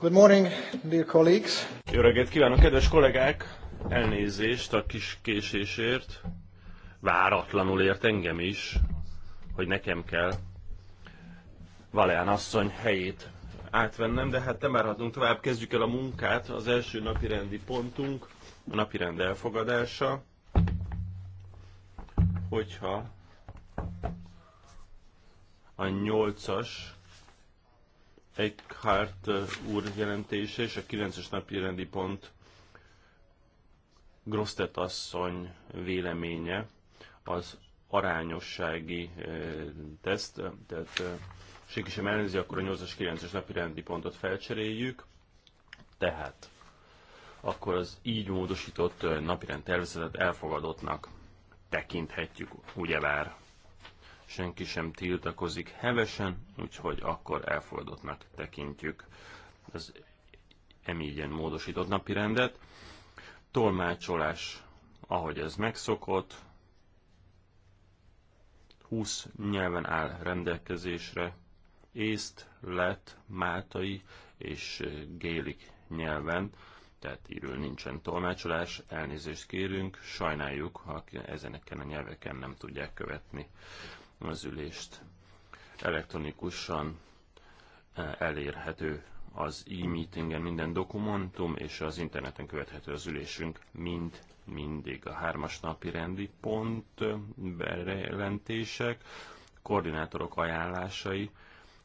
Good morning, dear colleagues. Jó reggelt kívánok, kedves kollégák! Elnézést a kis késésért. Váratlanul ért engem is, hogy nekem kell Valéán asszony helyét átvennem, de hát nem várhatunk tovább, kezdjük el a munkát. Az első napi rendi pontunk a napi rend elfogadása. Hogyha a nyolcas Eckhart úr jelentése és a 9-es napi rendi pont Grosztet asszony véleménye az arányossági teszt, tehát senki sem ellenzi, akkor a 8-as, 9-es napi rendi pontot felcseréljük. Tehát akkor az így módosított napirend tervezetet elfogadottnak tekinthetjük, ugye vár? senki sem tiltakozik hevesen, úgyhogy akkor elfogadottnak tekintjük az emígyen módosított napirendet. Tolmácsolás, ahogy ez megszokott, 20 nyelven áll rendelkezésre, észt, lett, máltai és gélik nyelven, tehát írül nincsen tolmácsolás, elnézést kérünk, sajnáljuk, ha ezeneken a nyelveken nem tudják követni az ülést elektronikusan eh, elérhető az e-meetingen minden dokumentum, és az interneten követhető az ülésünk mind mindig. A hármas napi rendi pont, eh, bejelentések, koordinátorok ajánlásai,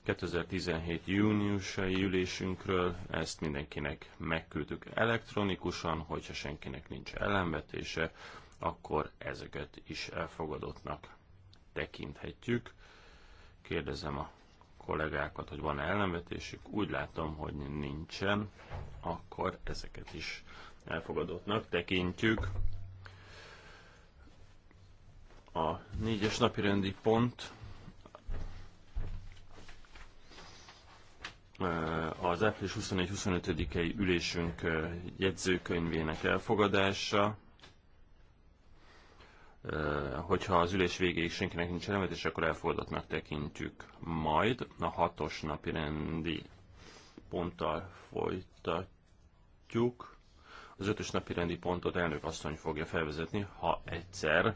2017 júniusai ülésünkről, ezt mindenkinek megküldtük elektronikusan, hogyha senkinek nincs ellenvetése, akkor ezeket is elfogadottnak tekinthetjük. Kérdezem a kollégákat, hogy van-e ellenvetésük. Úgy látom, hogy nincsen. Akkor ezeket is elfogadottnak tekintjük. A négyes napi rendi pont eh, az április 21 25 i ülésünk eh, jegyzőkönyvének elfogadása hogyha az ülés végéig senkinek nincs elemetés, akkor elfogadottnak tekintjük. Majd a hatos napi rendi ponttal folytatjuk. Az ötös napi rendi pontot elnök asszony fogja felvezetni, ha egyszer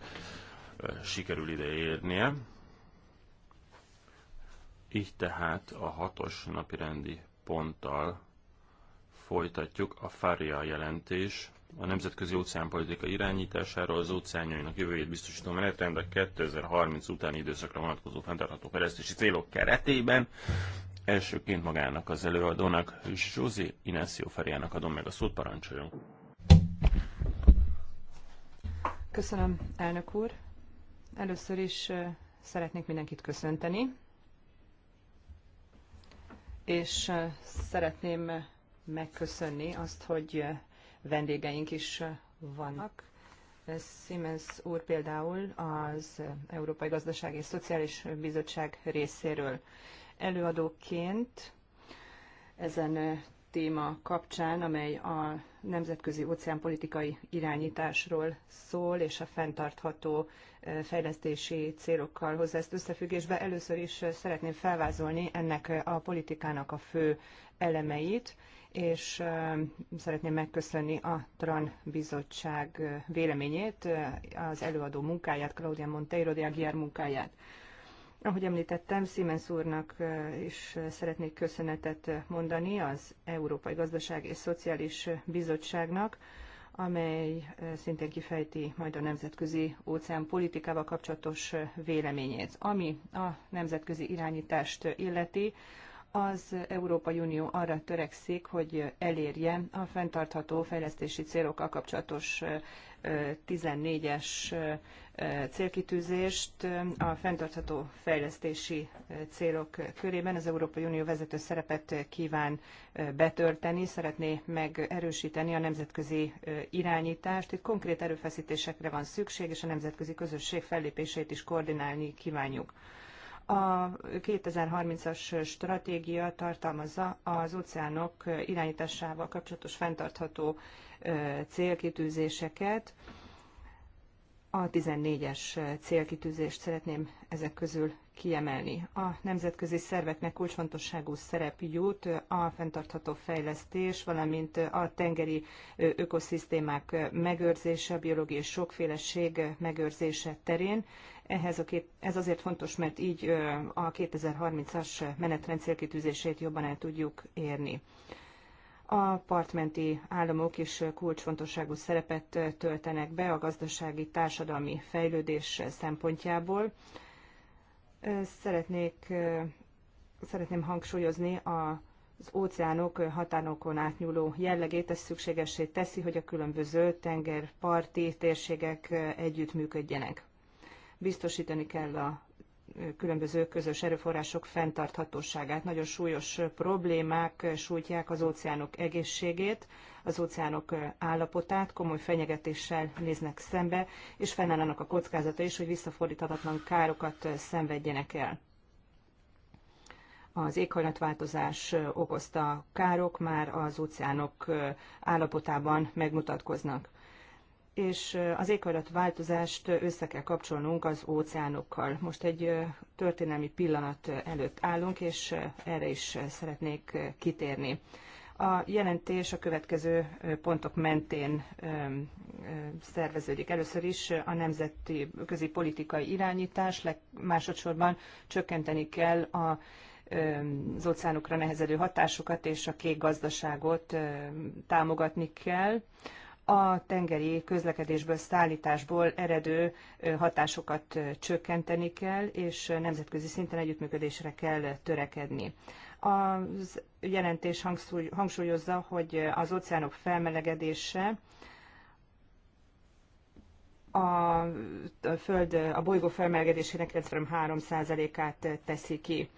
sikerül ide érnie. Így tehát a hatos napi rendi ponttal folytatjuk a Faria jelentés a nemzetközi óceánpolitika irányításáról az óceánjainak jövőjét biztosító menetrendek 2030 utáni időszakra vonatkozó fenntartható fejlesztési célok keretében. Elsőként magának az előadónak, Zsózi Inácio Feriának adom meg a szót, parancsoljon. Köszönöm, elnök úr. Először is szeretnék mindenkit köszönteni, és szeretném megköszönni azt, hogy vendégeink is vannak. Siemens úr például az Európai Gazdasági és Szociális Bizottság részéről előadóként ezen téma kapcsán, amely a nemzetközi óceánpolitikai irányításról szól, és a fenntartható eh, fejlesztési célokkal hozzá ezt összefüggésbe. Először is eh, szeretném felvázolni ennek eh, a politikának a fő elemeit, és szeretném megköszönni a TRAN bizottság véleményét, az előadó munkáját, Claudia Monteiro de Aguiar munkáját. Ahogy említettem, Siemens úrnak is szeretnék köszönetet mondani az Európai Gazdaság és Szociális Bizottságnak, amely szintén kifejti majd a nemzetközi óceán politikával kapcsolatos véleményét. Ami a nemzetközi irányítást illeti, az Európai Unió arra törekszik, hogy elérje a fenntartható fejlesztési célokkal kapcsolatos 14-es célkitűzést a fenntartható fejlesztési célok körében. Az Európai Unió vezető szerepet kíván betölteni, szeretné megerősíteni a nemzetközi irányítást. Itt konkrét erőfeszítésekre van szükség, és a nemzetközi közösség fellépését is koordinálni kívánjuk. A 2030-as stratégia tartalmazza az óceánok irányításával kapcsolatos fenntartható célkitűzéseket. A 14-es célkitűzést szeretném ezek közül kiemelni. A nemzetközi szerveknek kulcsfontosságú szerep jut a fenntartható fejlesztés, valamint a tengeri ökoszisztémák megőrzése, a biológiai sokféleség megőrzése terén. Ehhez a két, ez azért fontos, mert így a 2030-as menetrend célkitűzését jobban el tudjuk érni. A partmenti államok is kulcsfontosságú szerepet töltenek be a gazdasági társadalmi fejlődés szempontjából. Szeretnék, szeretném hangsúlyozni a az óceánok határokon átnyúló jellegét, ez szükségessé teszi, hogy a különböző tengerparti térségek együttműködjenek. Biztosítani kell a különböző közös erőforrások fenntarthatóságát. Nagyon súlyos problémák sújtják az óceánok egészségét, az óceánok állapotát, komoly fenyegetéssel néznek szembe, és fennáll annak a kockázata is, hogy visszafordíthatatlan károkat szenvedjenek el. Az éghajlatváltozás okozta károk már az óceánok állapotában megmutatkoznak és az változást össze kell kapcsolnunk az óceánokkal. Most egy történelmi pillanat előtt állunk, és erre is szeretnék kitérni. A jelentés a következő pontok mentén szerveződik. Először is a nemzeti közi politikai irányítás, másodszorban csökkenteni kell a az óceánokra nehezedő hatásokat és a kék gazdaságot támogatni kell a tengeri közlekedésből, szállításból eredő hatásokat csökkenteni kell, és nemzetközi szinten együttműködésre kell törekedni. A jelentés hangsúlyozza, hogy az óceánok felmelegedése a föld, a bolygó felmelegedésének 93%-át teszi ki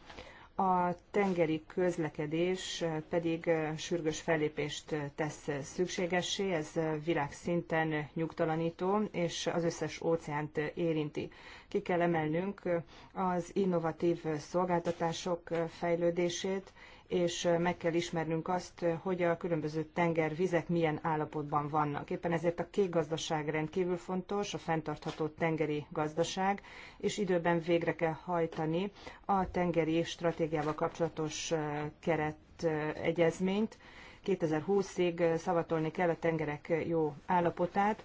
a tengeri közlekedés pedig sürgős fellépést tesz szükségessé, ez világszinten nyugtalanító, és az összes óceánt érinti. Ki kell emelnünk az innovatív szolgáltatások fejlődését, és meg kell ismernünk azt, hogy a különböző tengervizek milyen állapotban vannak. Éppen ezért a kék gazdaság rendkívül fontos, a fenntartható tengeri gazdaság, és időben végre kell hajtani a tengeri stratégiával kapcsolatos eh, keret egyezményt. 2020-ig eh, szavatolni kell a tengerek eh, jó állapotát,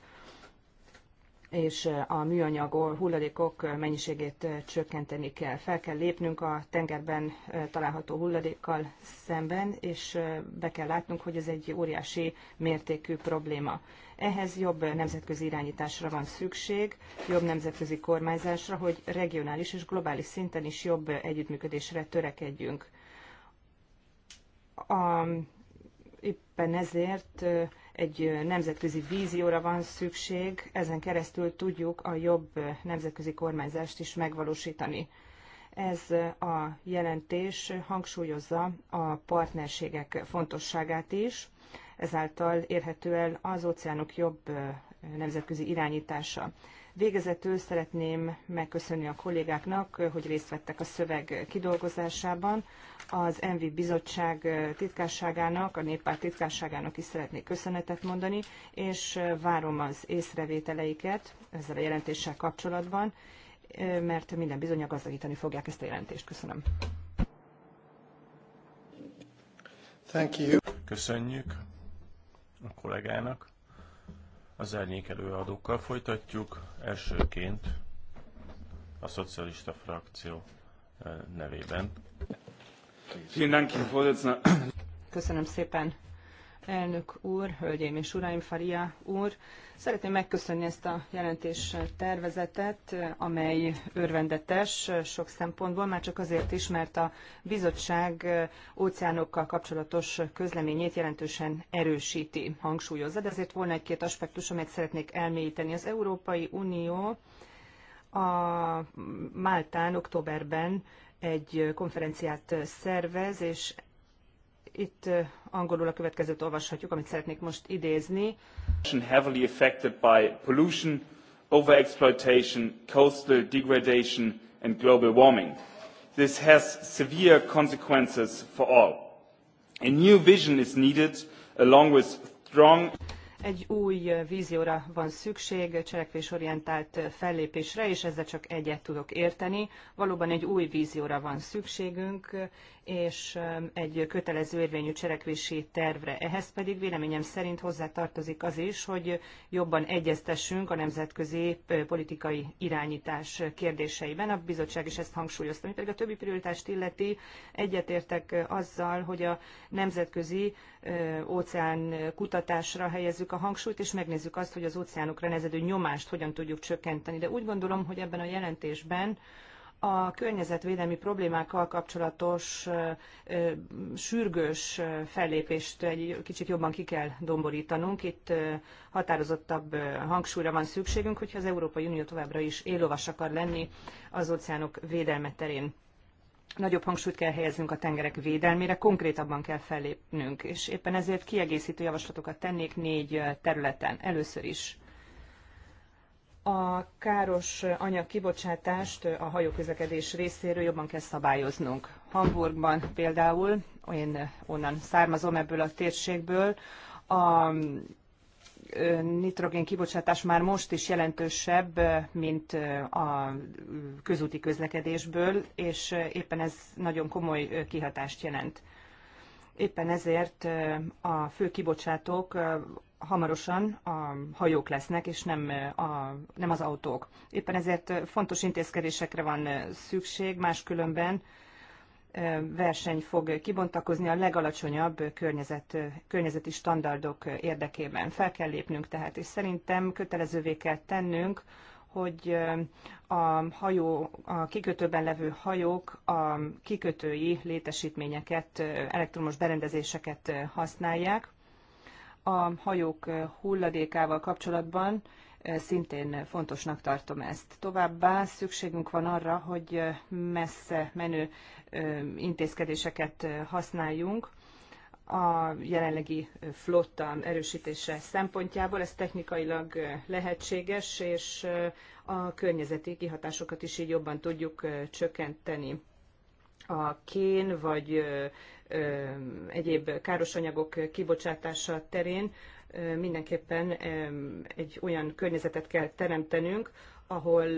és eh, a műanyag hulladékok mennyiségét eh, csökkenteni kell. Fel kell lépnünk a tengerben eh, található hulladékkal szemben, és be kell látnunk, hogy ez egy óriási mértékű probléma. Ehhez jobb nemzetközi irányításra van szükség, jobb nemzetközi kormányzásra, hogy regionális és globális szinten is jobb együttműködésre törekedjünk. A, éppen ezért egy nemzetközi vízióra van szükség, ezen keresztül tudjuk a jobb nemzetközi kormányzást is megvalósítani. Ez a jelentés hangsúlyozza a partnerségek fontosságát is, ezáltal érhető el az óceánok jobb nemzetközi irányítása. Végezetül szeretném megköszönni a kollégáknak, hogy részt vettek a szöveg kidolgozásában. Az ENVI bizottság titkárságának, a néppárt titkárságának is szeretnék köszönetet mondani, és várom az észrevételeiket ezzel a jelentéssel kapcsolatban, mert minden bizony gazdagítani fogják ezt a jelentést. Köszönöm. Thank you. Köszönjük a kollégának. Az árnyék előadókkal folytatjuk. Elsőként a szocialista frakció eh, nevében. Köszönöm szépen, elnök úr, hölgyeim és uraim, Faria úr. Szeretném megköszönni ezt a jelentés tervezetet, amely örvendetes sok szempontból, már csak azért is, mert a bizottság óceánokkal kapcsolatos közleményét jelentősen erősíti, hangsúlyozza, de ezért volna egy-két aspektus, amelyet szeretnék elmélyíteni. Az Európai Unió a Máltán októberben egy konferenciát szervez, és itt angolul a következőt olvashatjuk, amit szeretnék most idézni. Heavily affected by pollution, overexploitation, coastal degradation and global warming. This has severe consequences for all. A new vision is needed along with strong egy új vízióra van szükség, cselekvésorientált fellépésre, és ezzel csak egyet tudok érteni. Valóban egy új vízióra van szükségünk, és um, egy kötelező érvényű cselekvési tervre. Ehhez pedig véleményem szerint hozzátartozik az is, hogy jobban egyeztessünk a nemzetközi politikai irányítás kérdéseiben. A bizottság is ezt hangsúlyozta. Ami pedig a többi prioritást illeti, egyetértek azzal, hogy a nemzetközi óceán kutatásra helyezzük a hangsúlyt, és megnézzük azt, hogy az óceánokra nezedő nyomást hogyan tudjuk csökkenteni. De úgy gondolom, hogy ebben a jelentésben a környezetvédelmi problémákkal kapcsolatos sürgős fellépést egy kicsit jobban ki kell domborítanunk. Itt határozottabb hangsúlyra van szükségünk, hogyha az Európai Unió továbbra is élovas akar lenni az óceánok védelme terén. Nagyobb hangsúlyt kell helyeznünk a tengerek védelmére, konkrétabban kell fellépnünk, és éppen ezért kiegészítő javaslatokat tennék négy területen. Először is a káros anyag kibocsátást a hajóközlekedés részéről jobban kell szabályoznunk. Hamburgban például, én onnan származom ebből a térségből, a nitrogén kibocsátás már most is jelentősebb, mint a közúti közlekedésből, és éppen ez nagyon komoly kihatást jelent. Éppen ezért a fő kibocsátók hamarosan a hajók lesznek, és nem, a, nem az autók. Éppen ezért fontos intézkedésekre van szükség, máskülönben verseny fog kibontakozni a legalacsonyabb környezet, környezeti standardok érdekében. Fel kell lépnünk tehát, és szerintem kötelezővé kell tennünk, hogy a hajó, a kikötőben levő hajók a kikötői létesítményeket, elektromos berendezéseket használják, a hajók eh, hulladékával kapcsolatban eh, szintén fontosnak tartom ezt. Továbbá szükségünk van arra, hogy eh, messze menő intézkedéseket használjunk a jelenlegi flotta erősítése szempontjából. Ez technikailag lehetséges, és a környezeti kihatásokat is így jobban tudjuk csökkenteni. A kén vagy egyéb káros anyagok kibocsátása terén mindenképpen egy olyan környezetet kell teremtenünk, ahol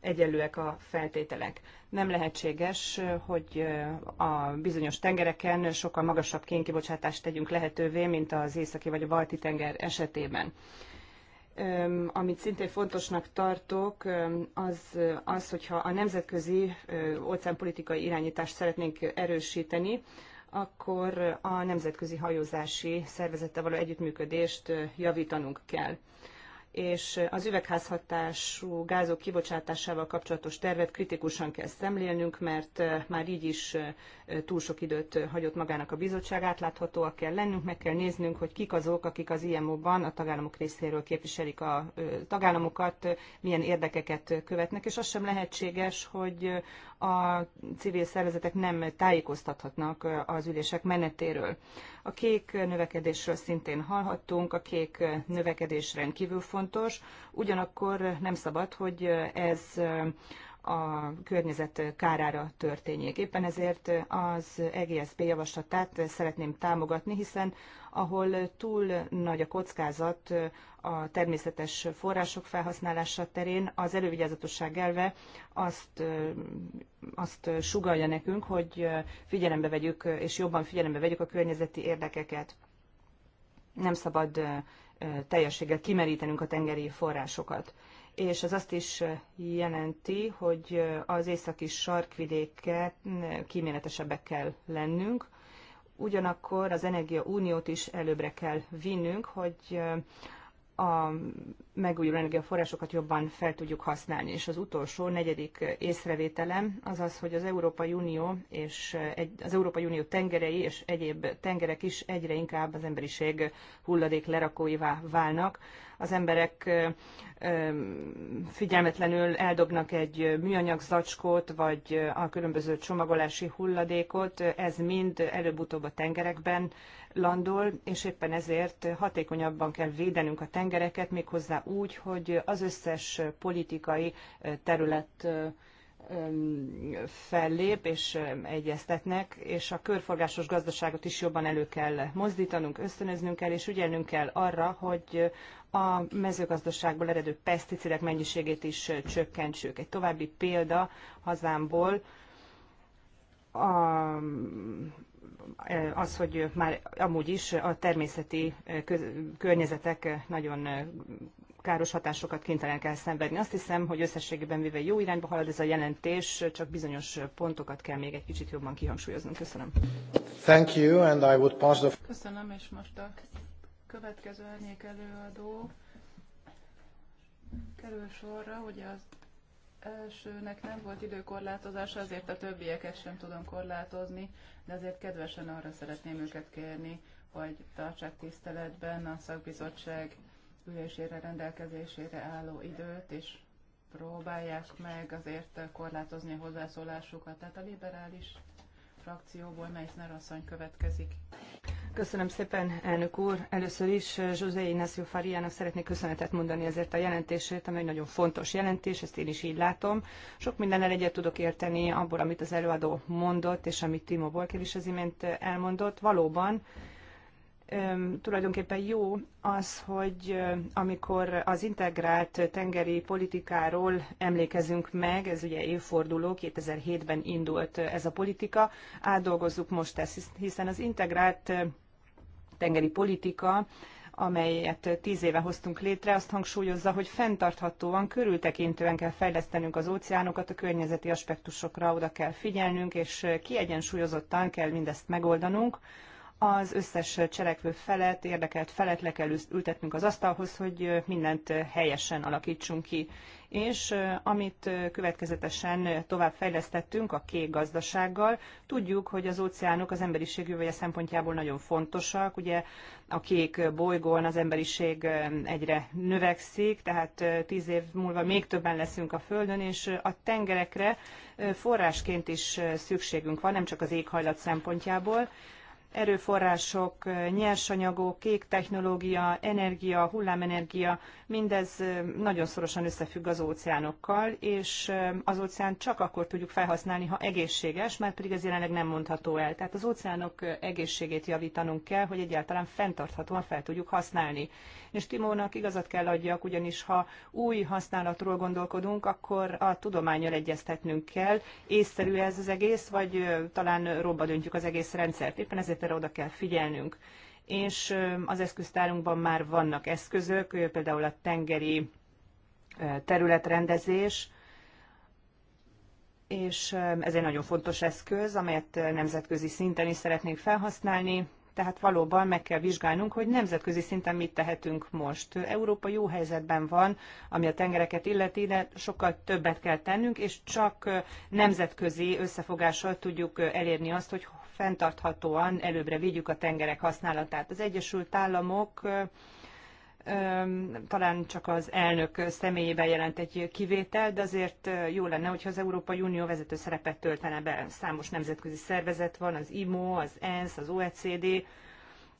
egyenlőek a feltételek. Nem lehetséges, hogy a bizonyos tengereken sokkal magasabb kénkibocsátást tegyünk lehetővé, mint az északi vagy a balti tenger esetében. Amit szintén fontosnak tartok, az, az hogyha a nemzetközi óceánpolitikai irányítást szeretnénk erősíteni, akkor a nemzetközi hajózási szervezettel való együttműködést javítanunk kell és az üvegházhatású gázok kibocsátásával kapcsolatos tervet kritikusan kell szemlélnünk, mert már így is túl sok időt hagyott magának a bizottság, átláthatóak kell lennünk, meg kell néznünk, hogy kik azok, akik az IMO-ban a tagállamok részéről képviselik a tagállamokat, milyen érdekeket követnek, és az sem lehetséges, hogy a civil szervezetek nem tájékoztathatnak az ülések menetéről. A kék növekedésről szintén hallhattunk, a kék növekedés rendkívül fontos, ugyanakkor nem szabad, hogy ez a környezet kárára történjék. Éppen ezért az EGSB javaslatát szeretném támogatni, hiszen ahol túl nagy a kockázat a természetes források felhasználása terén, az elővigyázatosság elve azt, azt sugalja nekünk, hogy figyelembe vegyük, és jobban figyelembe vegyük a környezeti érdekeket. Nem szabad teljességgel kimerítenünk a tengeri forrásokat és ez azt is jelenti, hogy az északi sarkvidéket kíméletesebbek kell lennünk, ugyanakkor az Energia Uniót is előbbre kell vinnünk, hogy a megújuló energiaforrásokat jobban fel tudjuk használni. És az utolsó, negyedik észrevételem az az, hogy az Európai Unió és az Európai Unió tengerei és egyéb tengerek is egyre inkább az emberiség hulladék lerakóivá válnak az emberek figyelmetlenül eldobnak egy műanyag zacskót, vagy a különböző csomagolási hulladékot, ez mind előbb-utóbb a tengerekben landol, és éppen ezért hatékonyabban kell védenünk a tengereket, méghozzá úgy, hogy az összes politikai terület fellép és egyeztetnek, és a körforgásos gazdaságot is jobban elő kell mozdítanunk, ösztönöznünk kell, és ügyelnünk kell arra, hogy a mezőgazdaságból eredő peszticidek mennyiségét is csökkentsük. Egy további példa hazámból a, az, hogy már amúgy is a természeti köz, környezetek nagyon káros hatásokat kénytelen kell szenvedni. Azt hiszem, hogy összességében véve jó irányba halad ez a jelentés, csak bizonyos pontokat kell még egy kicsit jobban kihangsúlyoznunk. Köszönöm. Thank you, and I would pass the... Köszönöm, és most a következő elnyék előadó kerül sorra, hogy az elsőnek nem volt időkorlátozása, azért a többieket sem tudom korlátozni, de azért kedvesen arra szeretném őket kérni, hogy tartsák tiszteletben a szakbizottság ülésére rendelkezésére álló időt, és próbálják meg azért korlátozni a hozzászólásukat. Tehát a liberális frakcióból Meissner asszony következik. Köszönöm szépen, elnök úr. Először is eh, José Ignacio Fariának szeretnék köszönetet mondani ezért a jelentésért, amely nagyon fontos jelentés, ezt én is így látom. Sok mindennel egyet tudok érteni abból, amit az előadó mondott, és amit Timo Bolker is az imént eh, elmondott. Valóban tulajdonképpen jó az, hogy eh, amikor az integrált tengeri politikáról emlékezünk meg, ez ugye évforduló, 2007-ben indult ez a politika, átdolgozzuk most ezt, hiszen az integrált tengeri politika, amelyet tíz éve hoztunk létre, azt hangsúlyozza, hogy fenntarthatóan, körültekintően kell fejlesztenünk az óceánokat, a környezeti aspektusokra oda kell figyelnünk, és kiegyensúlyozottan kell mindezt megoldanunk, az összes cselekvő felet, érdekelt felet le kell ültetnünk az asztalhoz, hogy mindent helyesen alakítsunk ki. És amit következetesen tovább fejlesztettünk a kék gazdasággal, tudjuk, hogy az óceánok az emberiség jövője szempontjából nagyon fontosak. Ugye a kék bolygón az emberiség egyre növekszik, tehát tíz év múlva még többen leszünk a Földön, és a tengerekre forrásként is szükségünk van, nem csak az éghajlat szempontjából erőforrások, nyersanyagok, kék technológia, energia, hullámenergia, mindez nagyon szorosan összefügg az óceánokkal, és az óceán csak akkor tudjuk felhasználni, ha egészséges, mert pedig ez jelenleg nem mondható el. Tehát az óceánok egészségét javítanunk kell, hogy egyáltalán fenntarthatóan fel tudjuk használni. És Timónak igazat kell adjak, ugyanis ha új használatról gondolkodunk, akkor a tudományjal egyeztetnünk kell. Észszerű ez az egész, vagy talán robba döntjük az egész rendszert. Éppen ezért azért erre oda kell figyelnünk. És az eszköztárunkban már vannak eszközök, például a tengeri területrendezés, és ez egy nagyon fontos eszköz, amelyet nemzetközi szinten is szeretnénk felhasználni, tehát valóban meg kell vizsgálnunk, hogy nemzetközi szinten mit tehetünk most. Európa jó helyzetben van, ami a tengereket illeti, de sokkal többet kell tennünk, és csak nemzetközi összefogással tudjuk elérni azt, hogy fenntarthatóan előbbre vigyük a tengerek használatát. Az Egyesült Államok talán csak az elnök személyében jelent egy kivétel, de azért jó lenne, hogyha az Európai Unió vezető szerepet töltene be. Számos nemzetközi szervezet van, az IMO, az ENSZ, az OECD,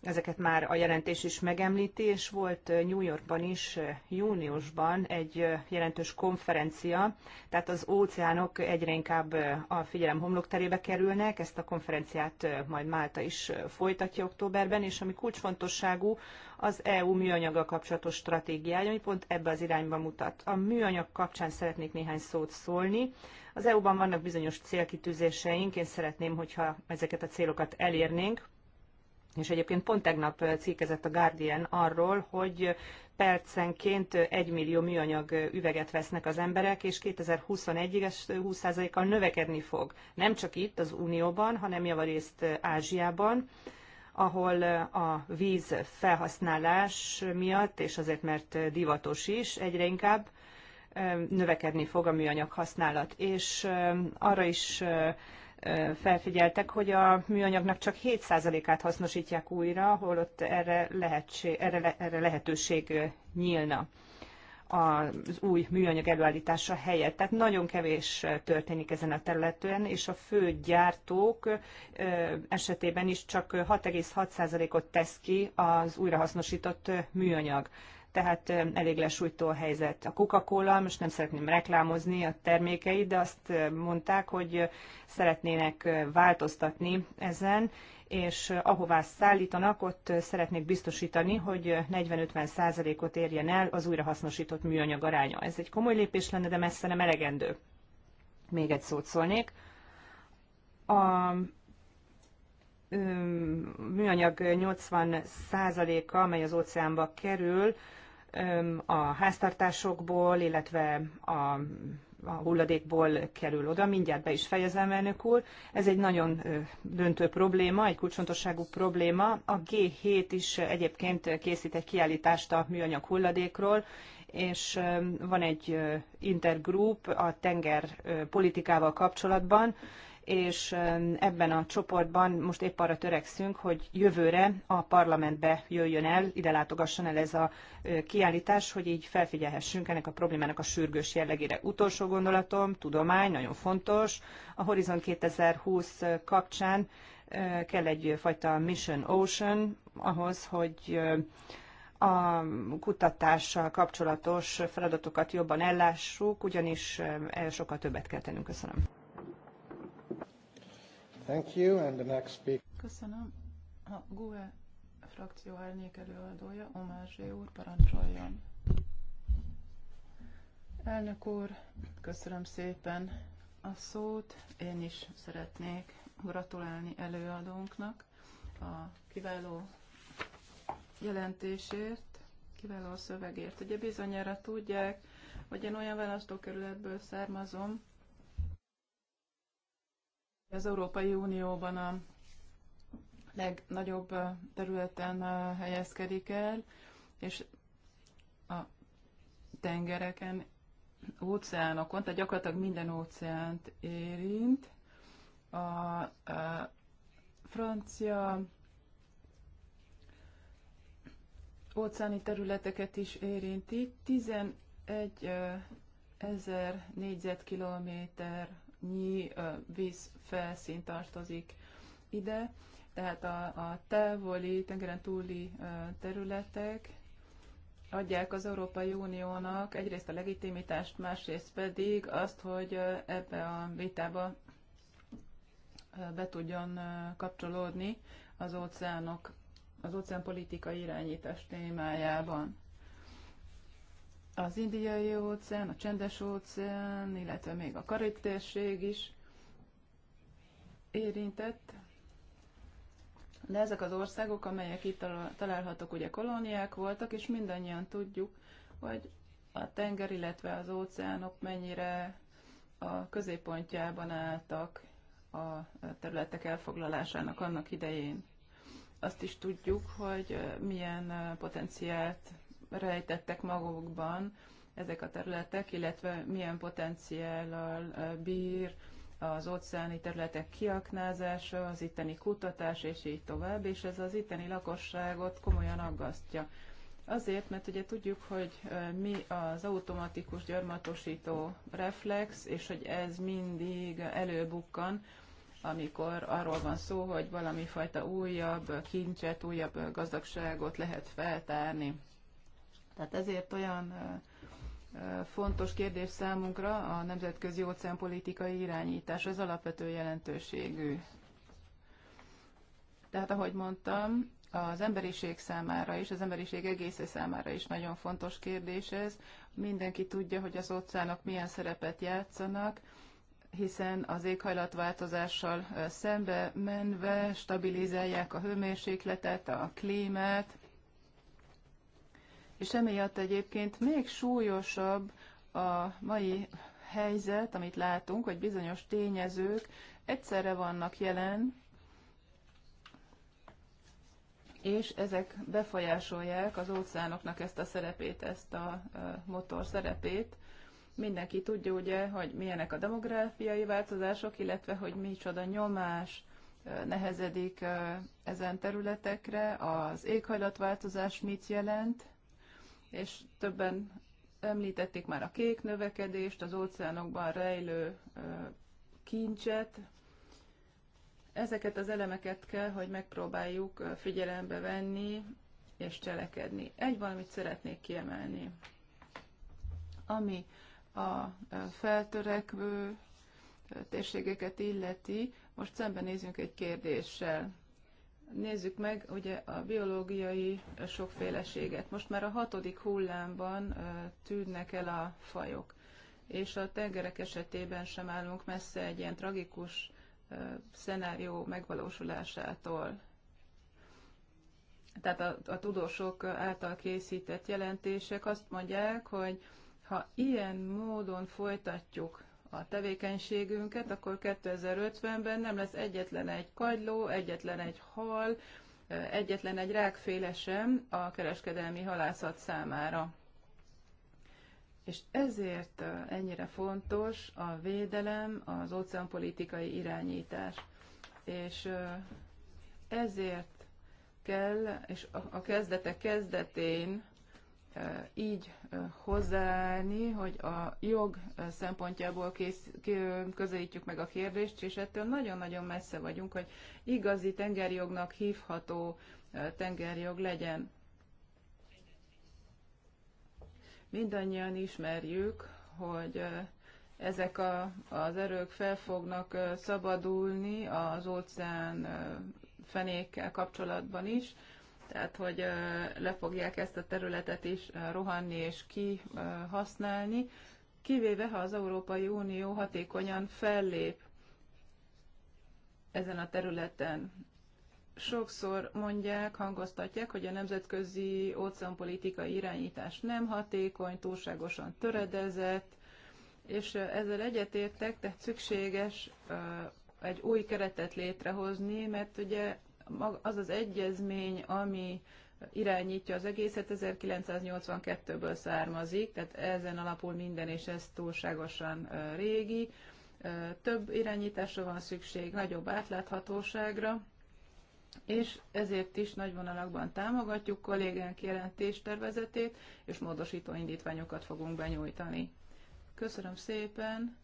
ezeket már a jelentés is megemlíti, és volt New Yorkban is júniusban egy jelentős konferencia, tehát az óceánok egyre inkább a figyelem homlokterébe kerülnek, ezt a konferenciát majd Málta is folytatja októberben, és ami kulcsfontosságú az EU műanyaga kapcsolatos stratégiája, ami pont ebbe az irányba mutat. A műanyag kapcsán szeretnék néhány szót szólni. Az EU-ban vannak bizonyos célkitűzéseink, én szeretném, hogyha ezeket a célokat elérnénk, és egyébként pont tegnap cikkezett a Guardian arról, hogy percenként 1 millió műanyag üveget vesznek az emberek, és 2021-ig ez 20%-kal növekedni fog. Nem csak itt az Unióban, hanem javarészt Ázsiában, ahol a víz felhasználás miatt, és azért mert divatos is egyre inkább, növekedni fog a műanyag használat. És arra is felfigyeltek, hogy a műanyagnak csak 7%-át hasznosítják újra, holott erre, lehetség, erre, erre lehetőség nyílna az új műanyag előállítása helyett. Tehát nagyon kevés történik ezen a területen, és a fő gyártók esetében is csak 6,6%-ot tesz ki az újrahasznosított műanyag tehát elég lesújtó a helyzet. A Coca-Cola, most nem szeretném reklámozni a termékeit, de azt mondták, hogy szeretnének változtatni ezen, és ahová szállítanak, ott szeretnék biztosítani, hogy 40-50 százalékot érjen el az újrahasznosított műanyag aránya. Ez egy komoly lépés lenne, de messze nem elegendő. Még egy szót szólnék. A műanyag 80 százaléka, amely az óceánba kerül, a háztartásokból, illetve a a hulladékból kerül oda, mindjárt be is fejezem, elnök úr. Ez egy nagyon döntő probléma, egy kulcsfontosságú probléma. A G7 is egyébként készít egy kiállítást a műanyag hulladékról, és van egy intergroup a tenger politikával kapcsolatban, és ebben a csoportban most épp arra törekszünk, hogy jövőre a parlamentbe jöjjön el, ide látogasson el ez a kiállítás, hogy így felfigyelhessünk ennek a problémának a sürgős jellegére. Utolsó gondolatom, tudomány, nagyon fontos. A Horizon 2020 kapcsán kell egyfajta Mission Ocean ahhoz, hogy a kutatással kapcsolatos feladatokat jobban ellássuk, ugyanis sokkal többet kell tennünk. Köszönöm. Thank you, and the next speaker. Köszönöm. A GUE frakció árnyék előadója, Zsé úr, parancsoljon. Elnök úr, köszönöm szépen a szót. Én is szeretnék gratulálni előadónknak a kiváló jelentésért, kiváló szövegért. Ugye bizonyára tudják, hogy én olyan választókerületből származom, az Európai Unióban a legnagyobb területen helyezkedik el, és a tengereken, óceánokon, tehát gyakorlatilag minden óceánt érint. A, a francia óceáni területeket is érinti. 11 ezer négyzetkilométer nyi vízfelszín tartozik ide, tehát a, a távoli, tengeren túli területek adják az Európai Uniónak egyrészt a legitimitást, másrészt pedig azt, hogy ebbe a vitába be tudjon kapcsolódni az óceánok, az óceánpolitika irányítás témájában az indiai óceán, a csendes óceán, illetve még a karib térség is érintett. De ezek az országok, amelyek itt találhatók, ugye kolóniák voltak, és mindannyian tudjuk, hogy a tenger, illetve az óceánok mennyire a középpontjában álltak a területek elfoglalásának annak idején. Azt is tudjuk, hogy milyen potenciált rejtettek magukban ezek a területek, illetve milyen potenciállal bír az óceáni területek kiaknázása, az itteni kutatás, és így tovább, és ez az itteni lakosságot komolyan aggasztja. Azért, mert ugye tudjuk, hogy mi az automatikus gyarmatosító reflex, és hogy ez mindig előbukkan, amikor arról van szó, hogy valami fajta újabb kincset, újabb gazdagságot lehet feltárni. Tehát ezért olyan fontos kérdés számunkra a nemzetközi óceánpolitikai irányítás, az alapvető jelentőségű. Tehát, ahogy mondtam, az emberiség számára is, az emberiség egésze számára is nagyon fontos kérdés ez. Mindenki tudja, hogy az óceánok milyen szerepet játszanak, hiszen az éghajlatváltozással szembe menve stabilizálják a hőmérsékletet, a klímát, és emiatt egyébként még súlyosabb a mai helyzet, amit látunk, hogy bizonyos tényezők egyszerre vannak jelen, és ezek befolyásolják az óceánoknak ezt a szerepét, ezt a motor szerepét. Mindenki tudja ugye, hogy milyenek a demográfiai változások, illetve hogy micsoda nyomás nehezedik ezen területekre, az éghajlatváltozás mit jelent, és többen említették már a kék növekedést, az óceánokban rejlő kincset. Ezeket az elemeket kell, hogy megpróbáljuk figyelembe venni és cselekedni. Egy valamit szeretnék kiemelni, ami a feltörekvő térségeket illeti, most szembenézünk egy kérdéssel. Nézzük meg ugye a biológiai sokféleséget. Most már a hatodik hullámban tűnnek el a fajok, és a tengerek esetében sem állunk messze egy ilyen tragikus szenárió megvalósulásától. Tehát a, a tudósok által készített jelentések azt mondják, hogy ha ilyen módon folytatjuk a tevékenységünket, akkor 2050-ben nem lesz egyetlen egy kagyló, egyetlen egy hal, egyetlen egy rákféle sem a kereskedelmi halászat számára. És ezért ennyire fontos a védelem, az óceánpolitikai irányítás. És ezért kell, és a kezdete kezdetén így hozzáállni, hogy a jog szempontjából kész, közelítjük meg a kérdést, és ettől nagyon-nagyon messze vagyunk, hogy igazi tengerjognak hívható tengerjog legyen. Mindannyian ismerjük, hogy ezek a, az erők fel fognak szabadulni az óceán fenékkel kapcsolatban is, tehát hogy le fogják ezt a területet is rohanni és kihasználni, kivéve ha az Európai Unió hatékonyan fellép ezen a területen. Sokszor mondják, hangoztatják, hogy a nemzetközi óceánpolitikai irányítás nem hatékony, túlságosan töredezett, és ezzel egyetértek, tehát szükséges egy új keretet létrehozni, mert ugye az az egyezmény, ami irányítja az egészet, 1982-ből származik, tehát ezen alapul minden, és ez túlságosan régi. Több irányításra van szükség, nagyobb átláthatóságra, és ezért is nagy vonalakban támogatjuk kollégánk jelentéstervezetét, és módosító indítványokat fogunk benyújtani. Köszönöm szépen,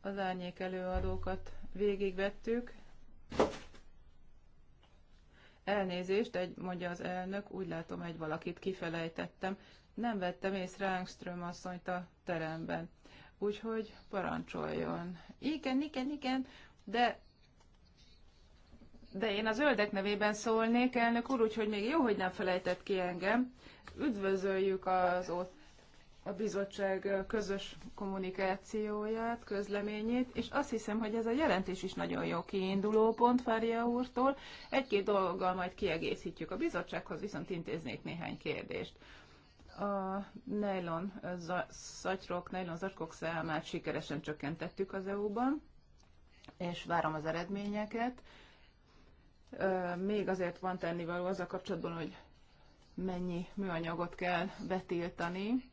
az árnyék előadókat végigvettük. Elnézést, egy, mondja az elnök, úgy látom, egy valakit kifelejtettem. Nem vettem észre Angström asszonyt a teremben. Úgyhogy parancsoljon. Igen, igen, igen, de de én a zöldek nevében szólnék, elnök úr, úgyhogy még jó, hogy nem felejtett ki engem. Üdvözöljük az ott a bizottság közös kommunikációját, közleményét, és azt hiszem, hogy ez a jelentés is nagyon jó kiinduló pont Fária úrtól. Egy-két dologgal majd kiegészítjük. A bizottsághoz viszont intéznék néhány kérdést. A nylon szatyrok, nylon zacskók számát sikeresen csökkentettük az EU-ban, és várom az eredményeket. Még azért van tennivaló az a kapcsolatban, hogy mennyi műanyagot kell betiltani,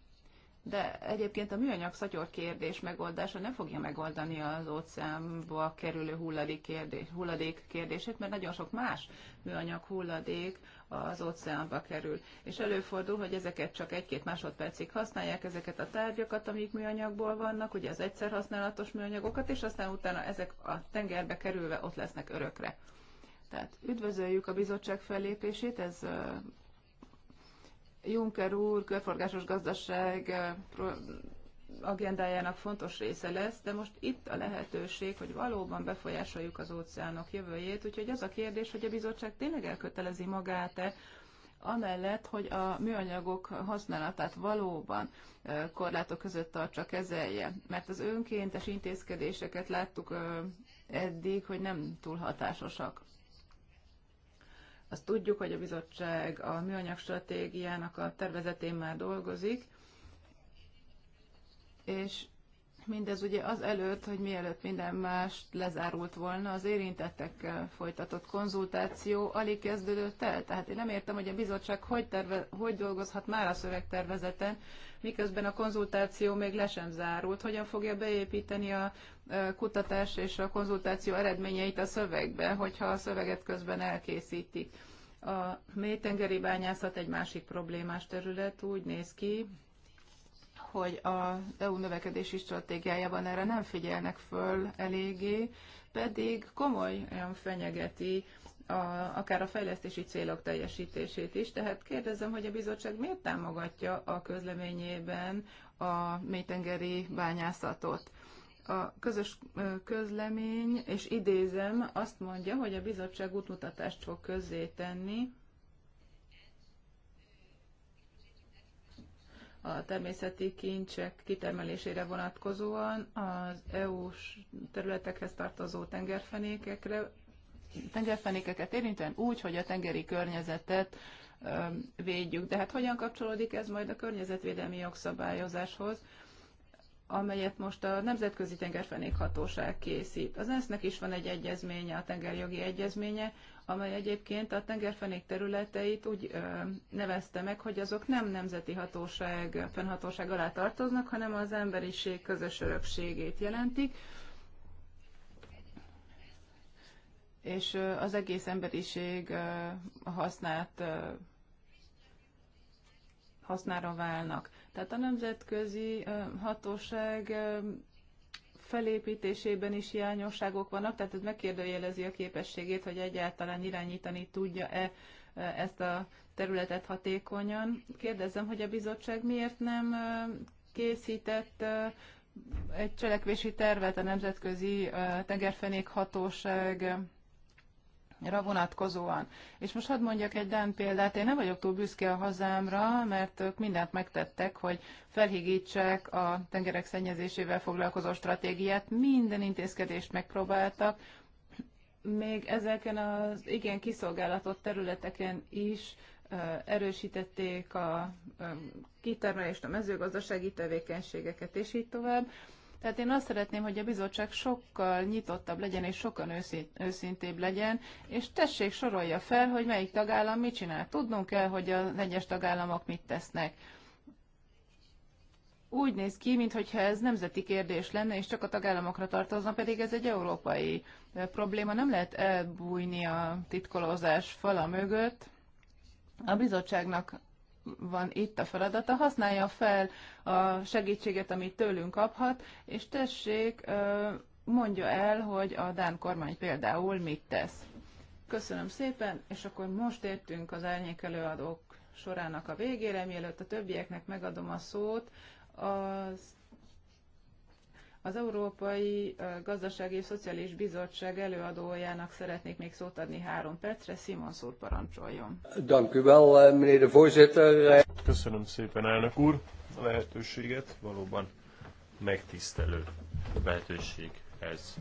de egyébként a műanyag szatyor kérdés megoldása nem fogja megoldani az óceánba kerülő hulladék, kérdés, hulladék kérdését, mert nagyon sok más műanyag hulladék az óceánba kerül. És előfordul, hogy ezeket csak egy-két másodpercig használják, ezeket a tárgyakat, amik műanyagból vannak, ugye az egyszer használatos műanyagokat, és aztán utána ezek a tengerbe kerülve ott lesznek örökre. Tehát üdvözöljük a bizottság fellépését, ez Juncker úr körforgásos gazdaság eh, agendájának fontos része lesz, de most itt a lehetőség, hogy valóban befolyásoljuk az óceánok jövőjét, úgyhogy az a kérdés, hogy a bizottság tényleg elkötelezi magát-e amellett, hogy a műanyagok használatát valóban eh, korlátok között tartsa, kezelje. Mert az önkéntes intézkedéseket láttuk eh, eddig, hogy nem túl hatásosak. Azt tudjuk, hogy a bizottság a műanyag stratégiának a tervezetén már dolgozik, és mindez ugye az előtt, hogy mielőtt minden más lezárult volna, az érintettekkel folytatott konzultáció alig kezdődött el. Tehát én nem értem, hogy a bizottság hogy, terve, hogy dolgozhat már a szövegtervezeten, miközben a konzultáció még le sem zárult, hogyan fogja beépíteni a kutatás és a konzultáció eredményeit a szövegbe, hogyha a szöveget közben elkészítik. A mélytengeri bányászat egy másik problémás terület, úgy néz ki, hogy a EU növekedési stratégiájában erre nem figyelnek föl eléggé, pedig komolyan fenyegeti a, akár a fejlesztési célok teljesítését is. Tehát kérdezem, hogy a bizottság miért támogatja a közleményében a mélytengeri bányászatot? a közös közlemény, és idézem, azt mondja, hogy a bizottság útmutatást fog közzétenni a természeti kincsek kitermelésére vonatkozóan az EU-s területekhez tartozó tengerfenékekre, tengerfenékeket érintően úgy, hogy a tengeri környezetet védjük. De hát hogyan kapcsolódik ez majd a környezetvédelmi jogszabályozáshoz? amelyet most a Nemzetközi Hatóság készít. Az ensz is van egy egyezménye, a tengerjogi egyezménye, amely egyébként a tengerfenék területeit úgy ö, nevezte meg, hogy azok nem nemzeti hatóság, fennhatóság alá tartoznak, hanem az emberiség közös örökségét jelentik. És az egész emberiség ö, használt ö, hasznára válnak. Tehát a nemzetközi hatóság felépítésében is hiányosságok vannak, tehát ez megkérdőjelezi a képességét, hogy egyáltalán irányítani tudja-e ezt a területet hatékonyan. Kérdezem, hogy a bizottság miért nem készített egy cselekvési tervet a Nemzetközi Tengerfenék Hatóság ra vonatkozóan. És most hadd mondjak egy Dán példát, én nem vagyok túl büszke a hazámra, mert ők mindent megtettek, hogy felhigítsák a tengerek szennyezésével foglalkozó stratégiát, minden intézkedést megpróbáltak, még ezeken az igen kiszolgálatott területeken is erősítették a kitermelést, a mezőgazdasági tevékenységeket, és így tovább. Tehát én azt szeretném, hogy a bizottság sokkal nyitottabb legyen, és sokkal őszintébb legyen, és tessék, sorolja fel, hogy melyik tagállam mit csinál. Tudnunk kell, hogy az egyes tagállamok mit tesznek úgy néz ki, mintha ez nemzeti kérdés lenne, és csak a tagállamokra tartozna, pedig ez egy európai probléma. Nem lehet elbújni a titkolózás fala mögött. A bizottságnak van itt a feladata, használja fel a segítséget, amit tőlünk kaphat, és tessék, mondja el, hogy a Dán kormány például mit tesz. Köszönöm szépen, és akkor most értünk az árnyék előadók sorának a végére, mielőtt a többieknek megadom a szót, az az Európai Gazdasági és Szociális Bizottság előadójának szeretnék még szót adni három percre. Simon szót parancsoljon. Eh, Köszönöm szépen, elnök úr, a lehetőséget. Valóban megtisztelő lehetőség ez.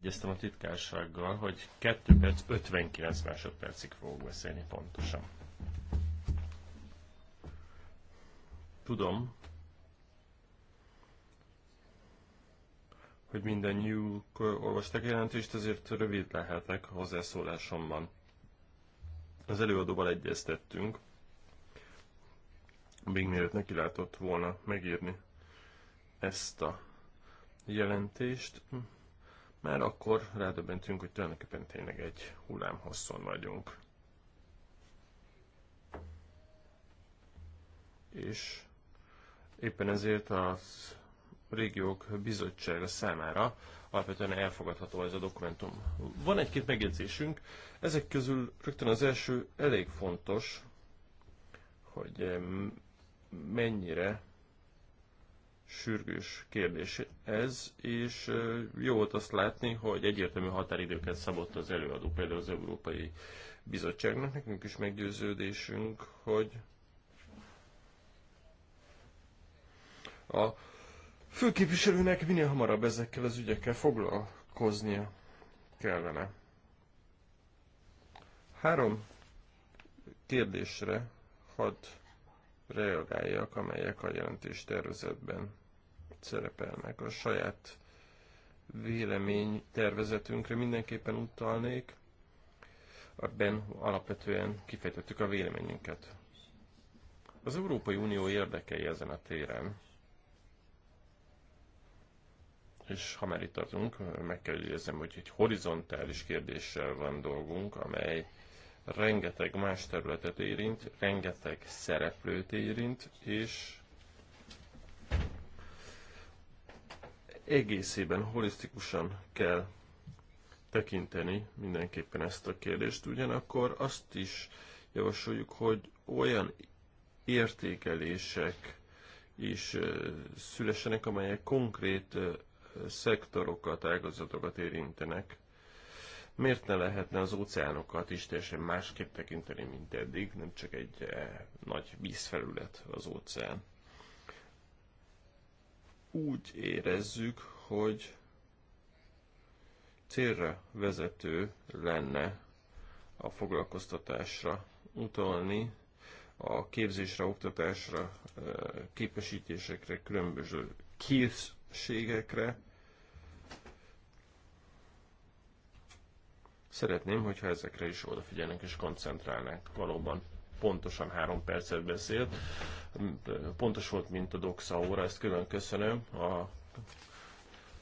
Egyeztem a titkársággal, hogy 2 perc 59 másodpercig fogok beszélni pontosan. tudom, hogy mindannyiuk olvastak jelentést, ezért rövid lehetek hozzászólásomban. Az előadóval egyeztettünk, még mielőtt neki látott volna megírni ezt a jelentést, már akkor rádöbbentünk, hogy tulajdonképpen tényleg egy hullám hosszon vagyunk. És Éppen ezért a régiók bizottsága számára alapvetően elfogadható ez a dokumentum. Van egy-két megjegyzésünk, ezek közül rögtön az első elég fontos, hogy eh, mennyire sürgős kérdés ez, és eh, jó volt azt látni, hogy egyértelmű határidőket szabott az előadó, például az Európai Bizottságnak. Nekünk is meggyőződésünk, hogy a főképviselőnek minél hamarabb ezekkel az ügyekkel foglalkoznia kellene. Három kérdésre hadd reagáljak, amelyek a jelentés tervezetben szerepelnek. A saját vélemény tervezetünkre mindenképpen utalnék. abban alapvetően kifejtettük a véleményünket. Az Európai Unió érdekei ezen a téren és ha már itt tartunk, meg kell érzem, hogy egy horizontális kérdéssel van dolgunk, amely rengeteg más területet érint, rengeteg szereplőt érint, és egészében, holisztikusan kell tekinteni mindenképpen ezt a kérdést. Ugyanakkor azt is javasoljuk, hogy olyan értékelések is szülessenek, amelyek konkrét szektorokat, ágazatokat érintenek. Miért ne lehetne az óceánokat is teljesen másképp tekinteni, mint eddig, nem csak egy eh, nagy vízfelület az óceán? Úgy érezzük, hogy célra vezető lenne a foglalkoztatásra utalni, a képzésre, oktatásra, eh, képesítésekre, különböző készségekre, Szeretném, hogyha ezekre is odafigyelnek és koncentrálnak. valóban pontosan három percet beszélt. Pontos volt, mint a doxa óra, ezt külön köszönöm. A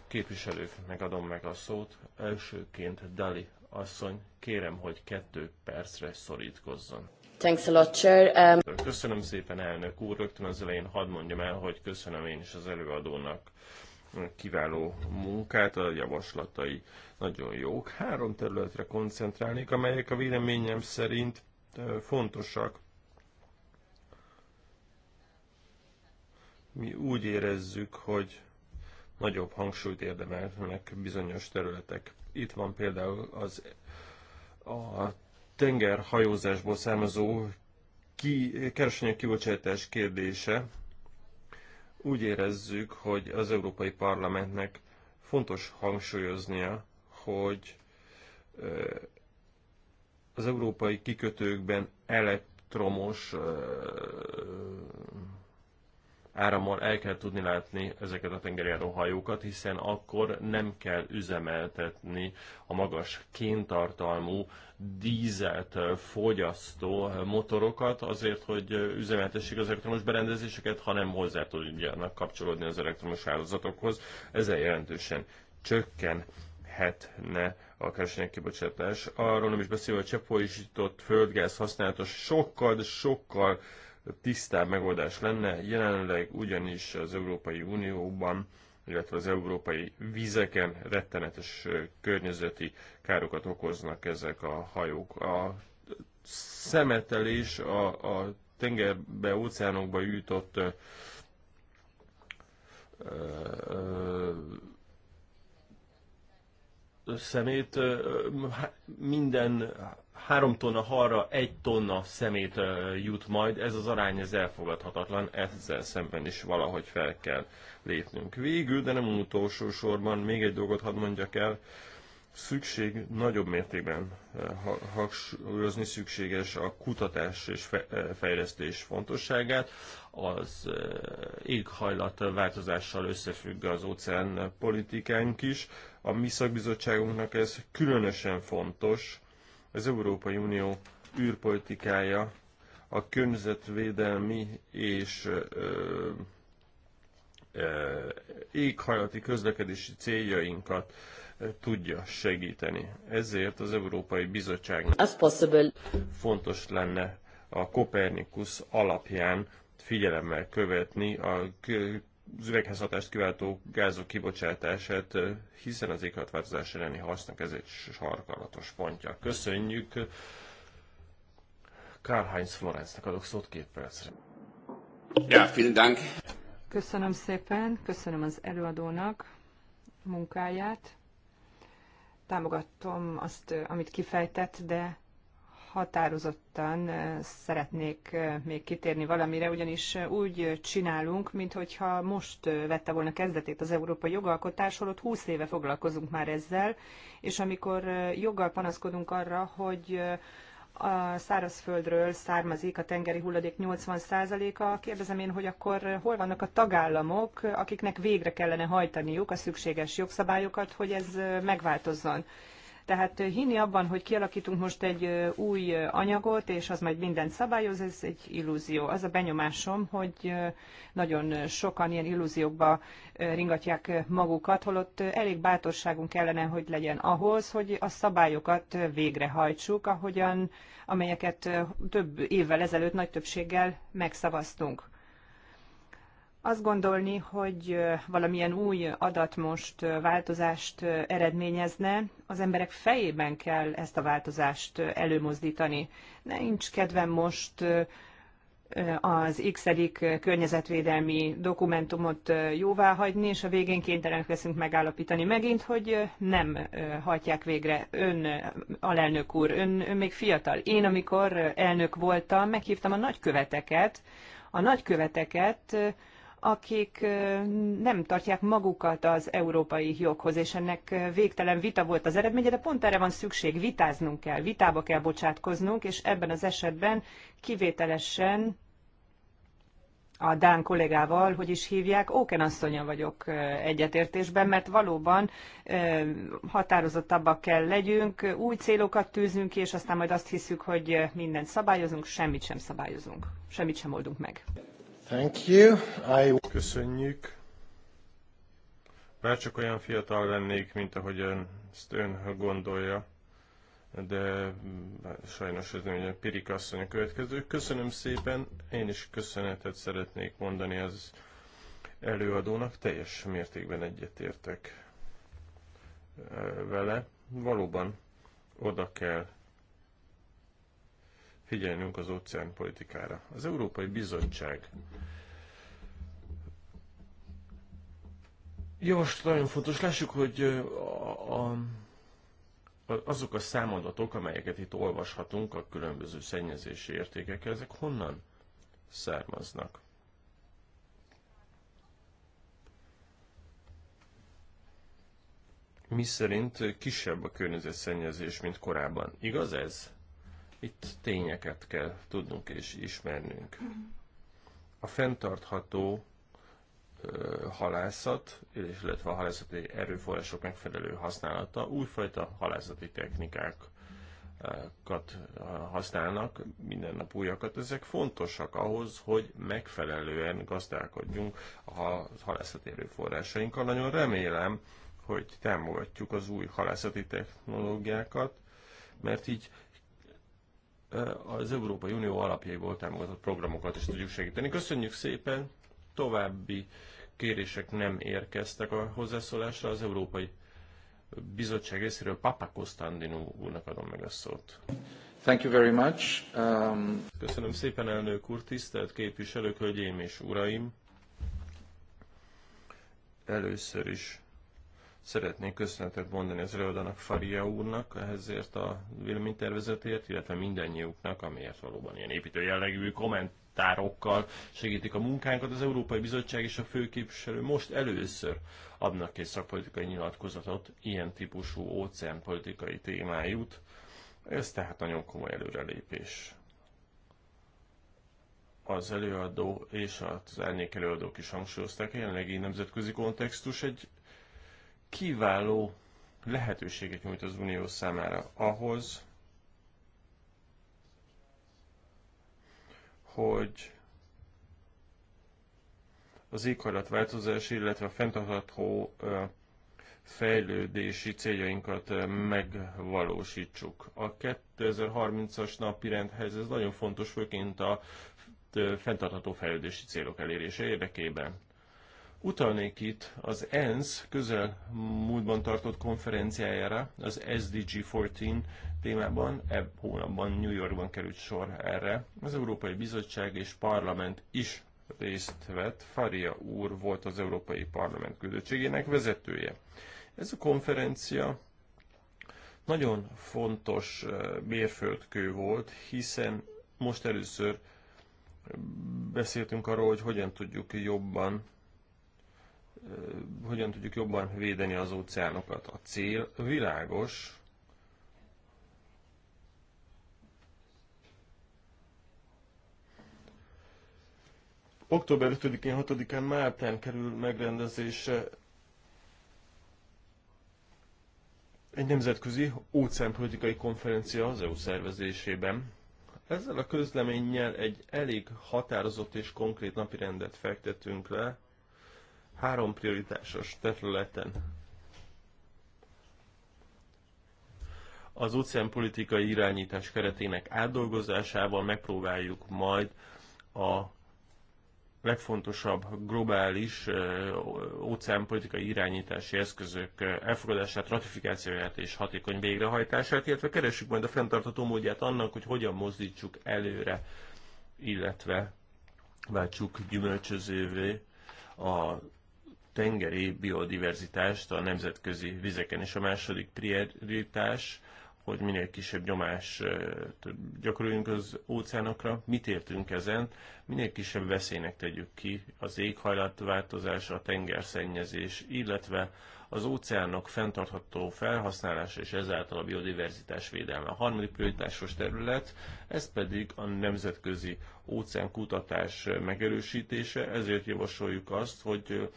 képviselőknek adom meg a szót. Elsőként Dali asszony, kérem, hogy kettő percre szorítkozzon. Thanks a lot, Chair. Um... Köszönöm szépen, elnök úr. Rögtön az elején hadd mondjam el, hogy köszönöm én is az előadónak kiváló munkát, a javaslatai nagyon jók. Három területre koncentrálnék, amelyek a véleményem szerint fontosak. Mi úgy érezzük, hogy nagyobb hangsúlyt érdemelnek bizonyos területek. Itt van például az a tengerhajózásból származó ki, keresanyag kibocsátás kérdése, úgy érezzük, hogy az Európai Parlamentnek fontos hangsúlyoznia, hogy az európai kikötőkben elektromos árammal el kell tudni látni ezeket a tengerjáró hajókat, hiszen akkor nem kell üzemeltetni a magas kéntartalmú dízelt fogyasztó motorokat azért, hogy üzemeltessék az elektromos berendezéseket, hanem hozzá tudjanak kapcsolódni az elektromos hálózatokhoz. Ezzel jelentősen csökkenhetne a keresények kibocsátás. Arról nem is beszélve, hogy cseppfolyósított földgáz használatos sokkal, de sokkal tisztább megoldás lenne. Jelenleg ugyanis az Európai Unióban illetve az európai vizeken rettenetes környezeti károkat okoznak ezek a hajók. A szemetelés, a, a tengerbe, óceánokba jutott ö, ö, szemét ö, minden 3 tonna halra 1 tonna szemét jut majd, ez az arány ez elfogadhatatlan, ezzel szemben is valahogy fel kell lépnünk. Végül, de nem utolsó sorban, még egy dolgot hadd mondjak el, szükség nagyobb mértékben hangsúlyozni szükséges a kutatás és fejlesztés fontosságát. Az éghajlat változással összefügg az óceán politikánk is. A mi szakbizottságunknak ez különösen fontos, az Európai Unió űrpolitikája a környezetvédelmi és ö, ö, éghajlati közlekedési céljainkat tudja segíteni. Ezért az Európai bizottság fontos lenne a Kopernikus alapján figyelemmel követni a az üvegházhatást kiváltó gázok kibocsátását, hiszen az éghajlatváltozás elleni harcnak ez egy sarkalatos pontja. Köszönjük! Karl-Heinz Florencnek adok szót két percre. Ja, vielen Dank! Köszönöm szépen, köszönöm az előadónak munkáját. Támogatom azt, amit kifejtett, de határozottan szeretnék még kitérni valamire, ugyanis úgy csinálunk, mintha most vette volna kezdetét az európai jogalkotás, holott 20 éve foglalkozunk már ezzel, és amikor joggal panaszkodunk arra, hogy a szárazföldről származik a tengeri hulladék 80%-a. Kérdezem én, hogy akkor hol vannak a tagállamok, akiknek végre kellene hajtaniuk a szükséges jogszabályokat, hogy ez megváltozzon. Tehát hinni abban, hogy kialakítunk most egy új anyagot, és az majd mindent szabályoz, ez egy illúzió. Az a benyomásom, hogy nagyon sokan ilyen illúziókba ringatják magukat, holott elég bátorságunk kellene, hogy legyen ahhoz, hogy a szabályokat végrehajtsuk, ahogyan, amelyeket több évvel ezelőtt nagy többséggel megszavaztunk azt gondolni, hogy valamilyen új adat most változást eredményezne, az emberek fejében kell ezt a változást előmozdítani. Nincs kedvem most az x környezetvédelmi dokumentumot jóvá hagyni, és a végén kénytelenek leszünk megállapítani megint, hogy nem hagyják végre. Ön, alelnök úr, ön, ön még fiatal. Én, amikor elnök voltam, meghívtam a nagyköveteket, a nagyköveteket akik nem tartják magukat az európai joghoz, és ennek végtelen vita volt az eredménye, de pont erre van szükség, vitáznunk kell, vitába kell bocsátkoznunk, és ebben az esetben kivételesen a Dán kollégával, hogy is hívják, Óken asszonya vagyok egyetértésben, mert valóban határozottabbak kell legyünk, új célokat tűzünk ki, és aztán majd azt hiszük, hogy mindent szabályozunk, semmit sem szabályozunk, semmit sem oldunk meg. Thank you. I... Köszönjük. Bár csak olyan fiatal lennék, mint ahogy ön, ezt ön gondolja, de sajnos ez nem egy Pirik asszony a következő. Köszönöm szépen, én is köszönetet szeretnék mondani az előadónak, teljes mértékben egyetértek eh, vele. Valóban oda kell figyelnünk az politikára Az Európai Bizottság Jó, most nagyon fontos. Lássuk, hogy a, a, azok a számadatok, amelyeket itt olvashatunk, a különböző szennyezési értékek, ezek honnan származnak? Mi szerint kisebb a környezetszennyezés, mint korábban. Igaz ez? Itt tényeket kell tudnunk és ismernünk. A fenntartható halászat, illetve a halászati erőforrások megfelelő használata, újfajta halászati technikákat használnak, minden nap újakat. Ezek fontosak ahhoz, hogy megfelelően gazdálkodjunk a halászati erőforrásainkkal. Nagyon remélem, hogy támogatjuk az új halászati technológiákat, mert így az Európai Unió alapjaiból támogatott programokat is tudjuk segíteni. Köszönjük szépen! További kérések nem érkeztek a hozzászólásra. Az Európai Bizottság részéről Papa Kostandinu úrnak adom meg a szót. Thank you very much. Um... Köszönöm szépen, elnök úr, tisztelt képviselők, hölgyeim és uraim! Először is Szeretnék köszönetet mondani az előadának Faria úrnak ezért a véleménytervezetért, illetve mindannyiuknak, amiért valóban ilyen építő jellegű kommentárokkal segítik a munkánkat. Az Európai Bizottság és a főképviselő most először adnak egy szakpolitikai nyilatkozatot ilyen típusú óceánpolitikai témájút. Ez tehát nagyon komoly előrelépés az előadó és az elnék előadók is hangsúlyozták, a jelenlegi nemzetközi kontextus egy kiváló lehetőséget nyújt az Unió számára ahhoz, hogy az éghajlatváltozás, illetve a fenntartható fejlődési céljainkat megvalósítsuk. A 2030-as napi rendhez ez nagyon fontos, főként a fenntartható fejlődési célok elérése érdekében. Utalnék itt az ENSZ közel múltban tartott konferenciájára, az SDG 14 témában, ebb hónapban New Yorkban került sor erre. Az Európai Bizottság és Parlament is részt vett, Faria úr volt az Európai Parlament küldöttségének vezetője. Ez a konferencia nagyon fontos mérföldkő volt, hiszen most először beszéltünk arról, hogy hogyan tudjuk jobban hogyan tudjuk jobban védeni az óceánokat. A cél világos, Október 5-én, 6-án Máltán kerül megrendezésre egy nemzetközi óceánpolitikai konferencia az EU szervezésében. Ezzel a közleménnyel egy elég határozott és konkrét napirendet fektetünk le, három prioritásos területen. Az politikai irányítás keretének átdolgozásával megpróbáljuk majd a legfontosabb globális óceánpolitikai irányítási eszközök elfogadását, ratifikációját és hatékony végrehajtását, illetve keressük majd a fenntartható módját annak, hogy hogyan mozdítsuk előre, illetve váltsuk gyümölcsözővé a tengeri biodiverzitást a nemzetközi vizeken, és a második prioritás, hogy minél kisebb nyomás gyakoroljunk az óceánokra. Mit értünk ezen? Minél kisebb veszélynek tegyük ki az éghajlatváltozás, a tengerszennyezés, illetve az óceánok fenntartható felhasználása és ezáltal a biodiverzitás védelme. A harmadik prioritásos terület, ez pedig a nemzetközi óceánkutatás megerősítése, ezért javasoljuk azt, hogy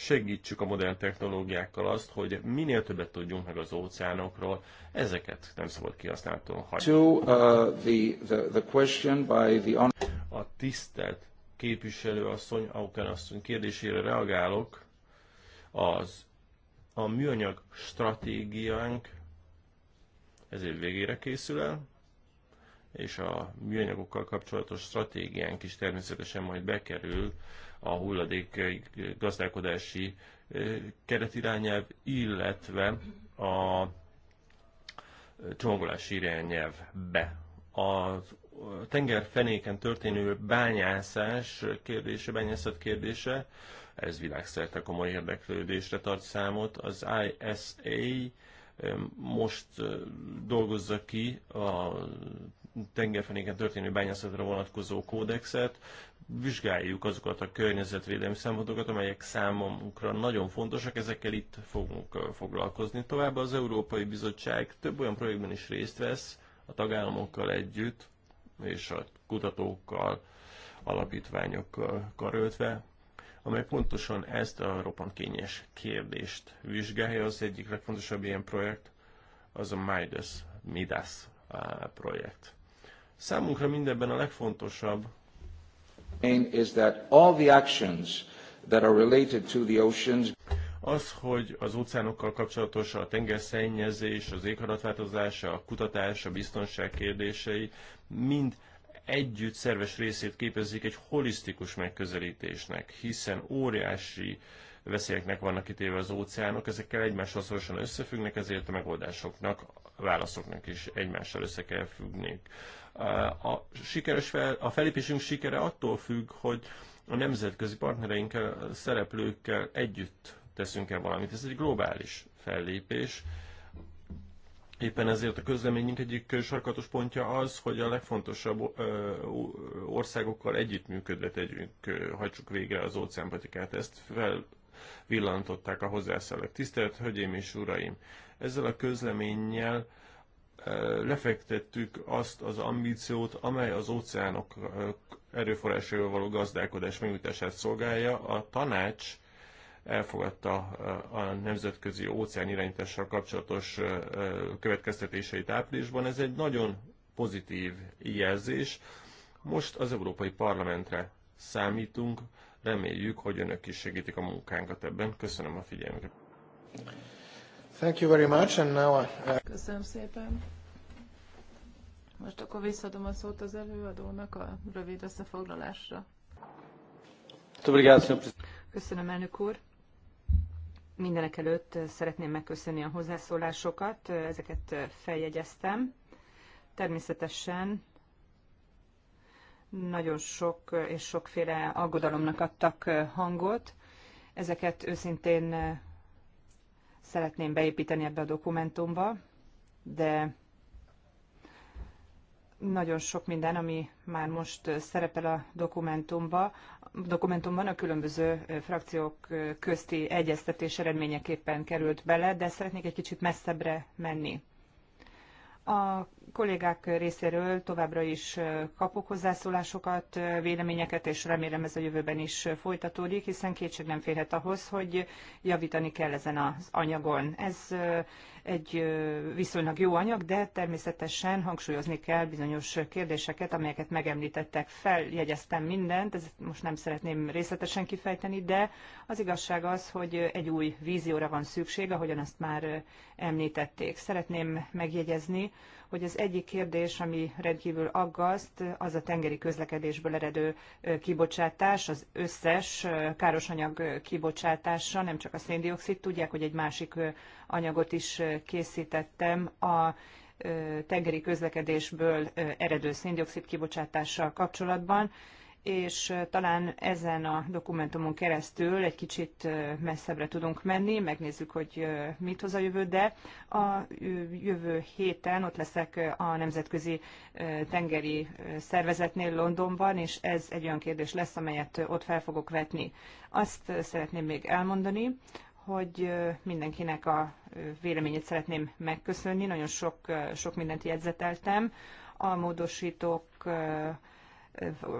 segítsük a modern technológiákkal azt, hogy minél többet tudjunk meg az óceánokról, ezeket nem szabad kihasználtan hagyni. To, uh, the, the, the question by the on... A tisztelt asszony, Auken asszony kérdésére reagálok, az a műanyag stratégiánk ez év végére készül el, és a műanyagokkal kapcsolatos stratégiánk is természetesen majd bekerül a hulladék eh, gazdálkodási eh, keretirányelv, illetve a eh, csomagolási irányelvbe. A tengerfenéken történő bányászás kérdése, bányászat kérdése, ez világszerte komoly érdeklődésre tart számot. Az ISA most dolgozza ki a tengerfenéken történő bányászatra vonatkozó kódexet, vizsgáljuk azokat a környezetvédelmi szempontokat, amelyek számunkra nagyon fontosak, ezekkel itt fogunk foglalkozni. Továbbá az Európai Bizottság több olyan projektben is részt vesz a tagállamokkal együtt, és a kutatókkal, alapítványokkal karöltve, amely pontosan ezt a roppant kényes kérdést vizsgálja. Az egyik legfontosabb ilyen projekt az a Midas, Midas projekt. Számunkra mindebben a legfontosabb, is that all the actions that are related to the oceans az, hogy az óceánokkal kapcsolatos a tengerszennyezés, az éghajlatváltozás, a kutatás, a biztonság kérdései mind együtt szerves részét képezik egy holisztikus megközelítésnek, hiszen óriási veszélyeknek vannak kitéve az óceánok, ezekkel egymáshoz szorosan összefüggnek, ezért a megoldásoknak válaszoknak is egymással össze kell függni. Eh, a, sikeres fel, a felépésünk sikere attól függ, hogy a nemzetközi partnereinkkel, szereplőkkel együtt teszünk-e valamit. Ez egy globális fellépés. Éppen ezért a közleményünk egyik sarkatos pontja az, hogy a legfontosabb eh, országokkal együttműködve tegyünk, eh, hagyjuk végre az óceánpatikát. Ezt felvillantották a hozzászállók. Tisztelt Hölgyeim és Uraim! Ezzel a közleménnyel lefektettük azt az ambíciót, amely az óceánok erőforrásaival való gazdálkodás megnyújtását szolgálja. A tanács elfogadta a nemzetközi óceán irányítással kapcsolatos következtetéseit áprilisban. Ez egy nagyon pozitív jelzés. Most az Európai Parlamentre számítunk, reméljük, hogy önök is segítik a munkánkat ebben. Köszönöm a figyelmüket. Thank you very much, and now I... Uh, Köszönöm szépen. Most akkor visszadom a szót az előadónak a rövid összefoglalásra. Köszönöm, elnök úr. Mindenek előtt szeretném megköszönni a hozzászólásokat, ezeket feljegyeztem. Természetesen nagyon sok és sokféle aggodalomnak adtak hangot. Ezeket őszintén szeretném beépíteni ebbe a dokumentumba, de nagyon sok minden, ami már most szerepel a dokumentumba, dokumentumban a különböző frakciók közti egyeztetés eredményeképpen került bele, de szeretnék egy kicsit messzebbre menni. A kollégák részéről továbbra is kapok hozzászólásokat, véleményeket, és remélem ez a jövőben is folytatódik, hiszen kétség nem férhet ahhoz, hogy javítani kell ezen az anyagon. Ez egy viszonylag jó anyag, de természetesen hangsúlyozni kell bizonyos kérdéseket, amelyeket megemlítettek. Feljegyeztem mindent, ezt most nem szeretném részletesen kifejteni, de az igazság az, hogy egy új vízióra van szükség, ahogyan azt már említették. Szeretném megjegyezni, hogy az egyik kérdés, ami rendkívül aggaszt, az a tengeri közlekedésből eredő kibocsátás, az összes károsanyag kibocsátása, nem csak a széndiokszid. Tudják, hogy egy másik anyagot is készítettem a tengeri közlekedésből eredő széndiokszid kibocsátással kapcsolatban és talán ezen a dokumentumon keresztül egy kicsit messzebbre tudunk menni, megnézzük, hogy mit hoz a jövő, de a jövő héten ott leszek a Nemzetközi Tengeri Szervezetnél Londonban, és ez egy olyan kérdés lesz, amelyet ott fel fogok vetni. Azt szeretném még elmondani, hogy mindenkinek a véleményét szeretném megköszönni. Nagyon sok, sok mindent jegyzeteltem. A módosítók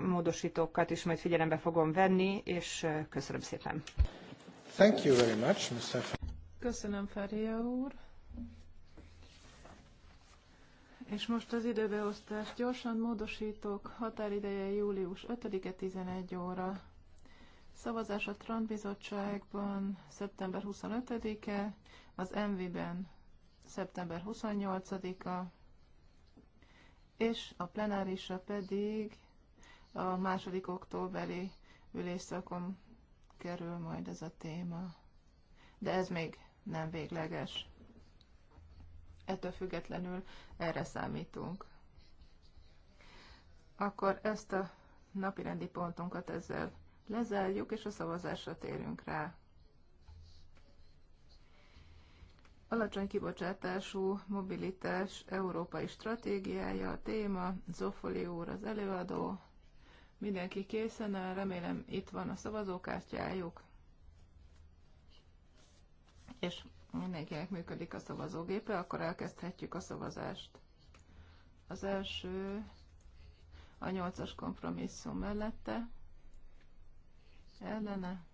módosítókat is majd figyelembe fogom venni, és köszönöm szépen. Thank you very much, Mr. Köszönöm, Feria úr. És most az időbeosztást gyorsan módosítok. Határideje július 5-e 11 óra. Szavazás a Trump bizottságban szeptember 25-e, az MV-ben szeptember 28-a, és a plenárisra pedig a második októberi ülésszakon kerül majd ez a téma. De ez még nem végleges. Ettől függetlenül erre számítunk. Akkor ezt a napirendi pontunkat ezzel lezárjuk, és a szavazásra térünk rá. Alacsony kibocsátású mobilitás európai stratégiája a téma, Zofoli úr az előadó, Mindenki készen áll, remélem itt van a szavazókártyájuk. És mindenkinek működik a szavazógépe, akkor elkezdhetjük a szavazást. Az első a nyolcas kompromisszum mellette, ellene,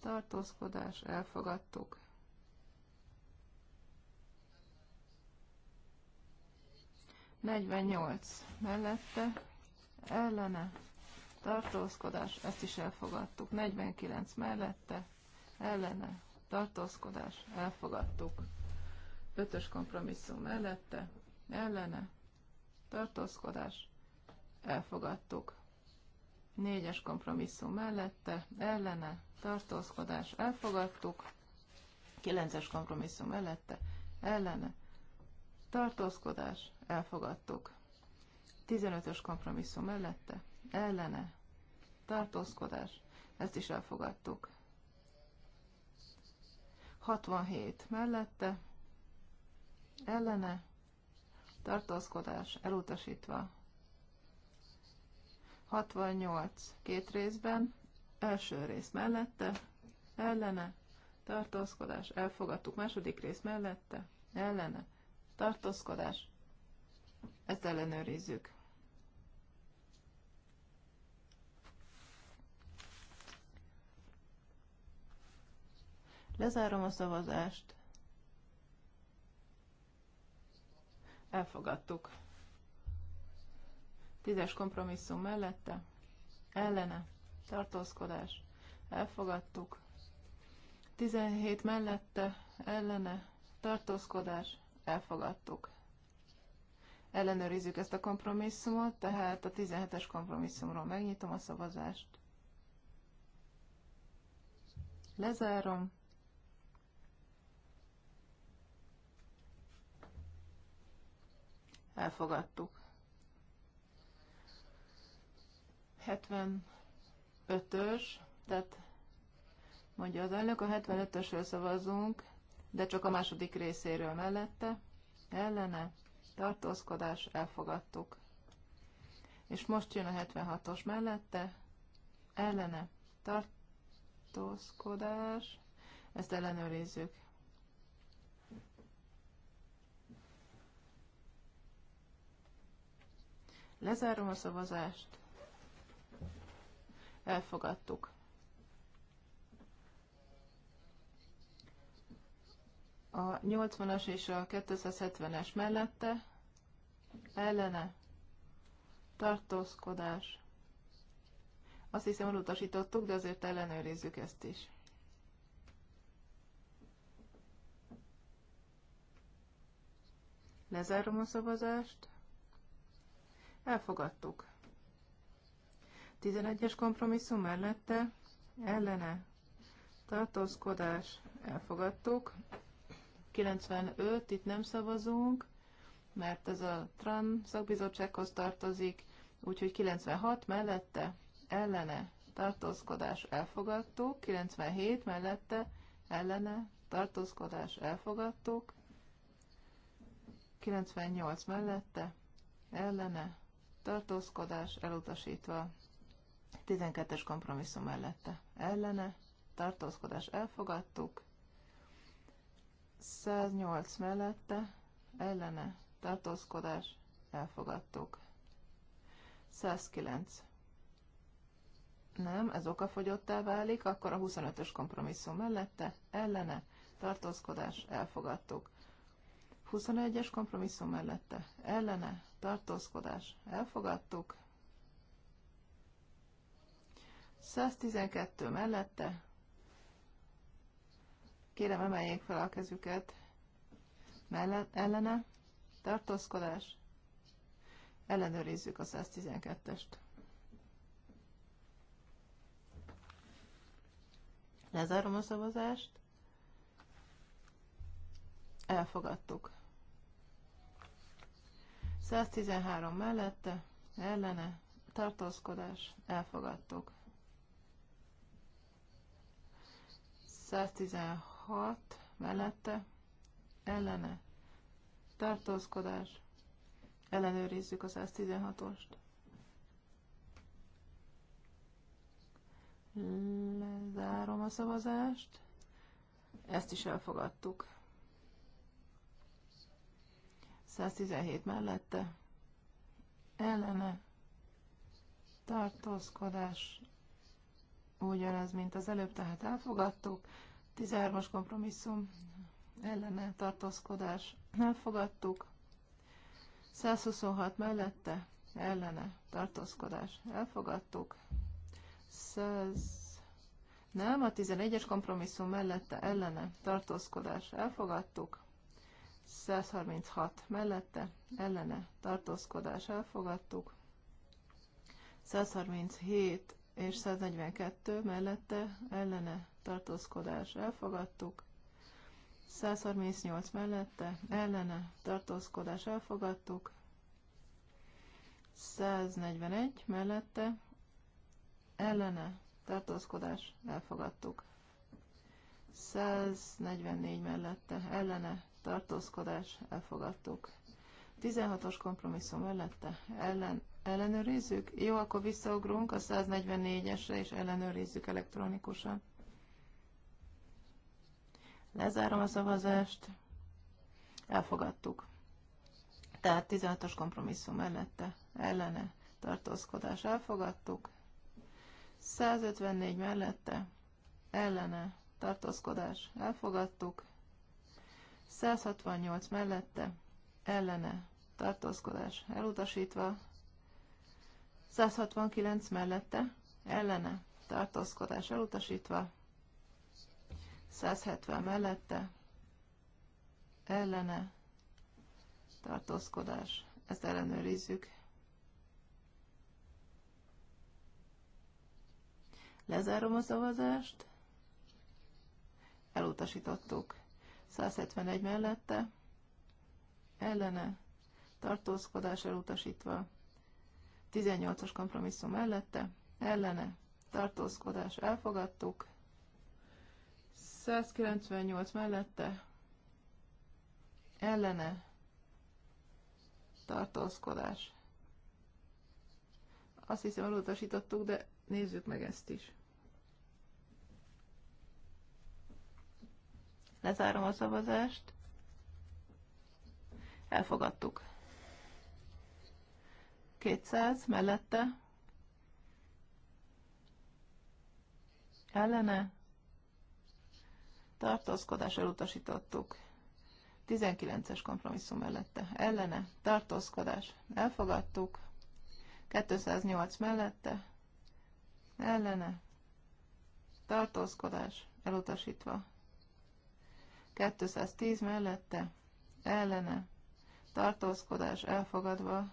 tartózkodás, elfogadtuk. Negyvennyolc mellette, ellene, tartózkodás, ezt is elfogadtuk. 49 mellette, ellene, tartózkodás, elfogadtuk. 5-ös kompromisszum mellette, ellene, tartózkodás, elfogadtuk. 4-es kompromisszum mellette, ellene, tartózkodás, elfogadtuk. 9-es kompromisszum mellette, ellene, tartózkodás, elfogadtuk. 15-ös kompromisszum mellette, ellene, tartózkodás, ezt is elfogadtuk. 67 mellette, ellene, tartózkodás, elutasítva. 68 két részben, első rész mellette, ellene, tartózkodás, elfogadtuk, második rész mellette, ellene, tartózkodás, ezt ellenőrizzük. Lezárom a szavazást. Elfogadtuk. Tízes kompromisszum mellette. Ellene. Tartózkodás. Elfogadtuk. 17 mellette. Ellene. Tartózkodás. Elfogadtuk ellenőrizzük ezt a kompromisszumot, tehát a 17-es kompromisszumról megnyitom a szavazást. Lezárom. Elfogadtuk. 75-ös, tehát mondja az elnök, a 75-ösről szavazunk, de csak a második részéről mellette, ellene, tartózkodás, elfogadtuk. És most jön a 76-os mellette, ellene, tartózkodás, ezt ellenőrizzük. Lezárom a szavazást. Elfogadtuk. A 80-as és a 270-es mellette ellene, tartózkodás. Azt hiszem elutasítottuk, de azért ellenőrizzük ezt is. Lezárom a szavazást. Elfogadtuk. 11-es kompromisszum mellette ellene tartózkodás elfogadtuk. 95, itt nem szavazunk mert ez a TRAN szakbizottsághoz tartozik, úgyhogy 96 mellette ellene tartózkodás elfogadtuk, 97 mellette ellene tartózkodás elfogadtuk, 98 mellette ellene tartózkodás elutasítva, 12-es kompromisszum mellette ellene tartózkodás elfogadtuk, 108 mellette ellene tartózkodás, elfogadtuk. 109. Nem, ez okafogyottá válik, akkor a 25-ös kompromisszum mellette, ellene, tartózkodás, elfogadtuk. 21-es kompromisszum mellette, ellene, tartózkodás, elfogadtuk. 112 mellette, kérem emeljék fel a kezüket, mellett, ellene, tartózkodás, ellenőrizzük a 112-est. Lezárom a szavazást. Elfogadtuk. 113 mellette, ellene, tartózkodás, elfogadtuk. 116 mellette, ellene, tartózkodás, ellenőrizzük az 116-ost. Lezárom a szavazást. Ezt is elfogadtuk. 117 mellette. Ellene. Tartózkodás. Ugyanez, mint az előbb, tehát elfogadtuk. 13-as kompromisszum ellene tartózkodás elfogadtuk, 126 mellette ellene tartózkodás elfogadtuk, 100 nem, a 11-es kompromisszum mellette ellene tartózkodás elfogadtuk, 136 mellette ellene tartózkodás elfogadtuk, 137 és 142 mellette ellene tartózkodás elfogadtuk, 138 mellette, ellene, tartózkodás elfogadtuk. 141 mellette, ellene, tartózkodás elfogadtuk. 144 mellette, ellene, tartózkodás elfogadtuk. 16-os kompromisszum mellette, ellen, ellenőrizzük? Jó, akkor visszaugrunk a 144-esre és ellenőrizzük elektronikusan. Lezárom a szavazást. Elfogadtuk. Tehát 16-os kompromisszum mellette, ellene tartózkodás elfogadtuk. 154 mellette, ellene tartózkodás elfogadtuk. 168 mellette, ellene tartózkodás elutasítva. 169 mellette, ellene tartózkodás elutasítva. 170 mellette ellene tartózkodás. Ezt ellenőrizzük. Lezárom a szavazást. Elutasítottuk. 171 mellette ellene tartózkodás elutasítva. 18-as kompromisszum mellette ellene tartózkodás elfogadtuk. 198 mellette ellene tartózkodás. Azt hiszem elutasítottuk, de nézzük meg ezt is. Lezárom a szavazást. Elfogadtuk. 200 mellette. Ellene tartózkodás elutasítottuk. 19-es kompromisszum mellette ellene, tartózkodás elfogadtuk. 208 mellette ellene, tartózkodás elutasítva. 210 mellette ellene, tartózkodás elfogadva.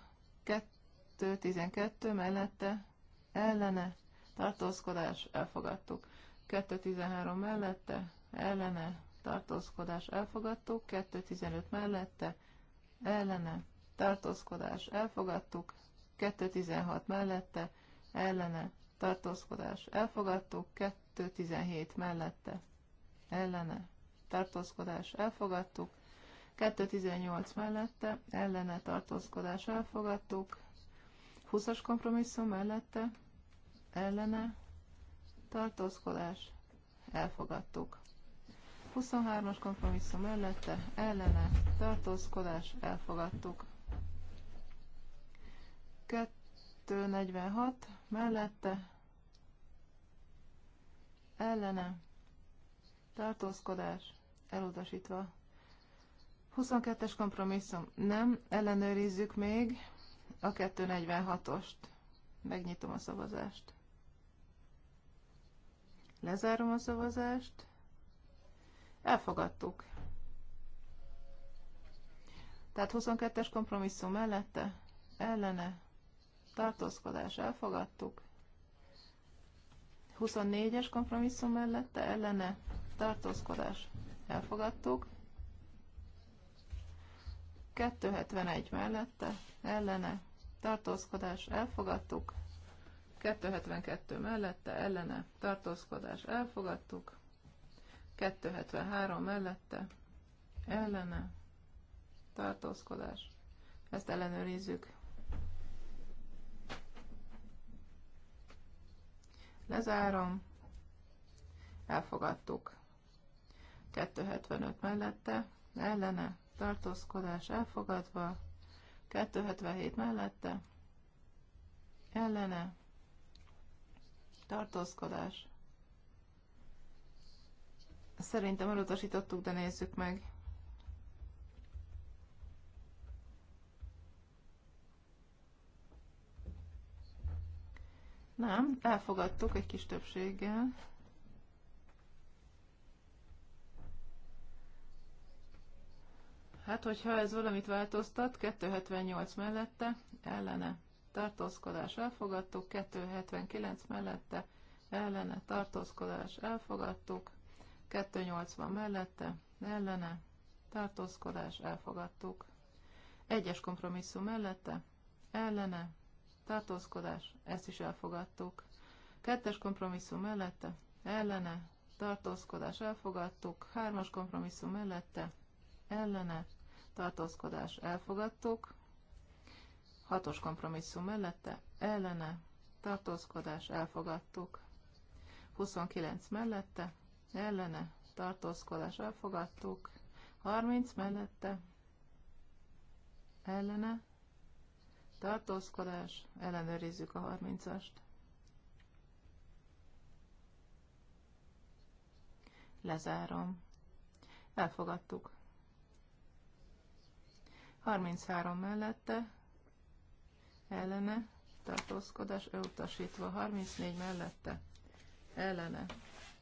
212 mellette ellene, tartózkodás elfogadtuk. 213 mellette ellene tartózkodás elfogadtuk, 215 mellette ellene tartózkodás elfogadtuk, 216 mellette ellene tartózkodás elfogadtuk, 217 mellette ellene tartózkodás elfogadtuk, 218 mellette ellene tartózkodás elfogadtuk, 20-as kompromisszum mellette ellene tartózkodás elfogadtuk. 23-as kompromisszum mellette ellene tartózkodás elfogadtuk. 246 mellette ellene tartózkodás elutasítva. 22-es kompromisszum nem, ellenőrizzük még a 246-ost. Megnyitom a szavazást. Lezárom a szavazást. Elfogadtuk. Tehát 22-es kompromisszum mellette, ellene, tartózkodás, elfogadtuk. 24-es kompromisszum mellette, ellene, tartózkodás, elfogadtuk. 271 mellette, ellene, tartózkodás, elfogadtuk. 272 mellette, ellene, tartózkodás, elfogadtuk. 273 mellette, ellene, tartózkodás. Ezt ellenőrizzük. Lezárom. Elfogadtuk. 275 mellette, ellene, tartózkodás elfogadva. 277 mellette, ellene, tartózkodás Szerintem elutasítottuk, de nézzük meg. Nem, elfogadtuk egy kis többséggel. Hát, hogyha ez valamit változtat, 278 mellette, ellene, tartózkodás elfogadtuk, 279 mellette, ellene, tartózkodás elfogadtuk, 280 mellette, ellene, tartózkodás, elfogadtuk. Egyes kompromisszum mellette, ellene, tartózkodás, ezt is elfogadtuk. Kettes kompromisszum mellette, ellene, tartózkodás, elfogadtuk. Hármas kompromisszum mellette, ellene, tartózkodás, elfogadtuk. Hatos kompromisszum mellette, ellene, tartózkodás, elfogadtuk. 29 mellette, ellene tartózkodás elfogadtuk, 30 mellette ellene tartózkodás, ellenőrizzük a 30-ast. Lezárom. Elfogadtuk. 33 mellette ellene tartózkodás, elutasítva 34 mellette ellene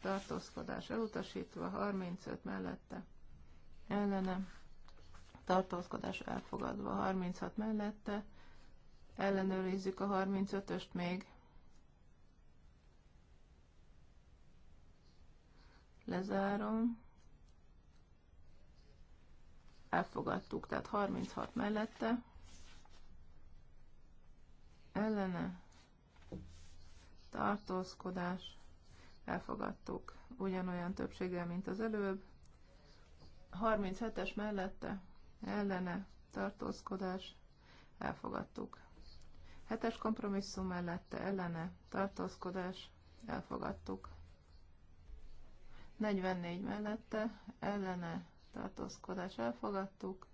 tartózkodás elutasítva, 35 mellette ellene, tartózkodás elfogadva, 36 mellette, ellenőrizzük a 35-öst még, lezárom, elfogadtuk, tehát 36 mellette, ellene, tartózkodás, elfogadtuk ugyanolyan többséggel, mint az előbb. 37-es mellette ellene tartózkodás elfogadtuk. 7-es kompromisszum mellette ellene tartózkodás elfogadtuk. 44 mellette ellene tartózkodás elfogadtuk.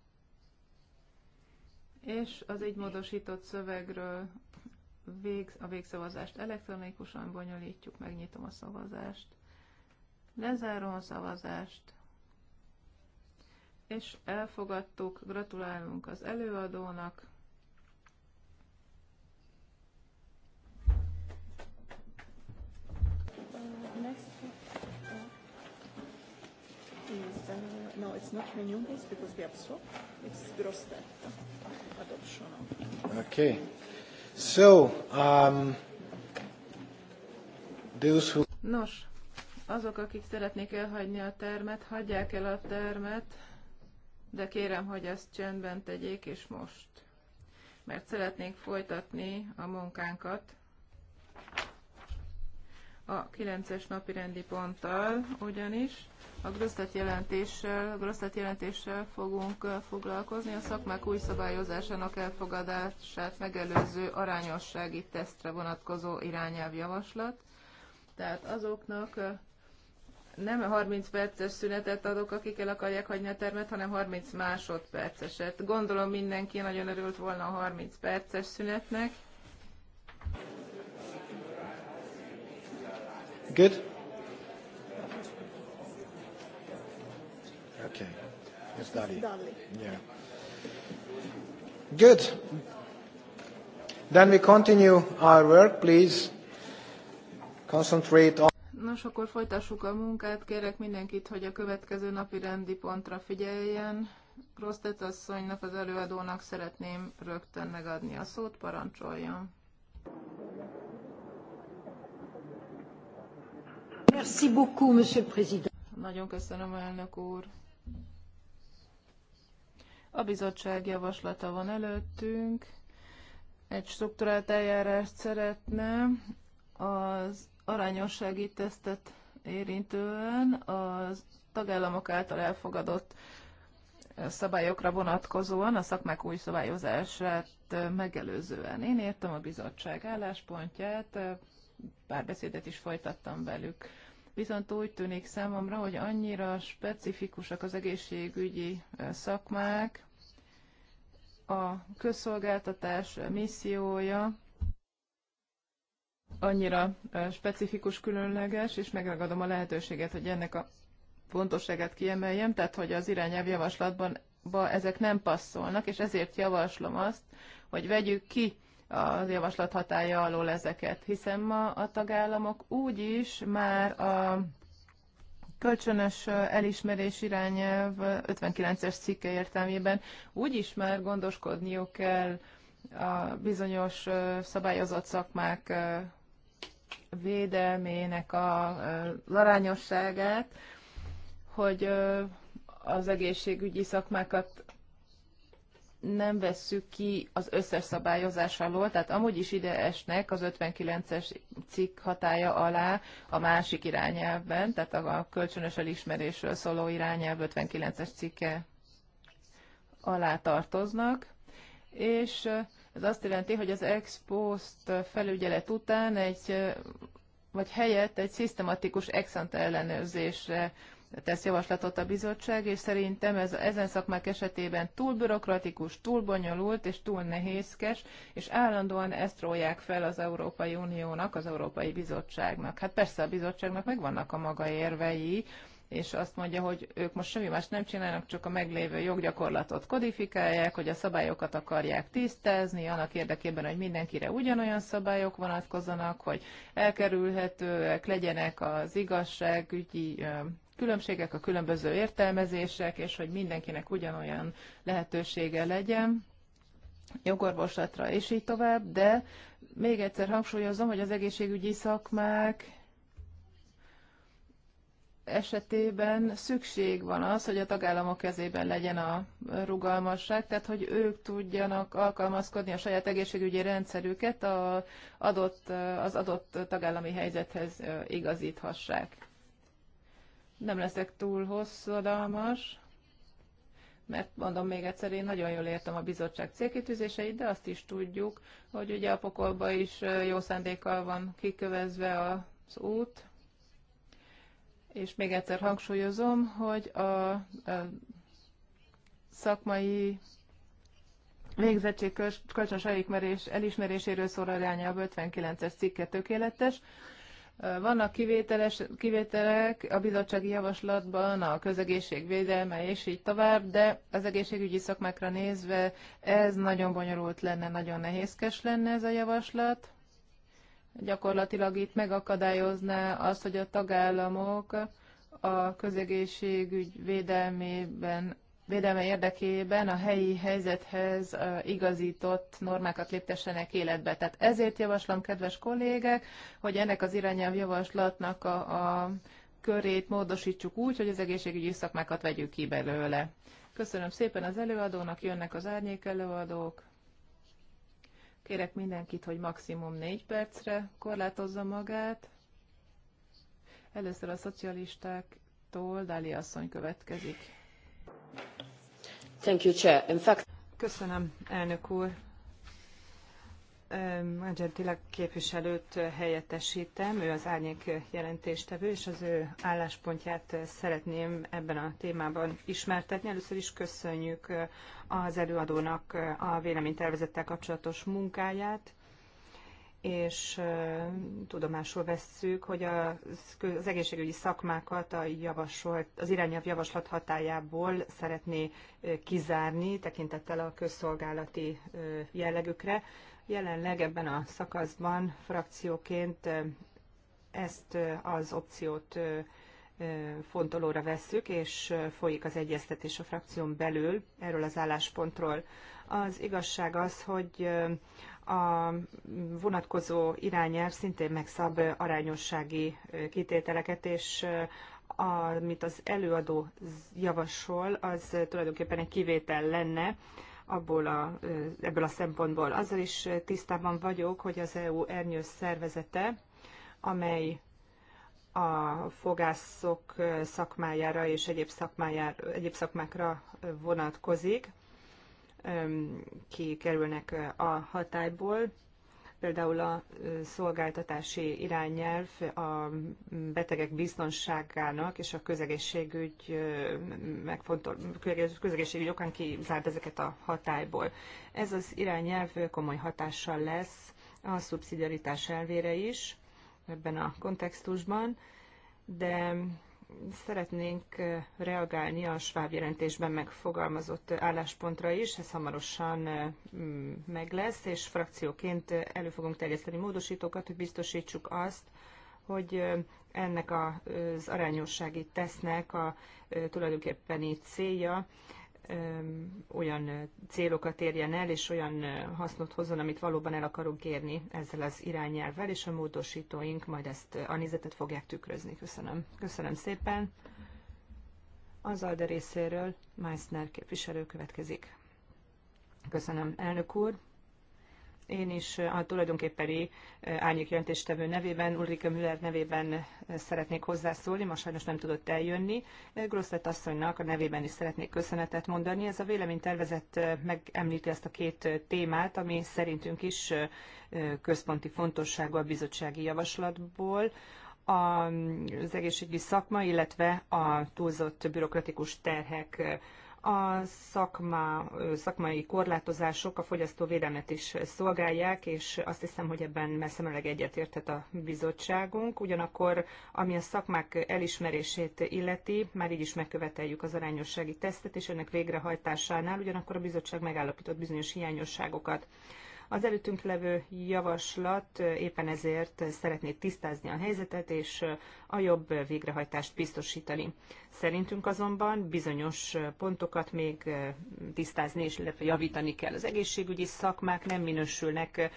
És az így módosított szövegről vég, a végszavazást elektronikusan bonyolítjuk, megnyitom a szavazást, lezárom a szavazást, és elfogadtuk, gratulálunk az előadónak. is, uh, no, it's not renewables because we absorb. It's gross debt adoption. Of. Okay. So, um, those who... Nos, azok, akik szeretnék elhagyni a termet, hagyják el a termet, de kérem, hogy ezt csendben tegyék, és most. Mert szeretnénk folytatni a munkánkat a 9-es napi rendi ponttal, ugyanis a Grosztet jelentéssel, Grosztet jelentéssel fogunk foglalkozni, a szakmák új szabályozásának elfogadását megelőző arányossági tesztre vonatkozó irányelvjavaslat. Tehát azoknak nem 30 perces szünetet adok, akik el akarják hagyni a termet, hanem 30 másodperceset. Gondolom mindenki nagyon örült volna a 30 perces szünetnek, Good? Okay. It's Dali. Yeah. Good. Then we continue our work, please. Concentrate on... Nos, akkor folytassuk a munkát. Kérek mindenkit, hogy a következő napi rendi pontra figyeljen. Krosztet asszonynak, az előadónak szeretném rögtön megadni a szót, parancsoljon. Merci beaucoup, Monsieur le Président. Nagyon köszönöm, elnök úr. A bizottság javaslata van előttünk. Egy struktúrált eljárást szeretne az arányossági tesztet érintően az tagállamok által elfogadott szabályokra vonatkozóan, a szakmák új szabályozását megelőzően. Én értem a bizottság álláspontját, párbeszédet is folytattam velük viszont úgy tűnik számomra, hogy annyira specifikusak az egészségügyi eh, szakmák, a közszolgáltatás missziója annyira eh, specifikus, különleges, és megragadom a lehetőséget, hogy ennek a fontosságát kiemeljem, tehát hogy az irányelv javaslatban ezek nem passzolnak, és ezért javaslom azt, hogy vegyük ki az javaslat hatája alól ezeket, hiszen ma a tagállamok úgy is már a kölcsönös elismerés irányelv 59-es cikke értelmében úgy is már gondoskodniuk kell a bizonyos szabályozott szakmák védelmének a arányosságát, hogy az egészségügyi szakmákat nem vesszük ki az összes szabályozás alól, tehát amúgy is ide esnek az 59-es cikk hatája alá a másik irányelvben, tehát a kölcsönös elismerésről szóló irányelv 59-es cikke alá tartoznak, és ez azt jelenti, hogy az ex post felügyelet után egy vagy helyett egy szisztematikus ex ante ellenőrzésre tesz javaslatot a bizottság, és szerintem ez, ezen szakmák esetében túl bürokratikus, túl bonyolult és túl nehézkes, és állandóan ezt rólják fel az Európai Uniónak, az Európai Bizottságnak. Hát persze a bizottságnak megvannak a maga érvei, és azt mondja, hogy ők most semmi más nem csinálnak, csak a meglévő joggyakorlatot kodifikálják, hogy a szabályokat akarják tisztázni, annak érdekében, hogy mindenkire ugyanolyan szabályok vonatkozzanak, hogy elkerülhetőek legyenek az igazságügyi különbségek, a különböző értelmezések, és hogy mindenkinek ugyanolyan lehetősége legyen jogorvoslatra, és így tovább, de még egyszer hangsúlyozom, hogy az egészségügyi szakmák esetében szükség van az, hogy a tagállamok kezében legyen a rugalmasság, tehát hogy ők tudjanak alkalmazkodni a saját egészségügyi rendszerüket a adott, az adott tagállami helyzethez igazíthassák. Nem leszek túl hosszadalmas, mert mondom még egyszer, én nagyon jól értem a bizottság célkitűzéseit, de azt is tudjuk, hogy ugye a pokolba is jó szándékkal van kikövezve az út, és még egyszer hangsúlyozom, hogy a, a szakmai végzettség kölcsönös elismerés, elismeréséről szól a 59-es cikke tökéletes, vannak kivételes, kivételek a bizottsági javaslatban, a közegészség védelme és így tovább, de az egészségügyi szakmákra nézve ez nagyon bonyolult lenne, nagyon nehézkes lenne ez a javaslat. Gyakorlatilag itt megakadályozná azt, hogy a tagállamok a közegészségügy védelmében védelme érdekében a helyi helyzethez igazított normákat léptessenek életbe. Tehát ezért javaslom, kedves kollégek, hogy ennek az irányelv javaslatnak a, a körét módosítsuk úgy, hogy az egészségügyi szakmákat vegyük ki belőle. Köszönöm szépen az előadónak, jönnek az árnyék előadók. Kérek mindenkit, hogy maximum négy percre korlátozza magát. Először a szocialistáktól Dália asszony következik. Köszönöm, elnök úr. Argentilak képviselőt helyettesítem, ő az árnyék jelentéstevő, és az ő álláspontját szeretném ebben a témában ismertetni. Először is köszönjük az előadónak a véleménytervezettel kapcsolatos munkáját és tudomásul vesszük, hogy az, az egészségügyi szakmákat a javasolt, az irányelv javaslat hatájából szeretné kizárni, tekintettel a közszolgálati jellegükre. Jelenleg ebben a szakaszban frakcióként ezt az opciót fontolóra vesszük, és folyik az egyeztetés a frakción belül erről az álláspontról. Az igazság az, hogy a vonatkozó irányelv szintén megszab arányossági kitételeket, és amit az előadó javasol, az tulajdonképpen egy kivétel lenne abból a, ebből a szempontból. Azzal is tisztában vagyok, hogy az EU ernyős szervezete, amely a fogászok szakmájára és egyéb, szakmájára, egyéb szakmákra vonatkozik, kikerülnek a hatályból. Például a szolgáltatási irányelv a betegek biztonságának és a közegészségügy, megfontol, közegészségügy okán kizárt ezeket a hatályból. Ez az irányelv komoly hatással lesz a szubszidiaritás elvére is ebben a kontextusban, de szeretnénk reagálni a Schwab jelentésben megfogalmazott álláspontra is, ez hamarosan meg lesz, és frakcióként elő fogunk terjeszteni módosítókat, hogy biztosítsuk azt, hogy ennek az arányossági tesznek a tulajdonképpeni célja olyan célokat érjen el, és olyan hasznot hozzon, amit valóban el akarunk érni ezzel az irányelvvel, és a módosítóink majd ezt a nézetet fogják tükrözni. Köszönöm. Köszönöm szépen. Az ALDE részéről Meissner képviselő következik. Köszönöm, elnök úr. Én is a tulajdonképpeli árnyékjelentéstevő nevében, Ulrike Müller nevében szeretnék hozzászólni, ma sajnos nem tudott eljönni. Grosszett asszonynak a nevében is szeretnék köszönetet mondani. Ez a véleménytervezet megemlíti ezt a két témát, ami szerintünk is központi fontosságú a bizottsági javaslatból az egészségügyi szakma, illetve a túlzott bürokratikus terhek a szakma, szakmai korlátozások a fogyasztóvédelmet is szolgálják, és azt hiszem, hogy ebben messze meleg egyetérthet a bizottságunk. Ugyanakkor, ami a szakmák elismerését illeti, már így is megköveteljük az arányossági tesztet, és ennek végrehajtásánál ugyanakkor a bizottság megállapított bizonyos hiányosságokat. Az előttünk levő javaslat éppen ezért szeretné tisztázni a helyzetet és a jobb végrehajtást biztosítani. Szerintünk azonban bizonyos pontokat még tisztázni és javítani kell. Az egészségügyi szakmák nem minősülnek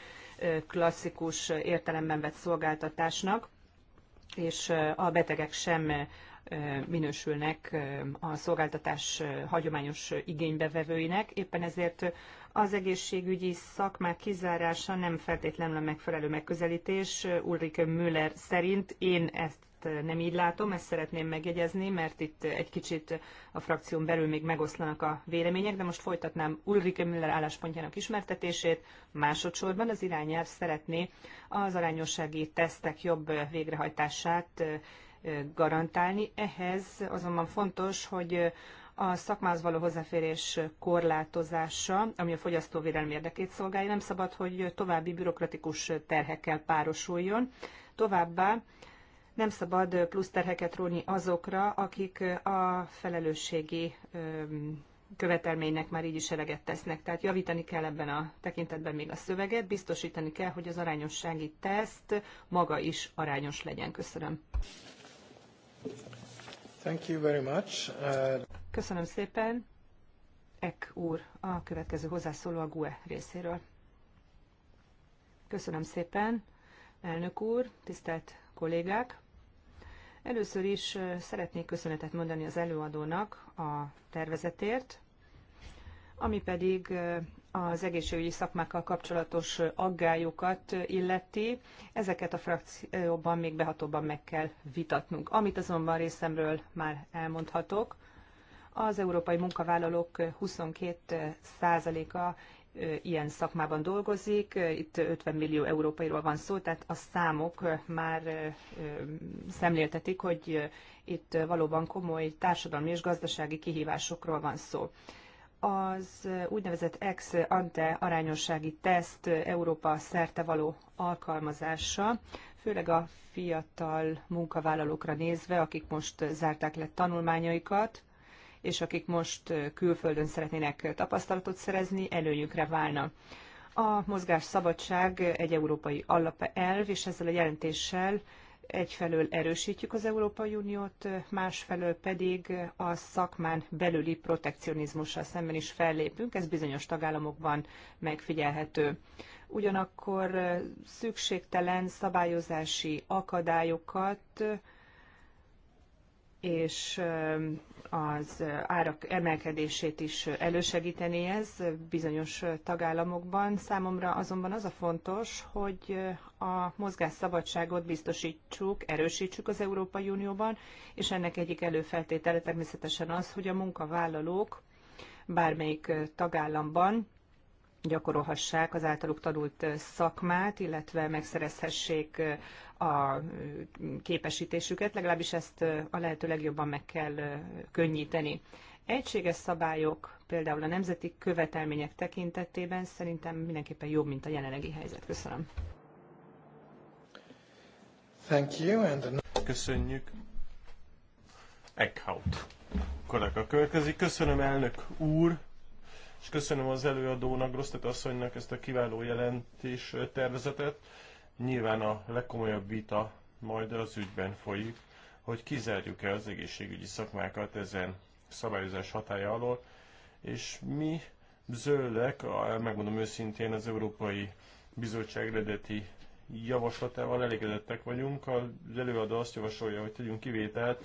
klasszikus értelemben vett szolgáltatásnak, és a betegek sem minősülnek a szolgáltatás hagyományos igénybevevőinek. Éppen ezért az egészségügyi szakmák kizárása nem feltétlenül a megfelelő megközelítés. Ulrike Müller szerint én ezt nem így látom, ezt szeretném megjegyezni, mert itt egy kicsit a frakción belül még megoszlanak a vélemények, de most folytatnám Ulrike Müller álláspontjának ismertetését. Másodszorban az irányelv szeretné az arányossági tesztek jobb végrehajtását eh, garantálni. Ehhez azonban fontos, hogy a szakmához való hozzáférés korlátozása, ami a fogyasztóvédelmi érdekét szolgálja, nem szabad, hogy további bürokratikus terhekkel párosuljon. Továbbá nem szabad plusz terheket róni azokra, akik a felelősségi követelménynek már így is eleget tesznek. Tehát javítani kell ebben a tekintetben még a szöveget, biztosítani kell, hogy az arányossági teszt maga is arányos legyen. Köszönöm. Thank you very much. Uh... Köszönöm szépen. Ek úr, a következő hozzászóló a GUE részéről. Köszönöm szépen, elnök úr, tisztelt kollégák! Először is szeretnék köszönetet mondani az előadónak a tervezetért, ami pedig az egészségügyi szakmákkal kapcsolatos aggályokat illeti, ezeket a frakcióban még behatóban meg kell vitatnunk. Amit azonban részemről már elmondhatok, az európai munkavállalók 22%-a ilyen szakmában dolgozik, itt 50 millió európairól van szó, tehát a számok már szemléltetik, hogy itt valóban komoly társadalmi és gazdasági kihívásokról van szó az úgynevezett ex ante arányossági teszt Európa szerte való alkalmazása, főleg a fiatal munkavállalókra nézve, akik most zárták le tanulmányaikat, és akik most külföldön szeretnének tapasztalatot szerezni, előnyükre válna. A mozgás szabadság egy európai alapelv, és ezzel a jelentéssel egyfelől erősítjük az Európai Uniót, másfelől pedig a szakmán belüli protekcionizmussal szemben is fellépünk, ez bizonyos tagállamokban megfigyelhető. Ugyanakkor szükségtelen szabályozási akadályokat és az árak emelkedését is elősegíteni ez bizonyos tagállamokban. Számomra azonban az a fontos, hogy a mozgásszabadságot biztosítsuk, erősítsük az Európai Unióban, és ennek egyik előfeltétele természetesen az, hogy a munkavállalók bármelyik tagállamban gyakorolhassák az általuk tanult szakmát, illetve megszerezhessék a képesítésüket, legalábbis ezt a lehető legjobban meg kell könnyíteni. Egységes szabályok, például a nemzeti követelmények tekintetében szerintem mindenképpen jobb, mint a jelenlegi helyzet. Köszönöm. Thank you and... Köszönjük. Eckhout. Kollega következik. Köszönöm elnök úr, és köszönöm az előadónak, Grosztet asszonynak ezt a kiváló jelentés tervezetet Nyilván a legkomolyabb vita majd az ügyben folyik, hogy kizárjuk-e az egészségügyi szakmákat ezen szabályozás hatája alól, és mi zöldek, megmondom őszintén, az Európai Bizottság eredeti javaslatával elégedettek vagyunk. Az előadó azt javasolja, hogy tegyünk kivételt.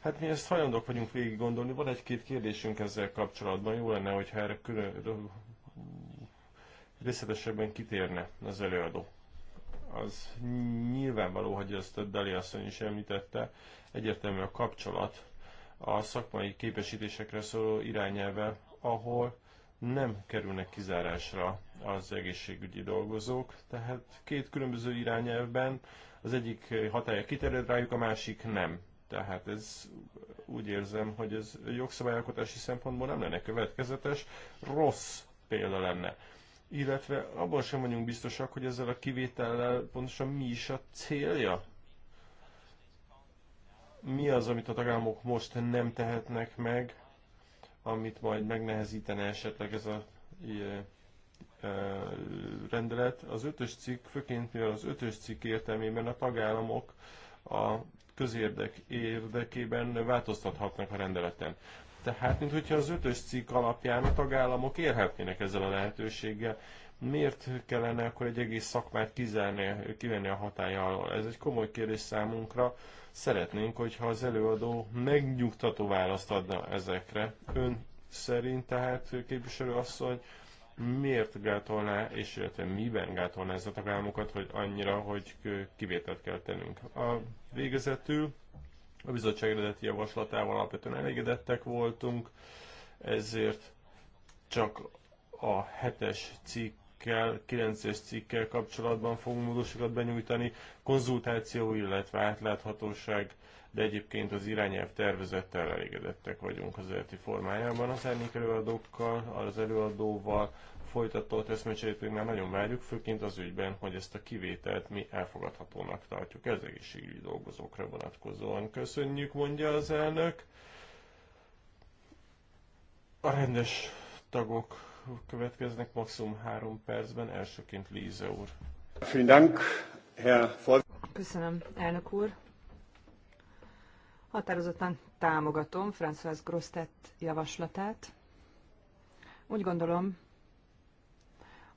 Hát mi ezt hajlandók vagyunk végig gondolni. Van egy-két kérdésünk ezzel kapcsolatban. Jó lenne, hogyha erre külön, részletesebben kitérne az előadó az nyilvánvaló, hogy ezt Dali asszony is említette, egyértelmű a kapcsolat a szakmai képesítésekre szóló irányelve, ahol nem kerülnek kizárásra az egészségügyi dolgozók, tehát két különböző irányelvben az egyik hatája kiterjed rájuk, a másik nem. Tehát ez úgy érzem, hogy ez jogszabályalkotási szempontból nem lenne következetes, rossz példa lenne illetve abban sem vagyunk biztosak, hogy ezzel a kivétellel pontosan mi is a célja. Mi az, amit a tagállamok most nem tehetnek meg, amit majd megnehezítene esetleg ez a e, e, rendelet. Az ötös cikk, főként mivel az ötös cikk értelmében a tagállamok a közérdek érdekében változtathatnak a rendeleten. Tehát, mint hogyha az ötös cikk alapján a tagállamok érhetnének ezzel a lehetőséggel. Miért kellene akkor egy egész szakmát kizárni, kivenni a hatája alól? Ez egy komoly kérdés számunkra. Szeretnénk, hogyha az előadó megnyugtató választ adna ezekre. Ön szerint tehát képviselő asszony, miért gátolná, és illetve miben gátolná ez a tagállamokat, hogy annyira, hogy kivételt kell tennünk. A végezetül a bizottság eredeti javaslatával alapvetően elégedettek voltunk, ezért csak a hetes cikkel, 9-es cikkel kapcsolatban fogunk módosokat benyújtani, konzultáció, illetve átláthatóság, de egyébként az irányelv tervezettel elégedettek vagyunk az eredeti formájában. Az árnyék előadókkal, az előadóval, folytatott teszmecserét, pedig már nagyon várjuk, főként az ügyben, hogy ezt a kivételt mi elfogadhatónak tartjuk. Ez egészségügyi dolgozókra vonatkozóan. Köszönjük, mondja az elnök. A rendes tagok következnek maximum három percben, elsőként Líze úr. Köszönöm, elnök úr. Határozottan támogatom François Grosztett javaslatát. Úgy gondolom,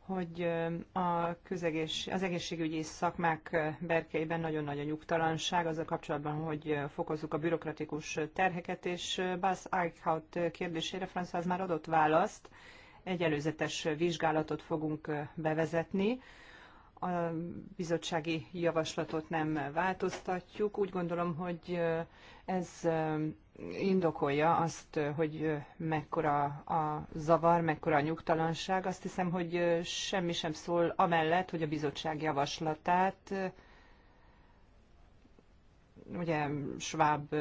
hogy a közegés az egészségügyi szakmák berkeiben nagyon nagy a nyugtalanság azzal kapcsolatban, hogy fokozzuk a bürokratikus terheket, és Bas Eichhout kérdésére François már adott választ, egy előzetes vizsgálatot fogunk bevezetni. A bizottsági javaslatot nem változtatjuk. Úgy gondolom, hogy ez indokolja azt, hogy mekkora a zavar, mekkora a nyugtalanság. Azt hiszem, hogy semmi sem szól amellett, hogy a bizottság javaslatát, ugye Schwab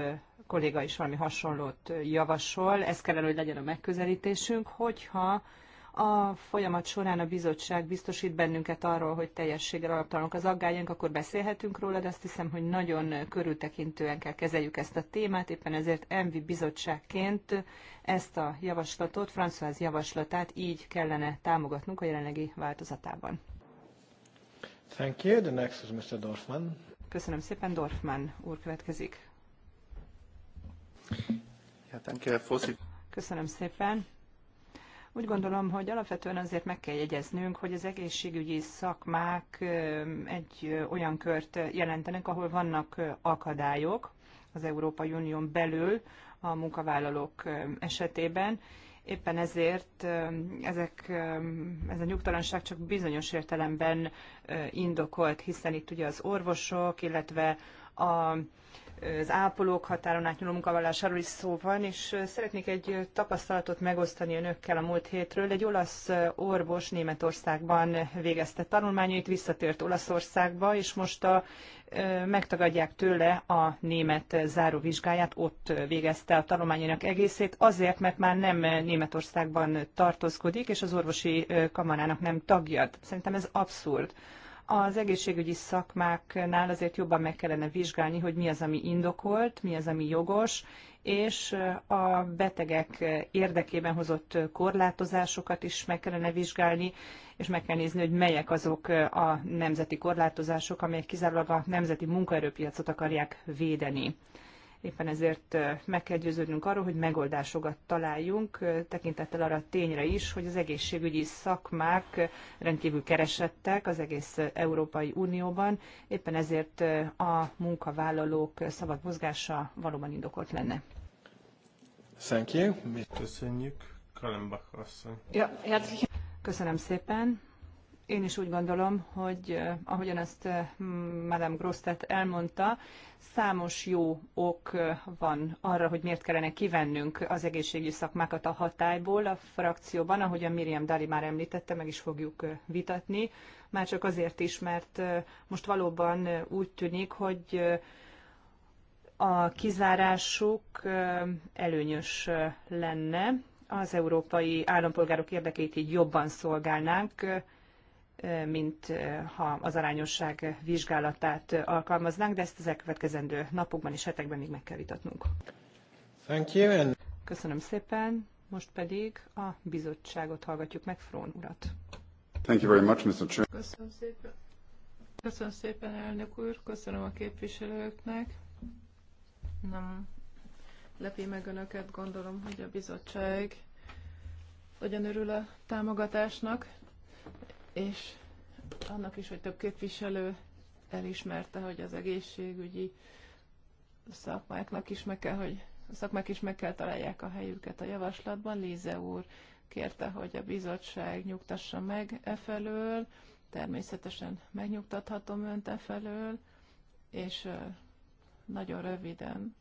kolléga is valami hasonlót javasol, ez kellene, hogy legyen a megközelítésünk, hogyha a folyamat során a bizottság biztosít bennünket arról, hogy teljességgel alaptalanok az aggályunk, akkor beszélhetünk róla, de azt hiszem, hogy nagyon körültekintően kell kezeljük ezt a témát, éppen ezért ENVI bizottságként ezt a javaslatot, François javaslatát így kellene támogatnunk a jelenlegi változatában. Thank you. The next is Mr. Dorfman. Köszönöm szépen, Dorfman úr következik. Yeah, thank you. Köszönöm szépen. Úgy gondolom, hogy alapvetően azért meg kell jegyeznünk, hogy az egészségügyi szakmák egy olyan kört jelentenek, ahol vannak akadályok az Európai Unión belül a munkavállalók esetében. Éppen ezért ezek, ez a nyugtalanság csak bizonyos értelemben indokolt, hiszen itt ugye az orvosok, illetve a az ápolók határon átnyúló munkavállalásáról is szó van, és szeretnék egy tapasztalatot megosztani önökkel a múlt hétről. Egy olasz orvos Németországban végezte tanulmányait, visszatért Olaszországba, és most a, megtagadják tőle a német záróvizsgáját, ott végezte a tanulmányainak egészét, azért, mert már nem Németországban tartózkodik, és az orvosi kamarának nem tagja. Szerintem ez abszurd. Az egészségügyi szakmáknál azért jobban meg kellene vizsgálni, hogy mi az, ami indokolt, mi az, ami jogos, és a betegek érdekében hozott korlátozásokat is meg kellene vizsgálni, és meg kell nézni, hogy melyek azok a nemzeti korlátozások, amelyek kizárólag a nemzeti munkaerőpiacot akarják védeni. Éppen ezért meg kell győződnünk arról, hogy megoldásokat találjunk, tekintettel arra a tényre is, hogy az egészségügyi szakmák rendkívül keresettek az egész Európai Unióban. Éppen ezért a munkavállalók szabad mozgása valóban indokolt lenne. Thank you. Köszönjük. Kalembach asszony. Ja, Köszönöm szépen. Én is úgy gondolom, hogy eh, ahogyan ezt eh, Madame Grosztet elmondta, számos jó ok eh, van arra, hogy miért kellene kivennünk az egészségügyi szakmákat a hatályból a frakcióban, ahogyan Miriam Dali már említette, meg is fogjuk vitatni, már csak azért is, mert most valóban úgy tűnik, hogy a kizárásuk előnyös lenne, az európai állampolgárok érdekeit így jobban szolgálnánk, mint ha az arányosság vizsgálatát alkalmaznánk, de ezt az elkövetkezendő napokban és hetekben még meg kell vitatnunk. Thank you and... Köszönöm szépen, most pedig a bizottságot hallgatjuk meg, Frón urat. Thank you very much, Mr. Chair. Köszönöm szépen. Köszönöm szépen, elnök úr, köszönöm a képviselőknek. Nem lepi meg önöket, gondolom, hogy a bizottság nagyon örül a támogatásnak, és annak is, hogy több képviselő elismerte, hogy az egészségügyi szakmáknak is meg kell, hogy a szakmák is meg kell találják a helyüket a javaslatban. Líze úr kérte, hogy a bizottság nyugtassa meg e felől, természetesen megnyugtathatom önt e felől, és nagyon röviden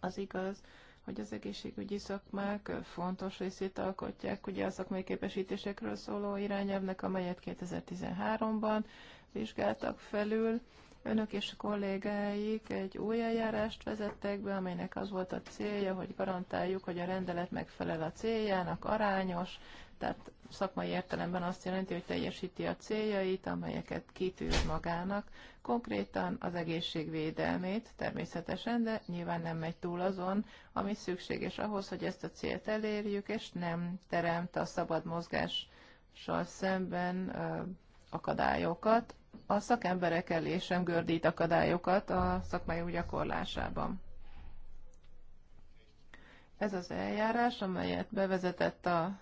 az igaz, hogy az egészségügyi szakmák fontos részét alkotják ugye a szakmai képesítésekről szóló irányelvnek, amelyet 2013-ban vizsgáltak felül. Önök és kollégáik egy új eljárást vezettek be, amelynek az volt a célja, hogy garantáljuk, hogy a rendelet megfelel a céljának, arányos, tehát szakmai értelemben azt jelenti, hogy teljesíti a céljait, amelyeket kitűz magának, konkrétan az egészségvédelmét természetesen, de nyilván nem megy túl azon, ami szükséges ahhoz, hogy ezt a célt elérjük, és nem teremt a szabad mozgással szemben akadályokat. A szakemberek elé sem gördít akadályokat a szakmai gyakorlásában. Ez az eljárás, amelyet bevezetett a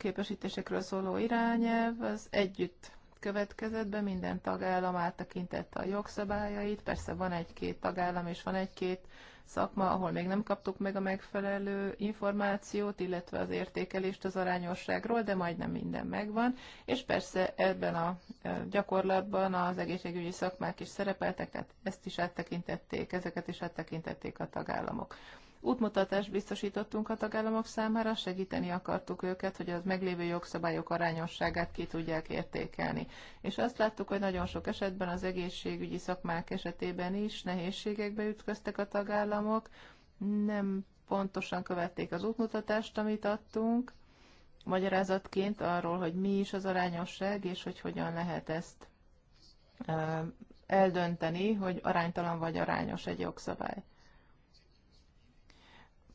képesítésekről szóló irányelv az együtt következett be, minden tagállam áttekintette a jogszabályait, persze van egy-két tagállam és van egy-két szakma, ahol még nem kaptuk meg a megfelelő információt, illetve az értékelést az arányosságról, de majdnem minden megvan, és persze ebben a e, gyakorlatban az egészségügyi szakmák is szerepeltek, tehát ezt is áttekintették, ezeket is áttekintették a tagállamok. Útmutatást biztosítottunk a tagállamok számára, segíteni akartuk őket, hogy az meglévő jogszabályok arányosságát ki tudják értékelni. És azt láttuk, hogy nagyon sok esetben az egészségügyi szakmák esetében is nehézségekbe ütköztek a tagállamok, nem pontosan követték az útmutatást, amit adtunk, magyarázatként arról, hogy mi is az arányosság, és hogy hogyan lehet ezt eldönteni, hogy aránytalan vagy arányos egy jogszabály.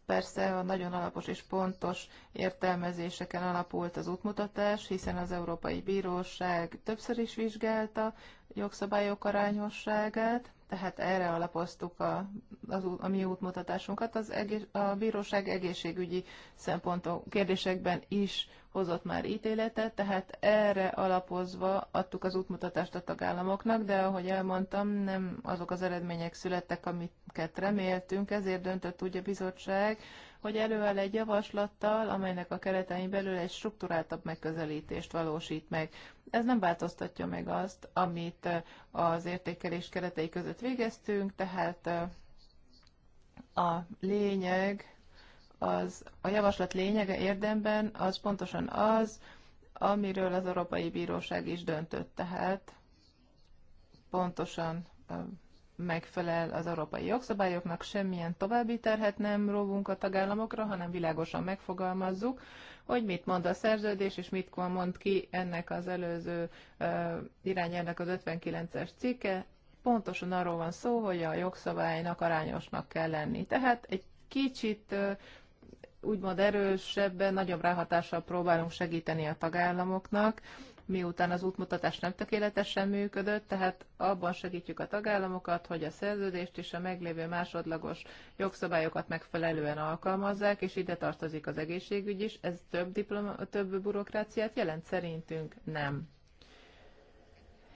Persze a nagyon alapos és pontos értelmezéseken alapult az útmutatás, hiszen az Európai Bíróság többször is vizsgálta jogszabályok arányosságát, tehát erre alapoztuk a, az, a mi útmutatásunkat. Az egész, a bíróság egészségügyi szempontok kérdésekben is hozott már ítéletet, tehát erre alapozva adtuk az útmutatást a tagállamoknak, de ahogy elmondtam, nem azok az eredmények születtek, amiket reméltünk, ezért döntött úgy a bizottság, hogy előáll egy javaslattal, amelynek a keretein belül egy struktúráltabb megközelítést valósít meg. Ez nem változtatja meg azt, amit az értékelés keretei között végeztünk, tehát a lényeg, az, a javaslat lényege érdemben az pontosan az, amiről az Európai Bíróság is döntött, tehát pontosan megfelel az európai jogszabályoknak, semmilyen további terhet nem róvunk a tagállamokra, hanem világosan megfogalmazzuk, hogy mit mond a szerződés, és mit mond ki ennek az előző uh, az 59-es cikke. Pontosan arról van szó, hogy a jogszabálynak arányosnak kell lenni. Tehát egy kicsit uh, úgymond erősebben, nagyobb ráhatással próbálunk segíteni a tagállamoknak, miután az útmutatás nem tökéletesen működött, tehát abban segítjük a tagállamokat, hogy a szerződést és a meglévő másodlagos jogszabályokat megfelelően alkalmazzák, és ide tartozik az egészségügy is. Ez több, diploma, több bürokráciát jelent? Szerintünk nem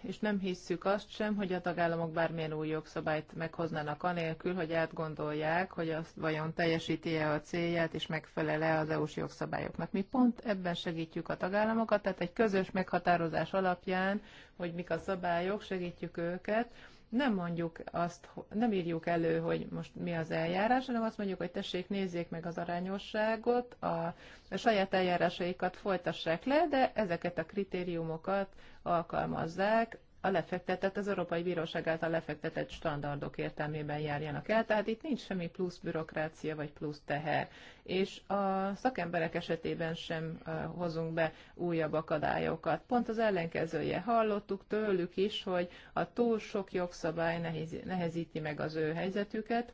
és nem hisszük azt sem, hogy a tagállamok bármilyen új jogszabályt meghoznának anélkül, hogy átgondolják, hogy azt vajon teljesíti-e a célját, és megfelele az EU-s jogszabályoknak. Mi pont ebben segítjük a tagállamokat, tehát egy közös meghatározás alapján, hogy mik a szabályok, segítjük őket, nem mondjuk azt, nem írjuk elő, hogy most mi az eljárás, hanem azt mondjuk, hogy tessék, nézzék meg az arányosságot, a, a saját eljárásaikat folytassák le, de ezeket a kritériumokat alkalmazzák a lefektetett, az Európai Bíróság által lefektetett standardok értelmében járjanak el, tehát itt nincs semmi plusz bürokrácia vagy plusz teher. És a szakemberek esetében sem hozunk be újabb akadályokat. Pont az ellenkezője. Hallottuk tőlük is, hogy a túl sok jogszabály nehezíti meg az ő helyzetüket,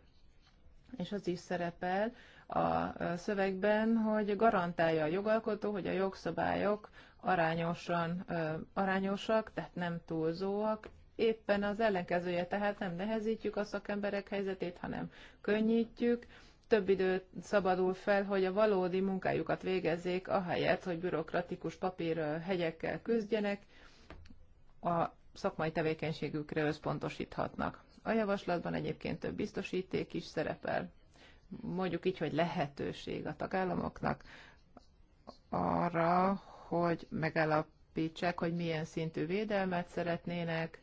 és az is szerepel a szövegben, hogy garantálja a jogalkotó, hogy a jogszabályok arányosan, arányosak, tehát nem túlzóak, éppen az ellenkezője, tehát nem nehezítjük a szakemberek helyzetét, hanem könnyítjük, több idő szabadul fel, hogy a valódi munkájukat végezzék, ahelyett, hogy bürokratikus papír hegyekkel küzdjenek, a szakmai tevékenységükre összpontosíthatnak. A javaslatban egyébként több biztosíték is szerepel, mondjuk így, hogy lehetőség a tagállamoknak arra, hogy megállapítsák, hogy milyen szintű védelmet szeretnének,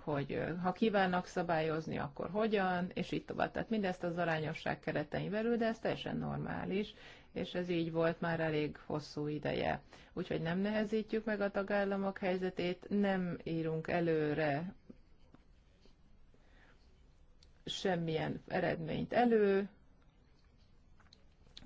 hogy ha kívánnak szabályozni, akkor hogyan, és így tovább. Tehát mindezt az arányosság keretein belül, de ez teljesen normális, és ez így volt már elég hosszú ideje. Úgyhogy nem nehezítjük meg a tagállamok helyzetét, nem írunk előre semmilyen eredményt elő,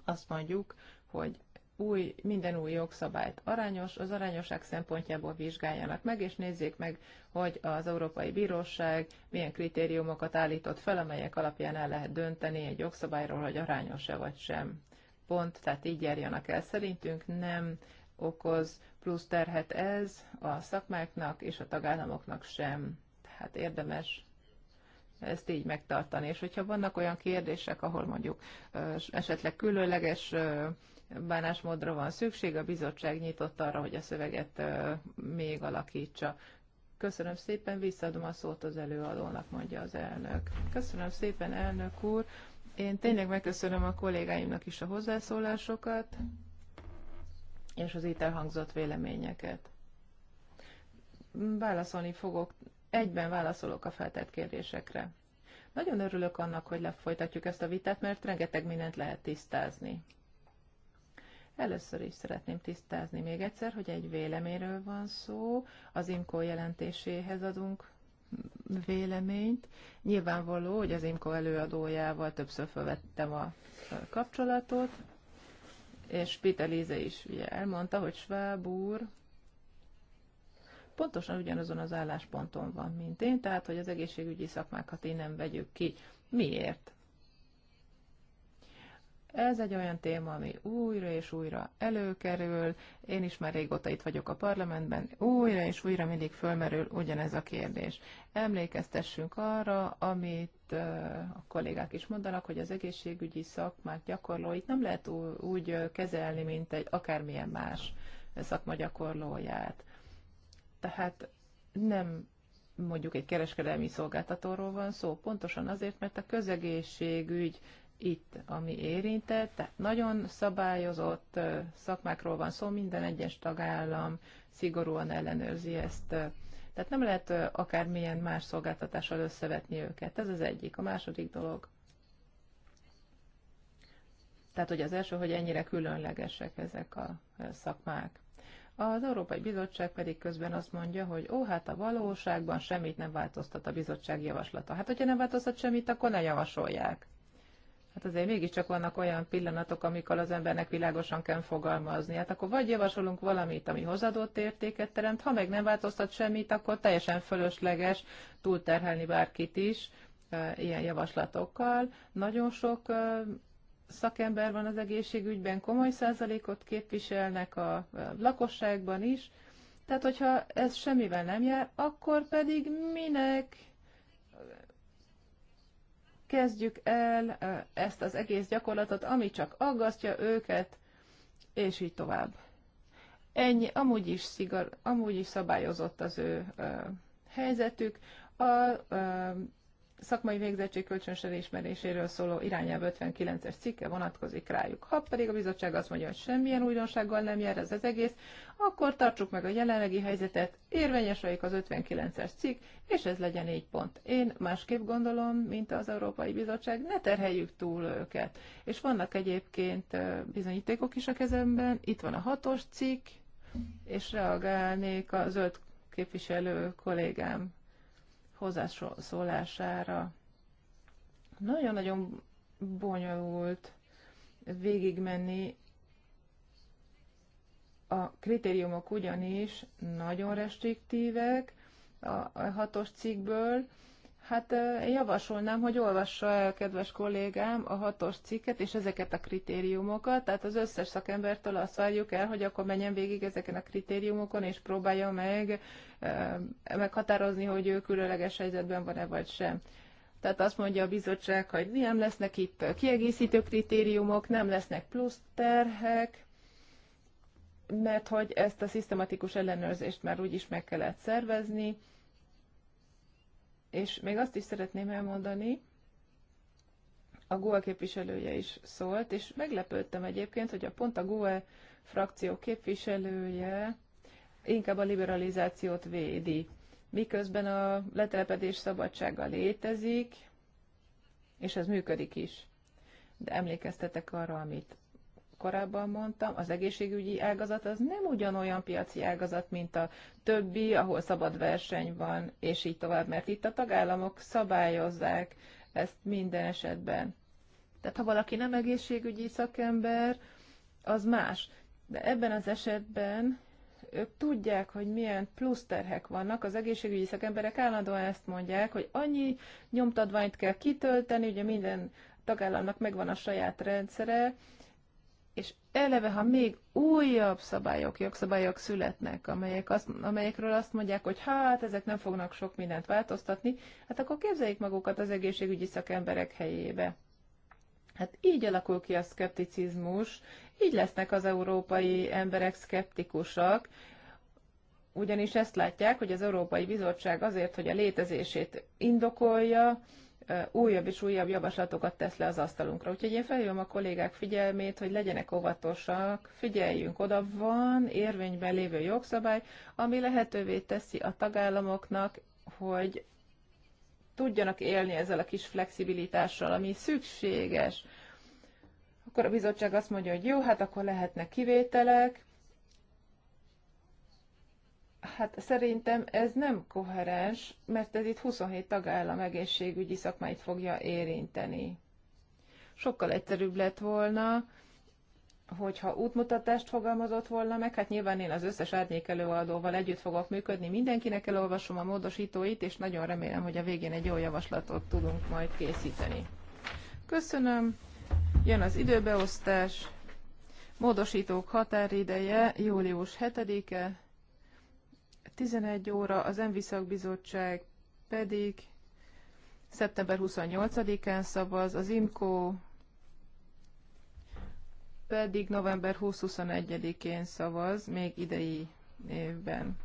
azt mondjuk, hogy új, minden új jogszabályt arányos, az arányosság szempontjából vizsgáljanak meg, és nézzék meg, hogy az Európai Bíróság milyen kritériumokat állított fel, amelyek alapján el lehet dönteni egy jogszabályról, hogy arányos-e vagy sem. Pont, tehát így járjanak el. Szerintünk nem okoz plusz terhet ez a szakmáknak és a tagállamoknak sem. Tehát érdemes ezt így megtartani. És hogyha vannak olyan kérdések, ahol mondjuk esetleg különleges bánásmódra van szükség, a bizottság nyitott arra, hogy a szöveget még alakítsa. Köszönöm szépen, visszaadom a szót az előadónak, mondja az elnök. Köszönöm szépen, elnök úr. Én tényleg megköszönöm a kollégáimnak is a hozzászólásokat, és az itt elhangzott véleményeket. Válaszolni fogok, egyben válaszolok a feltett kérdésekre. Nagyon örülök annak, hogy lefolytatjuk ezt a vitát, mert rengeteg mindent lehet tisztázni. Először is szeretném tisztázni még egyszer, hogy egy véleményről van szó, az IMCO jelentéséhez adunk véleményt. Nyilvánvaló, hogy az IMCO előadójával többször felvettem a kapcsolatot, és Péter Líze is ugye elmondta, hogy Schwab úr pontosan ugyanazon az állásponton van, mint én, tehát hogy az egészségügyi szakmákat én nem vegyük ki. Miért? Ez egy olyan téma, ami újra és újra előkerül. Én is már régóta itt vagyok a parlamentben, újra és újra mindig fölmerül ugyanez a kérdés. Emlékeztessünk arra, amit a kollégák is mondanak, hogy az egészségügyi szakmát gyakorlóit nem lehet úgy kezelni, mint egy akármilyen más szakma gyakorlóját. Tehát nem mondjuk egy kereskedelmi szolgáltatóról van szó, pontosan azért, mert a közegészségügy itt, ami érintett, tehát nagyon szabályozott szakmákról van szó, minden egyes tagállam szigorúan ellenőrzi ezt. Tehát nem lehet akármilyen más szolgáltatással összevetni őket. Ez az egyik. A második dolog. Tehát, hogy az első, hogy ennyire különlegesek ezek a szakmák. Az Európai Bizottság pedig közben azt mondja, hogy ó, hát a valóságban semmit nem változtat a bizottság javaslata. Hát, hogyha nem változtat semmit, akkor ne javasolják. Hát azért mégiscsak vannak olyan pillanatok, amikor az embernek világosan kell fogalmazni. Hát akkor vagy javasolunk valamit, ami hozadott értéket teremt, ha meg nem változtat semmit, akkor teljesen fölösleges túlterhelni bárkit is ilyen javaslatokkal. Nagyon sok szakember van az egészségügyben, komoly százalékot képviselnek a lakosságban is. Tehát, hogyha ez semmivel nem jár, akkor pedig minek kezdjük el ezt az egész gyakorlatot, ami csak aggasztja őket, és így tovább. Ennyi, amúgy is, szigor, amúgy is szabályozott az ő helyzetük. A szakmai végzettség kölcsönös elismeréséről szóló irányelv 59-es cikke vonatkozik rájuk. Ha pedig a bizottság azt mondja, hogy semmilyen újdonsággal nem jár ez az egész, akkor tartsuk meg a jelenlegi helyzetet, érvényes vagyok az 59-es cikk, és ez legyen így pont. Én másképp gondolom, mint az Európai Bizottság, ne terheljük túl őket. És vannak egyébként bizonyítékok is a kezemben, itt van a hatos cikk, és reagálnék a zöld képviselő kollégám hozzászólására. Nagyon-nagyon bonyolult végigmenni a kritériumok ugyanis nagyon restriktívek a hatos cikkből, Hát javasolnám, hogy olvassa el, kedves kollégám, a hatos cikket és ezeket a kritériumokat. Tehát az összes szakembertől azt várjuk el, hogy akkor menjen végig ezeken a kritériumokon, és próbálja meg meghatározni, hogy ő különleges helyzetben van-e vagy sem. Tehát azt mondja a bizottság, hogy nem lesznek itt kiegészítő kritériumok, nem lesznek plusz terhek, mert hogy ezt a szisztematikus ellenőrzést már úgyis meg kellett szervezni, és még azt is szeretném elmondani, a GUE képviselője is szólt, és meglepődtem egyébként, hogy a pont a GUE frakció képviselője inkább a liberalizációt védi, miközben a letelepedés szabadsága létezik, és ez működik is. De emlékeztetek arra, amit korábban mondtam, az egészségügyi ágazat az nem ugyanolyan piaci ágazat, mint a többi, ahol szabad verseny van, és így tovább, mert itt a tagállamok szabályozzák ezt minden esetben. Tehát ha valaki nem egészségügyi szakember, az más. De ebben az esetben ők tudják, hogy milyen plusz terhek vannak. Az egészségügyi szakemberek állandóan ezt mondják, hogy annyi nyomtatványt kell kitölteni, ugye minden tagállamnak megvan a saját rendszere, és eleve, ha még újabb szabályok, jogszabályok születnek, amelyek azt, amelyekről azt mondják, hogy hát ezek nem fognak sok mindent változtatni, hát akkor képzeljék magukat az egészségügyi szakemberek helyébe. Hát így alakul ki a szkepticizmus, így lesznek az európai emberek szkeptikusak, ugyanis ezt látják, hogy az Európai Bizottság azért, hogy a létezését indokolja, újabb és újabb javaslatokat tesz le az asztalunkra. Úgyhogy én felhívom a kollégák figyelmét, hogy legyenek óvatosak, figyeljünk oda, van érvényben lévő jogszabály, ami lehetővé teszi a tagállamoknak, hogy tudjanak élni ezzel a kis flexibilitással, ami szükséges. Akkor a bizottság azt mondja, hogy jó, hát akkor lehetnek kivételek, Hát szerintem ez nem koherens, mert ez itt 27 tagállam egészségügyi szakmáit fogja érinteni. Sokkal egyszerűbb lett volna, hogyha útmutatást fogalmazott volna meg, hát nyilván én az összes árnyék előadóval együtt fogok működni, mindenkinek elolvasom a módosítóit, és nagyon remélem, hogy a végén egy jó javaslatot tudunk majd készíteni. Köszönöm, jön az időbeosztás, módosítók határideje július 7-e, 11 óra, az Enviszak Bizottság pedig szeptember 28-án szavaz, az IMCO pedig november 20-21-én szavaz, még idei évben.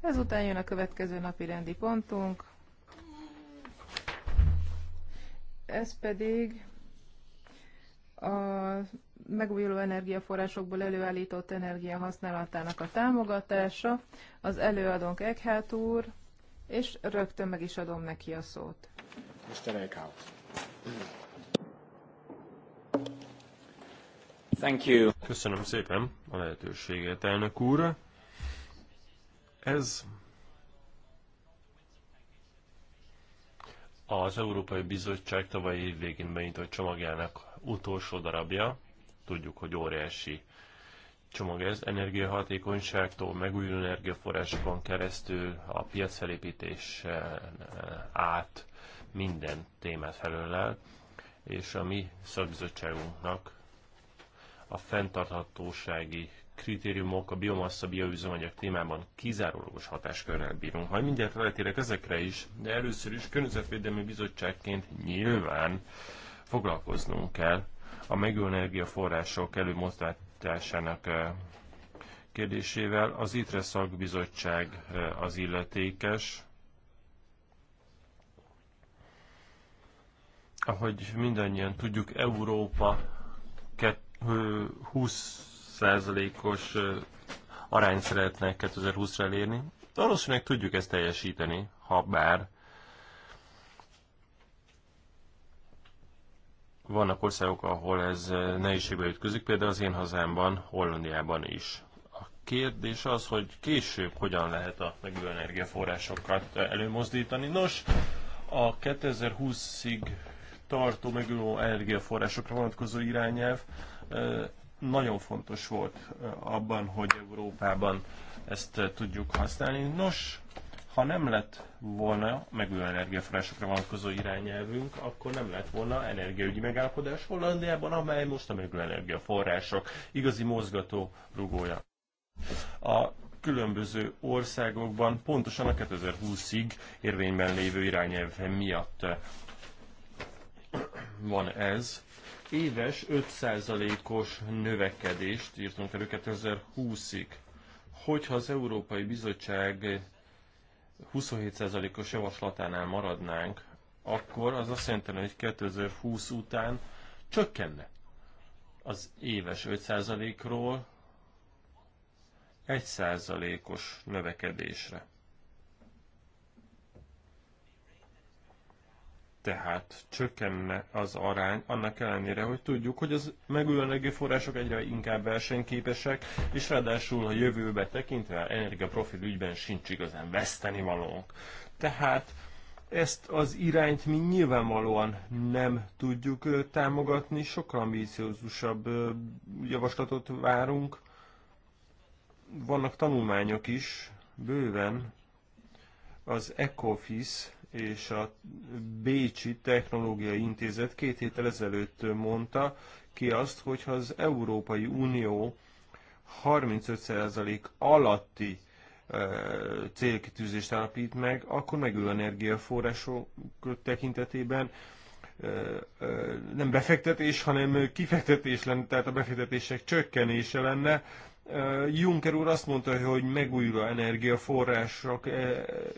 Ezután jön a következő napi rendi pontunk, ez pedig a megújuló energiaforrásokból előállított energia használatának a támogatása. Az előadónk Eghát úr, és rögtön meg is adom neki a szót. Mr. Eichhout. Thank you. Köszönöm szépen a lehetőséget, elnök úr. Ez az Európai Bizottság tavalyi végén benyitott csomagjának utolsó darabja tudjuk, hogy óriási csomag ez, energiahatékonyságtól, megújuló energiaforrásokon keresztül, a piacfelépítésen eh, át minden témát felölel, és a mi szakbizottságunknak a fenntarthatósági kritériumok a biomassa bioüzemanyag témában kizárólagos hatáskörrel bírunk. Majd mindjárt rátérek ezekre is, de először is környezetvédelmi bizottságként nyilván foglalkoznunk kell a megülő energiaforrások előmozdításának eh, kérdésével. Az ITRE szakbizottság eh, az illetékes. Ahogy mindannyian tudjuk, Európa 20%-os arányt szeretne 2020-ra elérni. Valószínűleg tudjuk ezt teljesíteni, ha bár Vannak országok, ahol ez eh, nehézségbe ütközik, például az én hazámban, Hollandiában is. A kérdés az, hogy később hogyan lehet a megújuló energiaforrásokat eh, előmozdítani. Nos, a 2020-ig tartó megújuló energiaforrásokra vonatkozó irányelv eh, nagyon fontos volt abban, hogy Európában ezt tudjuk használni. Nos, ha nem lett volna megújuló energiaforrásokra vonatkozó irányelvünk, akkor nem lett volna energiaügyi megállapodás Hollandiában, amely most a megújuló energiaforrások igazi mozgató rugója. A különböző országokban pontosan a 2020-ig érvényben lévő irányelv miatt van ez. Éves 5%-os növekedést írtunk elő 2020-ig. Hogyha az Európai Bizottság 27%-os javaslatánál maradnánk, akkor az azt jelenti, hogy 2020 után csökkenne az éves 5%-ról 1%-os növekedésre. tehát csökkenne az arány, annak ellenére, hogy tudjuk, hogy az megújuló energiaforrások egyre inkább versenyképesek, és ráadásul a jövőbe tekintve energiaprofil ügyben sincs igazán vesztenivalónk. Tehát ezt az irányt mi nyilvánvalóan nem tudjuk támogatni, sokkal ambíciózusabb javaslatot várunk. Vannak tanulmányok is, bőven. Az Ecofis és a Bécsi Technológiai Intézet két héttel ezelőtt mondta ki azt, hogy ha az Európai Unió 35% alatti e, célkitűzést állapít meg, akkor megül energiaforrások tekintetében e, e, nem befektetés, hanem kifektetés lenne, tehát a befektetések csökkenése lenne. Juncker úr azt mondta, hogy megújuló energiaforrások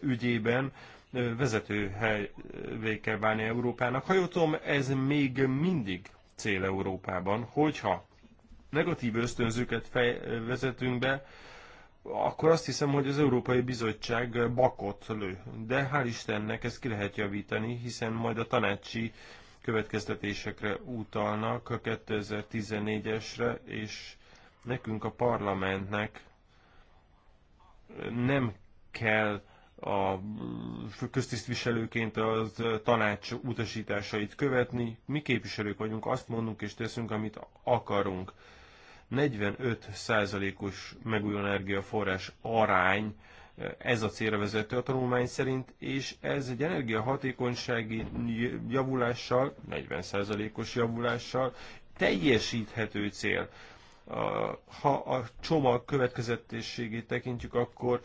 ügyében vezető helyvé kell válni Európának. Ha jutom, ez még mindig cél Európában, hogyha negatív ösztönzőket fej, vezetünk be, akkor azt hiszem, hogy az Európai Bizottság bakot lő. De hál' Istennek ezt ki lehet javítani, hiszen majd a tanácsi következtetésekre utalnak a 2014-esre, és nekünk a parlamentnek nem kell a köztisztviselőként az tanács utasításait követni. Mi képviselők vagyunk, azt mondunk és teszünk, amit akarunk. 45%-os megújuló energiaforrás arány, ez a célra vezető a tanulmány szerint, és ez egy energiahatékonysági javulással, 40%-os javulással teljesíthető cél. Ha a csomag következetességét tekintjük, akkor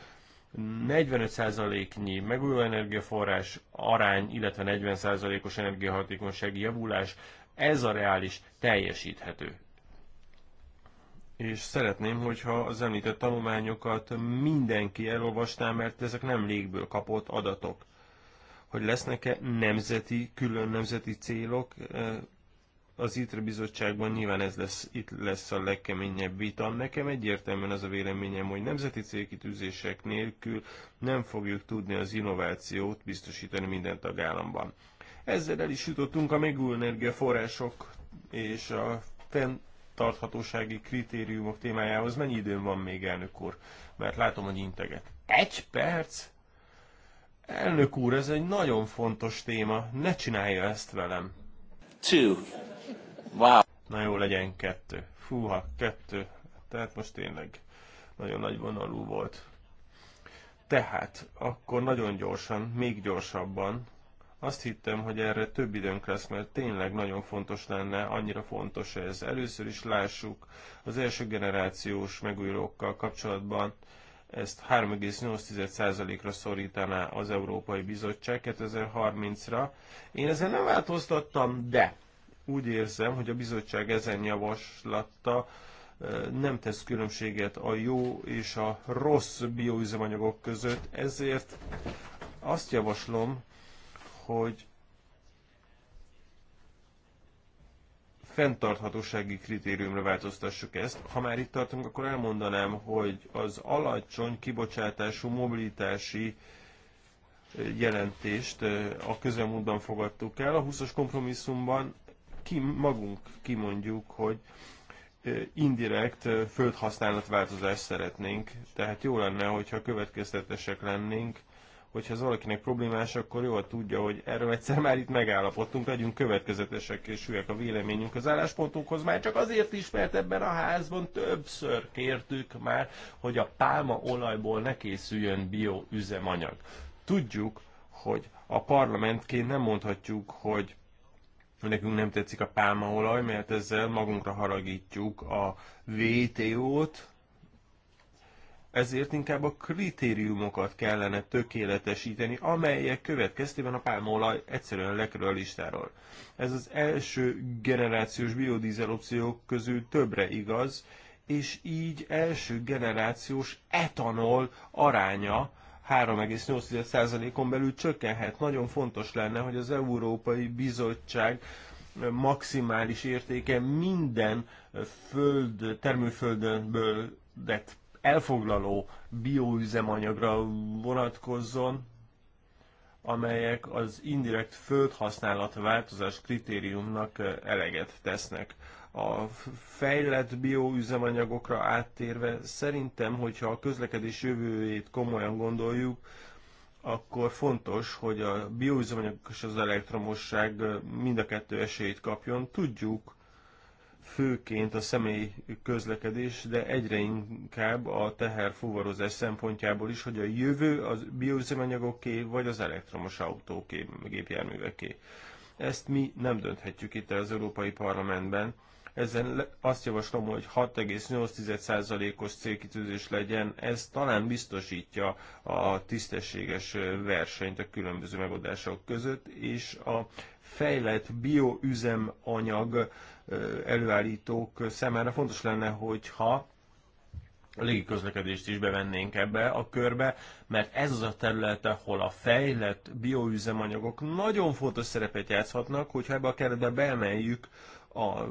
45%-nyi megújuló energiaforrás arány, illetve 40%-os energiahatékonysági javulás, ez a reális teljesíthető. És szeretném, hogyha az említett tanulmányokat mindenki elolvastá, mert ezek nem légből kapott adatok. Hogy lesznek-e nemzeti, külön nemzeti célok, eh, az ITRE bizottságban nyilván ez lesz, itt lesz a legkeményebb vita. Nekem egyértelműen az a véleményem, hogy nemzeti célkitűzések nélkül nem fogjuk tudni az innovációt biztosítani minden tagállamban. Ezzel el is jutottunk a megújuló források és a fenntarthatósági kritériumok témájához. Mennyi időm van még, elnök úr? Mert látom, hogy integet. Egy perc? Elnök úr, ez egy nagyon fontos téma. Ne csinálja ezt velem. Two. Wow. Na jó, legyen kettő. Fúha, kettő. Tehát most tényleg nagyon nagy vonalú volt. Tehát, akkor nagyon gyorsan, még gyorsabban, azt hittem, hogy erre több időnk lesz, mert tényleg nagyon fontos lenne, annyira fontos ez. Először is lássuk az első generációs megújulókkal kapcsolatban, ezt 3,8%-ra szorítaná az Európai Bizottság 2030-ra. Én ezzel nem változtattam, de úgy érzem, hogy a bizottság ezen javaslata nem tesz különbséget a jó és a rossz bioüzemanyagok között, ezért azt javaslom, hogy fenntarthatósági kritériumra változtassuk ezt. Ha már itt tartunk, akkor elmondanám, hogy az alacsony kibocsátású mobilitási jelentést a közelmúltban fogadtuk el. A 20-as kompromisszumban ki, magunk kimondjuk, hogy indirekt földhasználatváltozást szeretnénk, tehát jó lenne, hogyha következtetesek lennénk, hogyha ez valakinek problémás, akkor jól tudja, hogy erről egyszer már itt megállapodtunk, legyünk következetesek és hülyek a véleményünk az álláspontunkhoz, már csak azért is, mert ebben a házban többször kértük már, hogy a pálmaolajból ne készüljön bioüzemanyag. Tudjuk, hogy a parlamentként nem mondhatjuk, hogy Nekünk nem tetszik a pálmaolaj, mert ezzel magunkra haragítjuk a VTO-t, ezért inkább a kritériumokat kellene tökéletesíteni, amelyek következtében a pálmaolaj egyszerűen lekerül a listáról. Ez az első generációs biodízel opciók közül többre igaz, és így első generációs etanol aránya 3,8%-on belül csökkenhet. Nagyon fontos lenne, hogy az Európai Bizottság maximális értéke minden föld, termőföldönből elfoglaló bioüzemanyagra vonatkozzon, amelyek az indirekt földhasználat változás kritériumnak eleget tesznek a fejlett bioüzemanyagokra áttérve, szerintem, hogyha a közlekedés jövőjét komolyan gondoljuk, akkor fontos, hogy a bioüzemanyag és az elektromosság mind a kettő esélyt kapjon. Tudjuk, főként a személy közlekedés, de egyre inkább a teher fuvarozás szempontjából is, hogy a jövő az bioüzemanyagoké, vagy az elektromos autóké, gépjárműveké. Ezt mi nem dönthetjük itt az Európai Parlamentben. Ezen azt javaslom, hogy 6,8%-os célkitűzés legyen, ez talán biztosítja a tisztességes versenyt a különböző megoldások között, és a fejlett bioüzemanyag előállítók számára fontos lenne, hogyha a légiközlekedést is bevennénk ebbe a körbe, mert ez az a terület, ahol a fejlett bioüzemanyagok nagyon fontos szerepet játszhatnak, hogyha ebbe a keretbe beemeljük a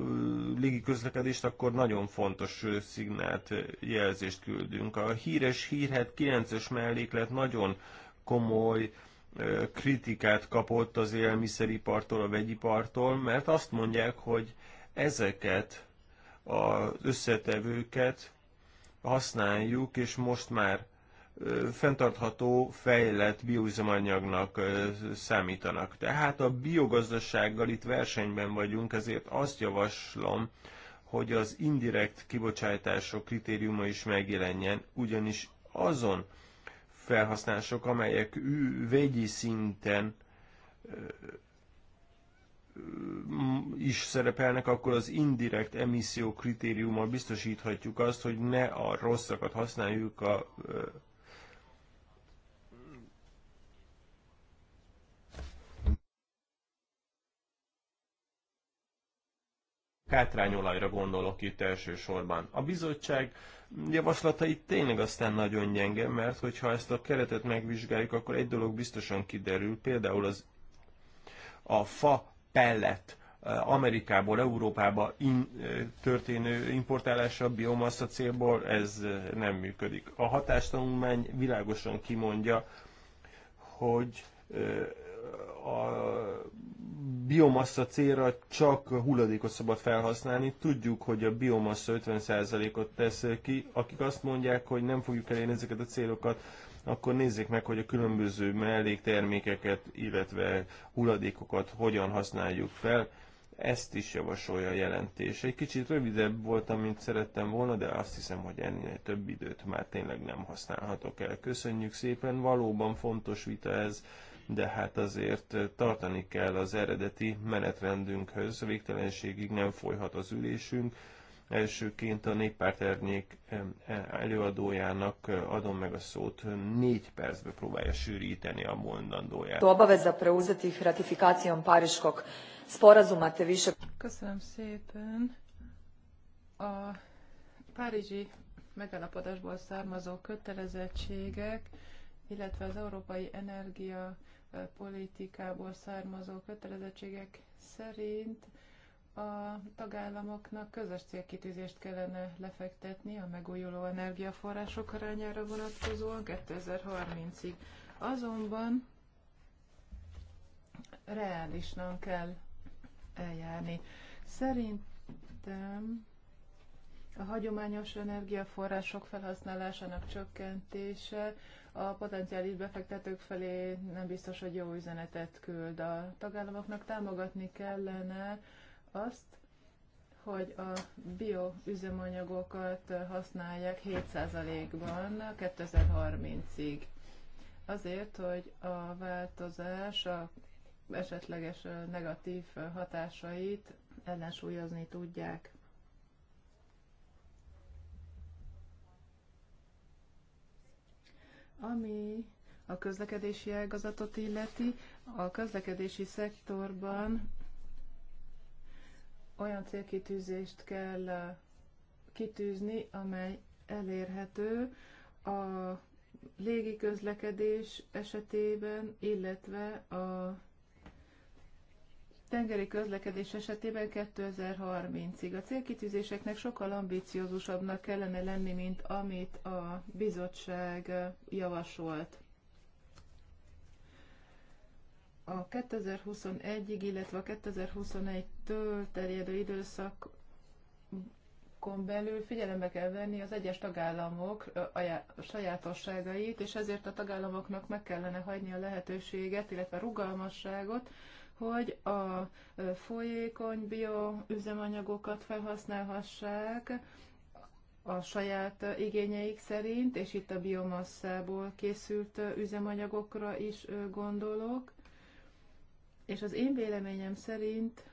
légi közlekedést, akkor nagyon fontos szignált jelzést küldünk. A híres hírhet 9-es melléklet nagyon komoly kritikát kapott az élmiszeripartól, a vegyipartól, mert azt mondják, hogy ezeket az összetevőket használjuk, és most már fenntartható, fejlett bioüzemanyagnak számítanak. Tehát a biogazdasággal itt versenyben vagyunk, ezért azt javaslom, hogy az indirekt kibocsátások kritériuma is megjelenjen, ugyanis azon felhasználások, amelyek vegyi szinten is szerepelnek, akkor az indirekt emisszió kritériummal biztosíthatjuk azt, hogy ne a rosszakat használjuk a kátrányolajra gondolok itt elsősorban. A bizottság javaslata itt tényleg aztán nagyon gyenge, mert hogyha ezt a keretet megvizsgáljuk, akkor egy dolog biztosan kiderül, például az a fa pellet eh, Amerikából, Európába in, eh, történő importálása biomassa célból, ez eh, nem működik. A hatástanulmány világosan kimondja, hogy a biomassa célra csak hulladékot szabad felhasználni. Tudjuk, hogy a biomassa 50%-ot tesz ki. Akik azt mondják, hogy nem fogjuk elérni ezeket a célokat, akkor nézzék meg, hogy a különböző melléktermékeket, illetve hulladékokat hogyan használjuk fel. Ezt is javasolja a jelentés. Egy kicsit rövidebb voltam, mint szerettem volna, de azt hiszem, hogy ennél több időt már tényleg nem használhatok el. Köszönjük szépen, valóban fontos vita ez de hát azért tartani kell az eredeti menetrendünkhöz, végtelenségig nem folyhat az ülésünk. Elsőként a néppárt ernyék e, előadójának adom meg a szót, négy percbe próbálja sűríteni a mondandóját. Obaveza preuzetih ratifikacijom Párizskog sporazuma te Köszönöm szépen. A párizsi megállapodásból származó kötelezettségek, illetve az európai energia politikából származó kötelezettségek szerint a tagállamoknak közös célkitűzést kellene lefektetni a megújuló energiaforrások arányára vonatkozóan 2030-ig. Azonban reálisnak kell eljárni. Szerintem a hagyományos energiaforrások felhasználásának csökkentése a potenciális befektetők felé nem biztos, hogy jó üzenetet küld. A tagállamoknak támogatni kellene azt, hogy a bioüzemanyagokat használják 7%-ban 2030-ig. Azért, hogy a változás a esetleges negatív hatásait ellensúlyozni tudják. Ami a közlekedési ágazatot illeti, a közlekedési szektorban olyan célkitűzést kell eh, kitűzni, amely elérhető a légi közlekedés esetében, illetve a tengeri közlekedés esetében 2030-ig. A célkitűzéseknek sokkal ambiciózusabbnak kellene lenni, mint amit a bizottság javasolt. A 2021-ig, illetve a 2021-től terjedő időszak belül figyelembe kell venni az egyes tagállamok sajátosságait, és ezért a tagállamoknak meg kellene hagyni a lehetőséget, illetve a rugalmasságot, hogy a folyékony bioüzemanyagokat felhasználhassák a saját igényeik szerint, és itt a biomasszából készült üzemanyagokra is gondolok. És az én véleményem szerint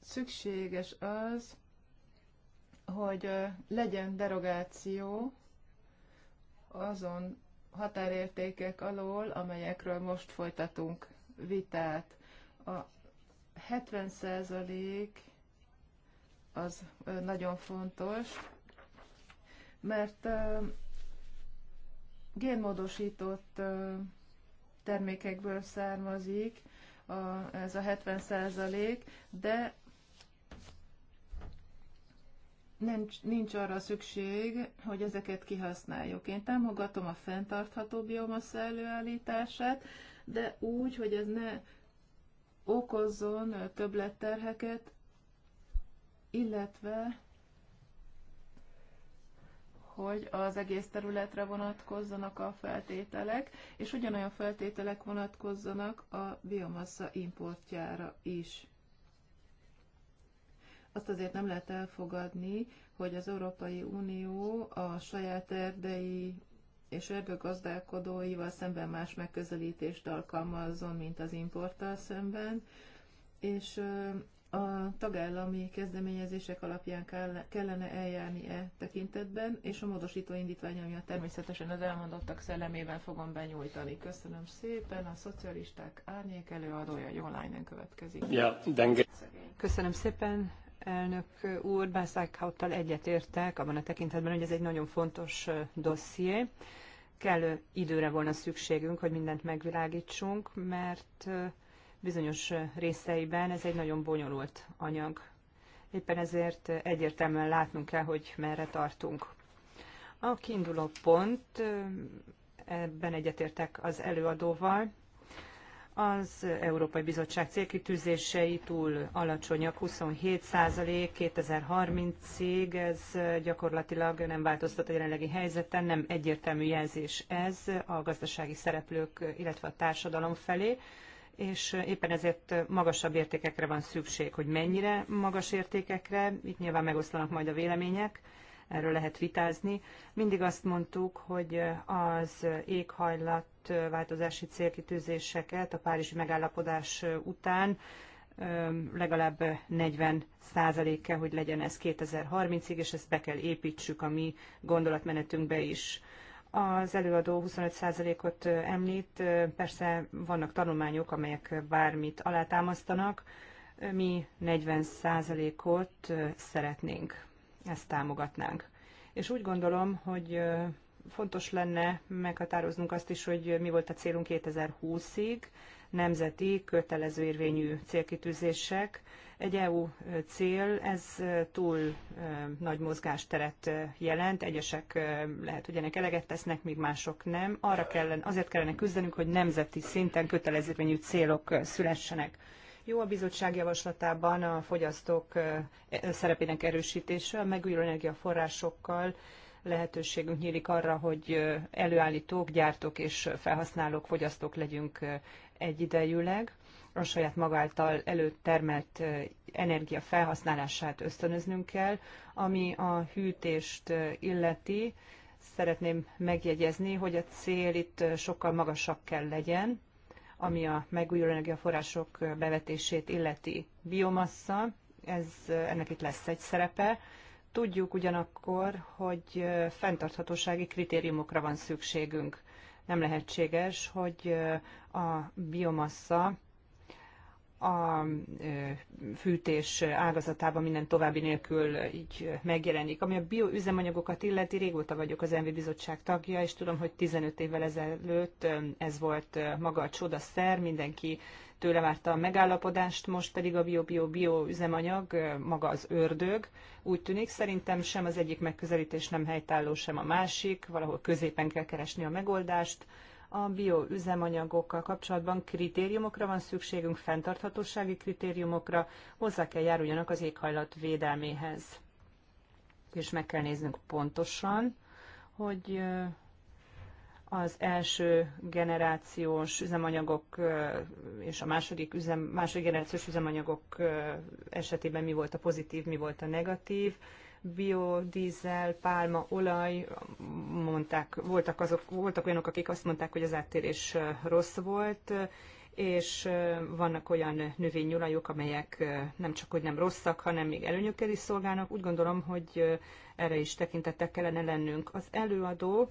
szükséges az, hogy legyen derogáció azon határértékek alól, amelyekről most folytatunk vitát. A 70% az nagyon fontos, mert génmódosított termékekből származik ez a 70 de nincs, nincs arra szükség, hogy ezeket kihasználjuk. Én támogatom a fenntartható biomassa előállítását, de úgy, hogy ez ne okozzon többletterheket, illetve hogy az egész területre vonatkozzanak a feltételek, és ugyanolyan feltételek vonatkozzanak a biomassa importjára is. Azt azért nem lehet elfogadni, hogy az Európai Unió a saját erdei és erdőgazdálkodóival szemben más megközelítést alkalmazzon, mint az importtal szemben, és a tagállami kezdeményezések alapján kellene eljárni e tekintetben, és a módosító a természetesen az elmondottak szellemében fogom benyújtani. Köszönöm szépen, a szocialisták árnyék előadója lányen következik. Ja, denge. Köszönöm szépen, elnök úr, Bászákhauttal egyetértek abban a tekintetben, hogy ez egy nagyon fontos dosszié kellő időre volna szükségünk, hogy mindent megvilágítsunk, mert bizonyos részeiben ez egy nagyon bonyolult anyag. Éppen ezért egyértelműen látnunk kell, hogy merre tartunk. A kiinduló pont, ebben egyetértek az előadóval, az Európai Bizottság célkitűzései túl alacsonyak, 27 százalék 2030-ig, ez gyakorlatilag nem változtat a jelenlegi helyzeten, nem egyértelmű jelzés ez a gazdasági szereplők, illetve a társadalom felé, és éppen ezért magasabb értékekre van szükség, hogy mennyire magas értékekre, itt nyilván megoszlanak majd a vélemények, erről lehet vitázni. Mindig azt mondtuk, hogy az éghajlat változási célkitűzéseket a Párizsi megállapodás után legalább 40 százaléke, hogy legyen ez 2030-ig, és ezt be kell építsük a mi gondolatmenetünkbe is. Az előadó 25%-ot említ, persze vannak tanulmányok, amelyek bármit alátámasztanak, mi 40%-ot szeretnénk, ezt támogatnánk. És úgy gondolom, hogy fontos lenne meghatároznunk azt is, hogy mi volt a célunk 2020-ig, nemzeti, kötelező érvényű célkitűzések. Egy EU cél, ez túl nagy mozgásteret jelent, egyesek lehet, hogy ennek eleget tesznek, míg mások nem. Arra kellene, azért kellene küzdenünk, hogy nemzeti szinten kötelező érvényű célok szülessenek. Jó a bizottság javaslatában a fogyasztók szerepének erősítése, a megújuló energiaforrásokkal lehetőségünk nyílik arra, hogy előállítók, gyártók és felhasználók, fogyasztók legyünk egyidejűleg. A saját maga által előtermelt energia felhasználását ösztönöznünk kell, ami a hűtést illeti. Szeretném megjegyezni, hogy a cél itt sokkal magasabb kell legyen, ami a megújuló energiaforrások bevetését illeti biomassa, ez, ennek itt lesz egy szerepe, Tudjuk ugyanakkor, hogy fenntarthatósági kritériumokra van szükségünk. Nem lehetséges, hogy a biomassa a fűtés ágazatában minden további nélkül így megjelenik. Ami a bioüzemanyagokat illeti, régóta vagyok az Envi Bizottság tagja, és tudom, hogy 15 évvel ezelőtt ez volt maga a csodaszer, mindenki tőle várta a megállapodást, most pedig a bio-bio-bio üzemanyag maga az ördög. Úgy tűnik, szerintem sem az egyik megközelítés nem helytálló, sem a másik, valahol középen kell keresni a megoldást, a bioüzemanyagokkal kapcsolatban kritériumokra van szükségünk, fenntarthatósági kritériumokra, hozzá kell járuljanak az éghajlat védelméhez. És meg kell néznünk pontosan, hogy az első generációs üzemanyagok és a második, üzem, második generációs üzemanyagok esetében mi volt a pozitív, mi volt a negatív, biodízel, pálma, olaj, mondták, voltak, azok, voltak olyanok, akik azt mondták, hogy az áttérés rossz volt, és vannak olyan növényolajok, amelyek nem csak hogy nem rosszak, hanem még előnyökkel is szolgálnak. Úgy gondolom, hogy erre is tekintettel kellene lennünk. Az előadó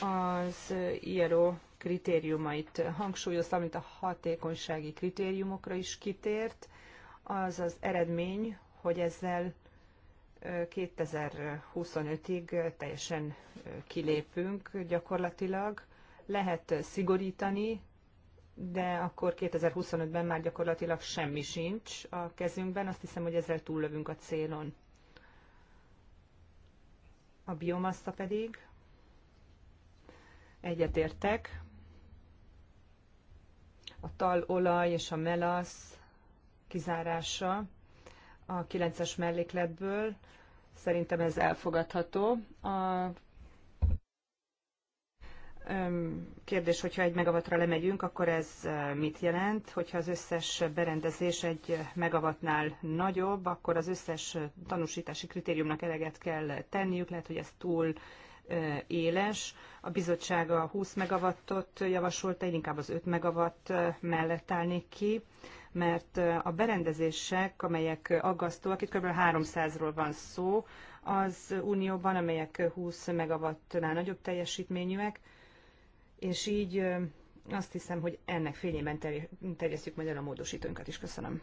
az ILO kritériumait hangsúlyozta, amit a hatékonysági kritériumokra is kitért, az az eredmény, hogy ezzel 2025-ig teljesen kilépünk gyakorlatilag. Lehet szigorítani, de akkor 2025-ben már gyakorlatilag semmi sincs a kezünkben. Azt hiszem, hogy ezzel túllövünk a célon. A biomassa pedig egyetértek. A talolaj és a melasz kizárása a 9-es mellékletből. Szerintem ez elfogadható. A kérdés, hogyha egy megavatra lemegyünk, akkor ez mit jelent? Hogyha az összes berendezés egy megavatnál nagyobb, akkor az összes tanúsítási kritériumnak eleget kell tenniük, lehet, hogy ez túl éles. A bizottság a 20 megavattot javasolta, én inkább az 5 megavatt mellett állnék ki mert a berendezések, amelyek aggasztóak, itt kb. 300-ról van szó az Unióban, amelyek 20 megawattnál nagyobb teljesítményűek, és így azt hiszem, hogy ennek fényében terjesztjük majd el a módosítónkat is. Köszönöm.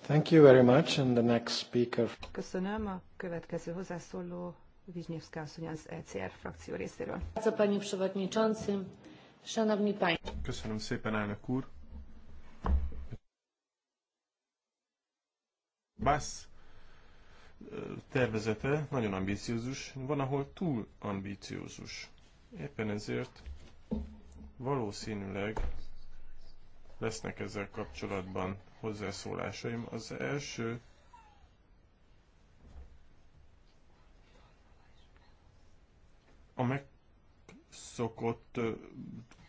Thank you very much, and the next speaker. Köszönöm. A következő hozzászóló Wisniewska asszony az ECR frakció részéről. Köszönöm szépen, elnök úr. Bass tervezete nagyon ambiciózus, van, ahol túl ambiciózus. Éppen ezért valószínűleg lesznek ezzel kapcsolatban hozzászólásaim. Az első a megszokott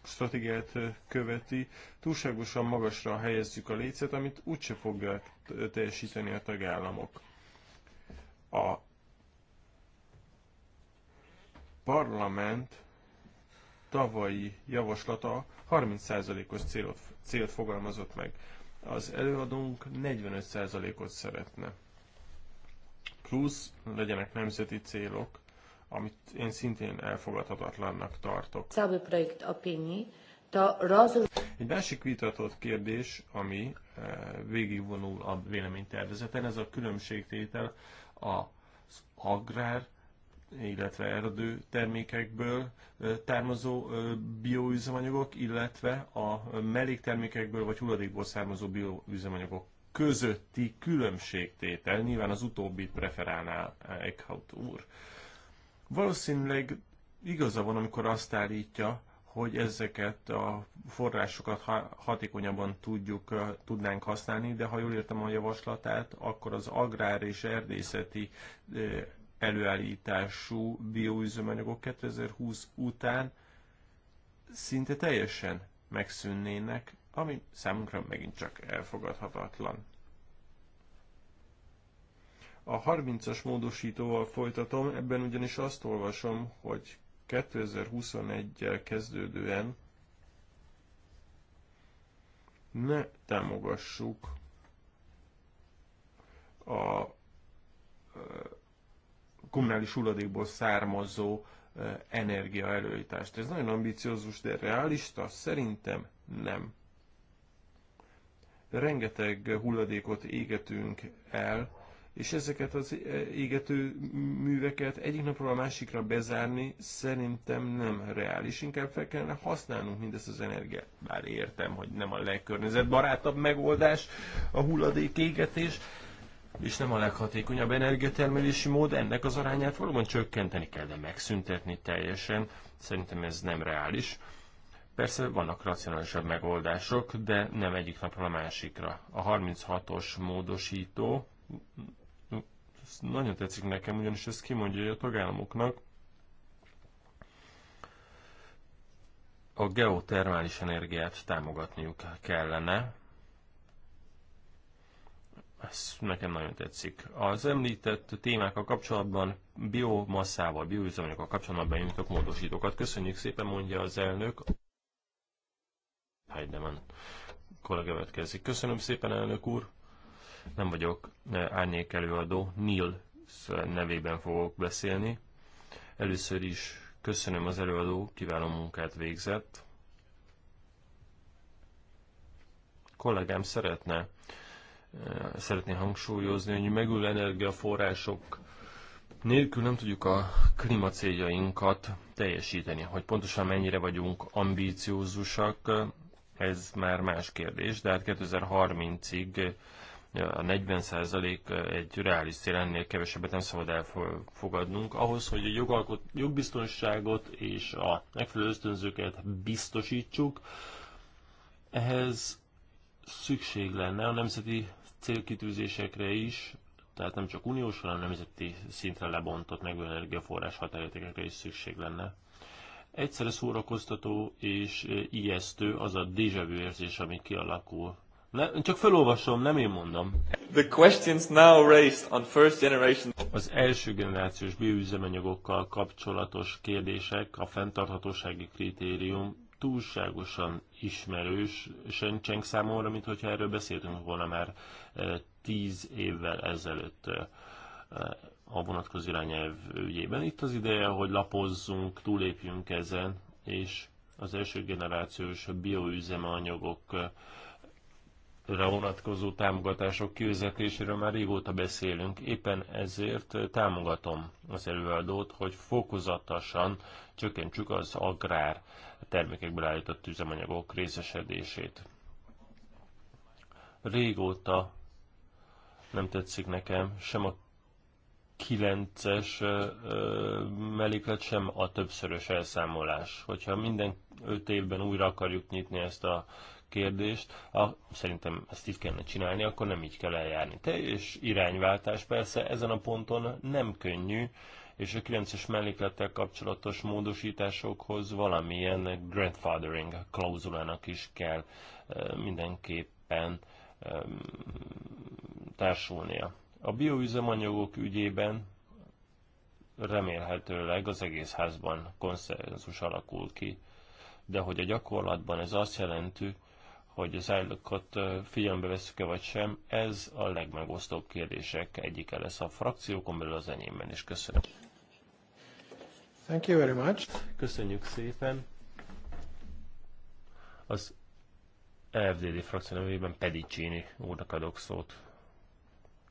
stratégiát követi, túlságosan magasra helyezzük a lécet, amit úgyse fogják teljesíteni a tagállamok. A parlament tavalyi javaslata 30%-os célt, célt fogalmazott meg. Az előadónk 45%-ot szeretne. Plusz legyenek nemzeti célok, amit én szintén elfogadhatatlannak tartok. Egy másik vitatott kérdés, ami e, végigvonul a véleménytervezeten, ez a különbségtétel az agrár, illetve erdő termékekből származó e, e, bioüzemanyagok, illetve a melléktermékekből vagy hulladékból származó bioüzemanyagok közötti különbségtétel. Nyilván az utóbbit preferálná Eckhout úr. Valószínűleg igaza van, amikor azt állítja, hogy ezeket a forrásokat hatékonyabban tudjuk, tudnánk használni, de ha jól értem a javaslatát, akkor az agrár és erdészeti előállítású bioüzemanyagok 2020 után szinte teljesen megszűnnének, ami számunkra megint csak elfogadhatatlan. A 30-as módosítóval folytatom, ebben ugyanis azt olvasom, hogy 2021 gel kezdődően ne támogassuk a kommunális hulladékból származó energia előállítást. Ez nagyon ambiciózus, de realista? Szerintem nem. Rengeteg hulladékot égetünk el, és ezeket az e, égető műveket egyik napról a másikra bezárni szerintem nem reális. Inkább fel kellene használnunk mindezt az energiát. Bár értem, hogy nem a legkörnyezetbarátabb megoldás a hulladék égetés, és nem a leghatékonyabb energiatermelési mód, ennek az arányát valóban csökkenteni kell, de megszüntetni teljesen. Szerintem ez nem reális. Persze vannak racionálisabb megoldások, de nem egyik napról a másikra. A 36-os módosító ez nagyon tetszik nekem, ugyanis ez kimondja, hogy a tagállamoknak a geotermális energiát támogatniuk kellene. Ez nekem nagyon tetszik. Az említett témákkal kapcsolatban biomasszával, bioüzemanyagokkal kapcsolatban benyújtok módosítókat. Köszönjük szépen, mondja az elnök. Heidemann kollega következik. Köszönöm szépen, elnök úr! nem vagyok eh, árnyék előadó, Neil nevében fogok beszélni. Először is köszönöm az előadó, kiváló munkát végzett. Kollégám szeretne, eh, szeretné hangsúlyozni, hogy megül energiaforrások nélkül nem tudjuk a klímacéljainkat teljesíteni. Hogy pontosan mennyire vagyunk ambíciózusak, ez már más kérdés, de hát 2030-ig a 40% eh, egy reális cél, ennél kevesebbet nem szabad elfogadnunk. Ahhoz, hogy a jogalkot, jogbiztonságot és a megfelelő ösztönzőket biztosítsuk, ehhez szükség lenne a nemzeti célkitűzésekre is, tehát nem csak uniós, hanem nemzeti szintre lebontott megújuló energiaforrás határértékekre is szükség lenne. Egyszerre szórakoztató és eh, ijesztő az a déjà vu érzés, ami kialakul le, csak felolvasom, nem én mondom. The questions now raised on first generation. Az első generációs bioüzemanyagokkal kapcsolatos kérdések, a fenntarthatósági kritérium túlságosan ismerős, cseng számomra, mint hogyha erről beszéltünk volna már eh, tíz évvel ezelőtt eh, a vonatkozó irányelv ügyében. Itt az ideje, hogy lapozzunk, túlépjünk ezen, és az első generációs bioüzemanyagok eh, ra vonatkozó támogatások kivezetéséről már régóta beszélünk, éppen ezért támogatom az előadót, hogy fokozatosan csökkentsük az agrár termékekből állított üzemanyagok részesedését. Régóta nem tetszik nekem sem a 9-es melléklet, sem a többszörös elszámolás. Hogyha minden 5 évben újra akarjuk nyitni ezt a kérdést, a, szerintem ezt így kellene csinálni, akkor nem így kell eljárni. Teljes irányváltás persze ezen a ponton nem könnyű, és a 9-es melléklettel kapcsolatos módosításokhoz valamilyen grandfathering klauzulának is kell mindenképpen társulnia. A bioüzemanyagok ügyében remélhetőleg az egész házban konszenzus alakul ki, de hogy a gyakorlatban ez azt jelenti, hogy az állatokat figyelembe veszük-e vagy sem, ez a legmegosztóbb kérdések egyike lesz a frakciókon belül az enyémben is. Köszönöm. Thank you very much. Köszönjük szépen. Az FDD frakció nevében Pedicini úrnak adok szót.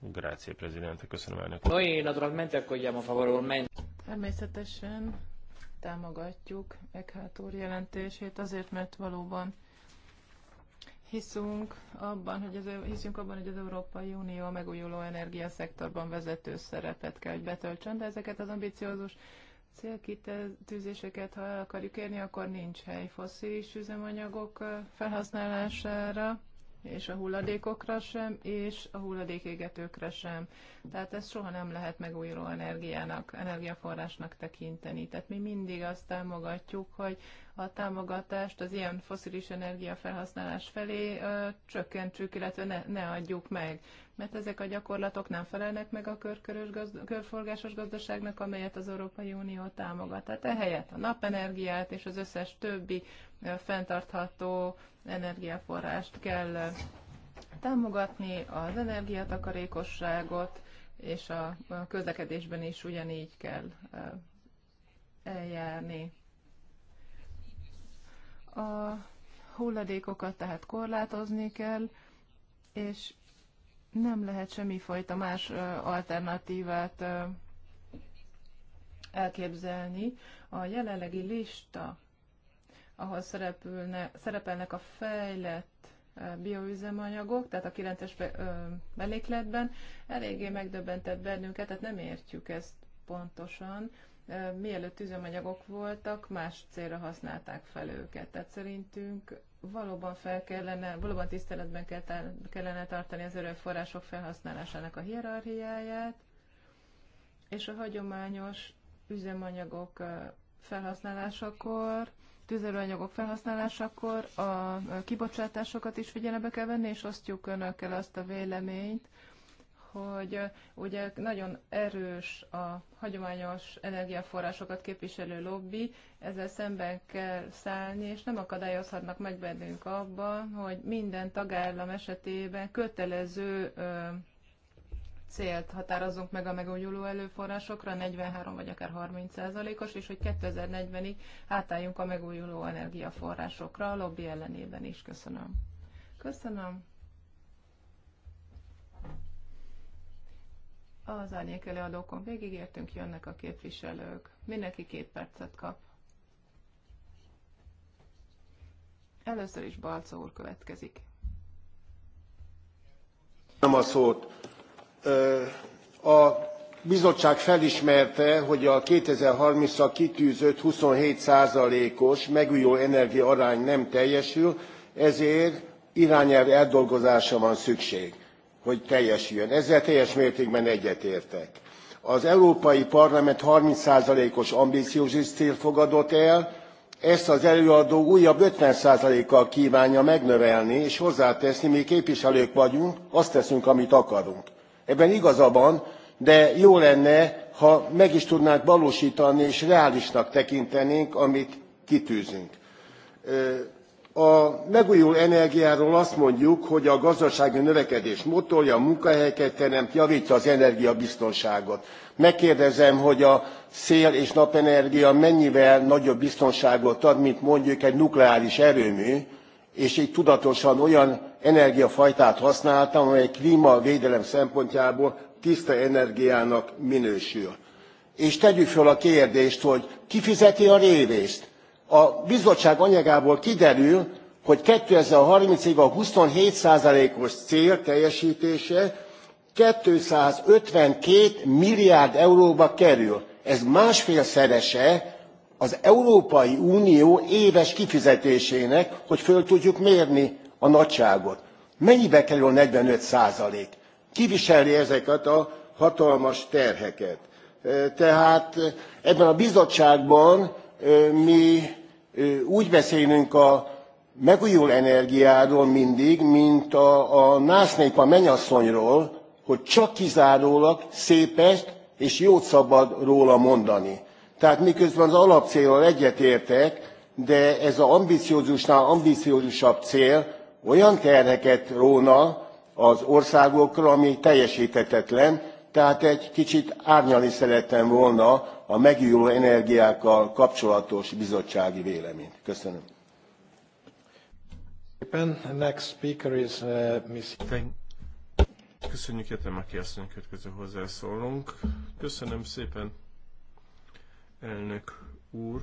Grácie, Presidente. Köszönöm elnök. Noi naturalmente accogliamo favorevolmente. Természetesen támogatjuk Eckhart úr jelentését azért, mert valóban hiszünk abban, hogy az, hiszünk abban, hogy az Európai Unió a megújuló energiaszektorban vezető szerepet kell, hogy betöltsön, de ezeket az ambiciózus célkitűzéseket, ha el akarjuk érni, akkor nincs hely foszilis üzemanyagok felhasználására, és a hulladékokra sem, és a hulladékégetőkre sem. Tehát ezt soha nem lehet megújuló energiának, energiaforrásnak tekinteni. Tehát mi mindig azt támogatjuk, hogy a támogatást az ilyen foszilis energiafelhasználás felé ö, csökkentsük, illetve ne, ne adjuk meg. Mert ezek a gyakorlatok nem felelnek meg a körkörös gazd- körforgásos gazdaságnak, amelyet az Európai Unió támogat. Tehát ehelyett a napenergiát és az összes többi ö, fenntartható energiaforrást kell ö, támogatni, az energiatakarékosságot, és a közlekedésben is ugyanígy kell eljárni. A hulladékokat tehát korlátozni kell, és nem lehet semmifajta más alternatívát elképzelni. A jelenlegi lista, ahol szerepülne, szerepelnek a fejlett bioüzemanyagok, tehát a 9-es mellékletben, eléggé megdöbbentett bennünket, tehát nem értjük ezt pontosan, mielőtt üzemanyagok voltak, más célra használták fel őket. Tehát szerintünk valóban fel kellene, valóban tiszteletben kellene tartani az erőforrások felhasználásának a hierarchiáját, és a hagyományos üzemanyagok felhasználásakor, tüzelőanyagok felhasználásakor a kibocsátásokat is figyelembe kell venni, és osztjuk önökkel azt a véleményt, hogy ugye nagyon erős a hagyományos energiaforrásokat képviselő lobby, ezzel szemben kell szállni, és nem akadályozhatnak meg bennünk abban, hogy minden tagállam esetében kötelező ö, célt határozunk meg a megújuló előforrásokra, 43 vagy akár 30 százalékos, és hogy 2040-ig átálljunk a megújuló energiaforrásokra a lobby ellenében is. Köszönöm. Köszönöm. Az árnyék előadókon végigértünk, jönnek a képviselők. Mindenki két percet kap. Először is Balca úr következik. Nem a szót. A bizottság felismerte, hogy a 2030-ra kitűzött 27%-os megújuló energia arány nem teljesül, ezért irányelv eldolgozása van szükség hogy teljesüljön. Ezzel teljes mértékben egyetértek. Az Európai Parlament 30%-os ambíciós cél fogadott el, ezt az előadó újabb 50%-kal kívánja megnövelni és hozzáteszni, mi képviselők vagyunk, azt teszünk, amit akarunk. Ebben igaza van, de jó lenne, ha meg is tudnánk valósítani és reálisnak tekintenénk, amit kitűzünk a megújuló energiáról azt mondjuk hogy a gazdasági növekedés motorja munkahelyeket teremt javtja az energiabiztonságot. megkérdezem hogy a szél és napenergia mennyivel nagyobb biztonságot ad mint mondjuk egy nukleáris erőmű és itt tudatosan olyan energiafajtát használtam amely klmavédelem szempontjából tiszta energiának minősül. és tegyük föl a kérdést hogy ki fizeti a révészt? a bizottság anyagából kiderül hogy two thousand and thirty ig a twenty seven os cél teljestése two hundred and fifty two milliárd euróba kerül. ez másfélszerese az európai unió éves kifizetésének hogy föl tudjuk mérni a nagyságot. mennyibe kerül a forty five százalék? ki viseli ezeket a hatalmas terheket? tehát ebben a bizottságban mi úgy beszélünk a megújuló energiáról mindig, mint a, a násznépa menyasszonyról, hogy csak kizárólag szépet és jót szabad róla mondani. Tehát miközben az alapcéllal egyetértek, de ez az ambiciózusnál ambiciózusabb cél olyan terheket róna az országokra, ami teljesíthetetlen, tehát egy kicsit árnyalni szerettem volna a megújuló energiákkal kapcsolatos bizottsági véleményt. Köszönöm. Next speaker is, uh, Miss... Köszönjük, Jetemeki asszony, következő hozzászólunk. Köszönöm szépen, elnök úr.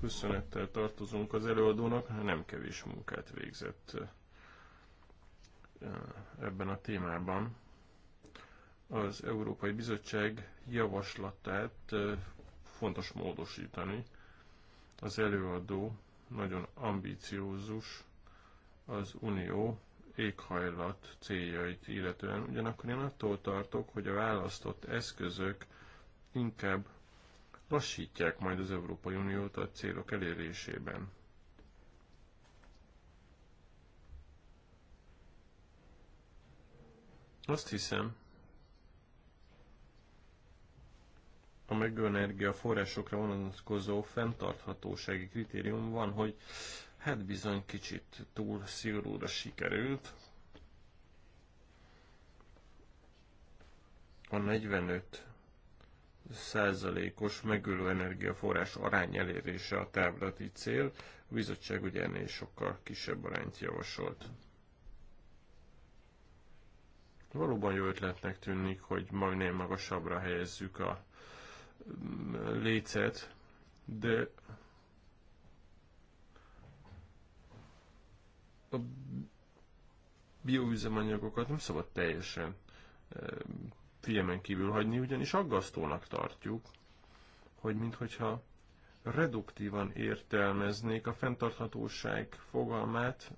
Köszönettel tartozunk az előadónak, nem kevés munkát végzett uh, ebben a témában. Az Európai Bizottság javaslatát fontos módosítani. Az előadó nagyon ambíciózus az Unió éghajlat céljait illetően. Ugyanakkor én attól tartok, hogy a választott eszközök inkább lassítják majd az Európai Uniót a célok elérésében. Azt hiszem, a megőenergia forrásokra vonatkozó fenntarthatósági kritérium van, hogy hát bizony kicsit túl szigorúra sikerült. A 45 százalékos megülő energiaforrás arány elérése a távlati cél, a bizottság ugye ennél sokkal kisebb arányt javasolt. Valóban jó ötletnek tűnik, hogy majdnem magasabbra helyezzük a lécet, de a bioüzemanyagokat nem szabad teljesen figyelmen kívül hagyni, ugyanis aggasztónak tartjuk, hogy minthogyha reduktívan értelmeznék a fenntarthatóság fogalmát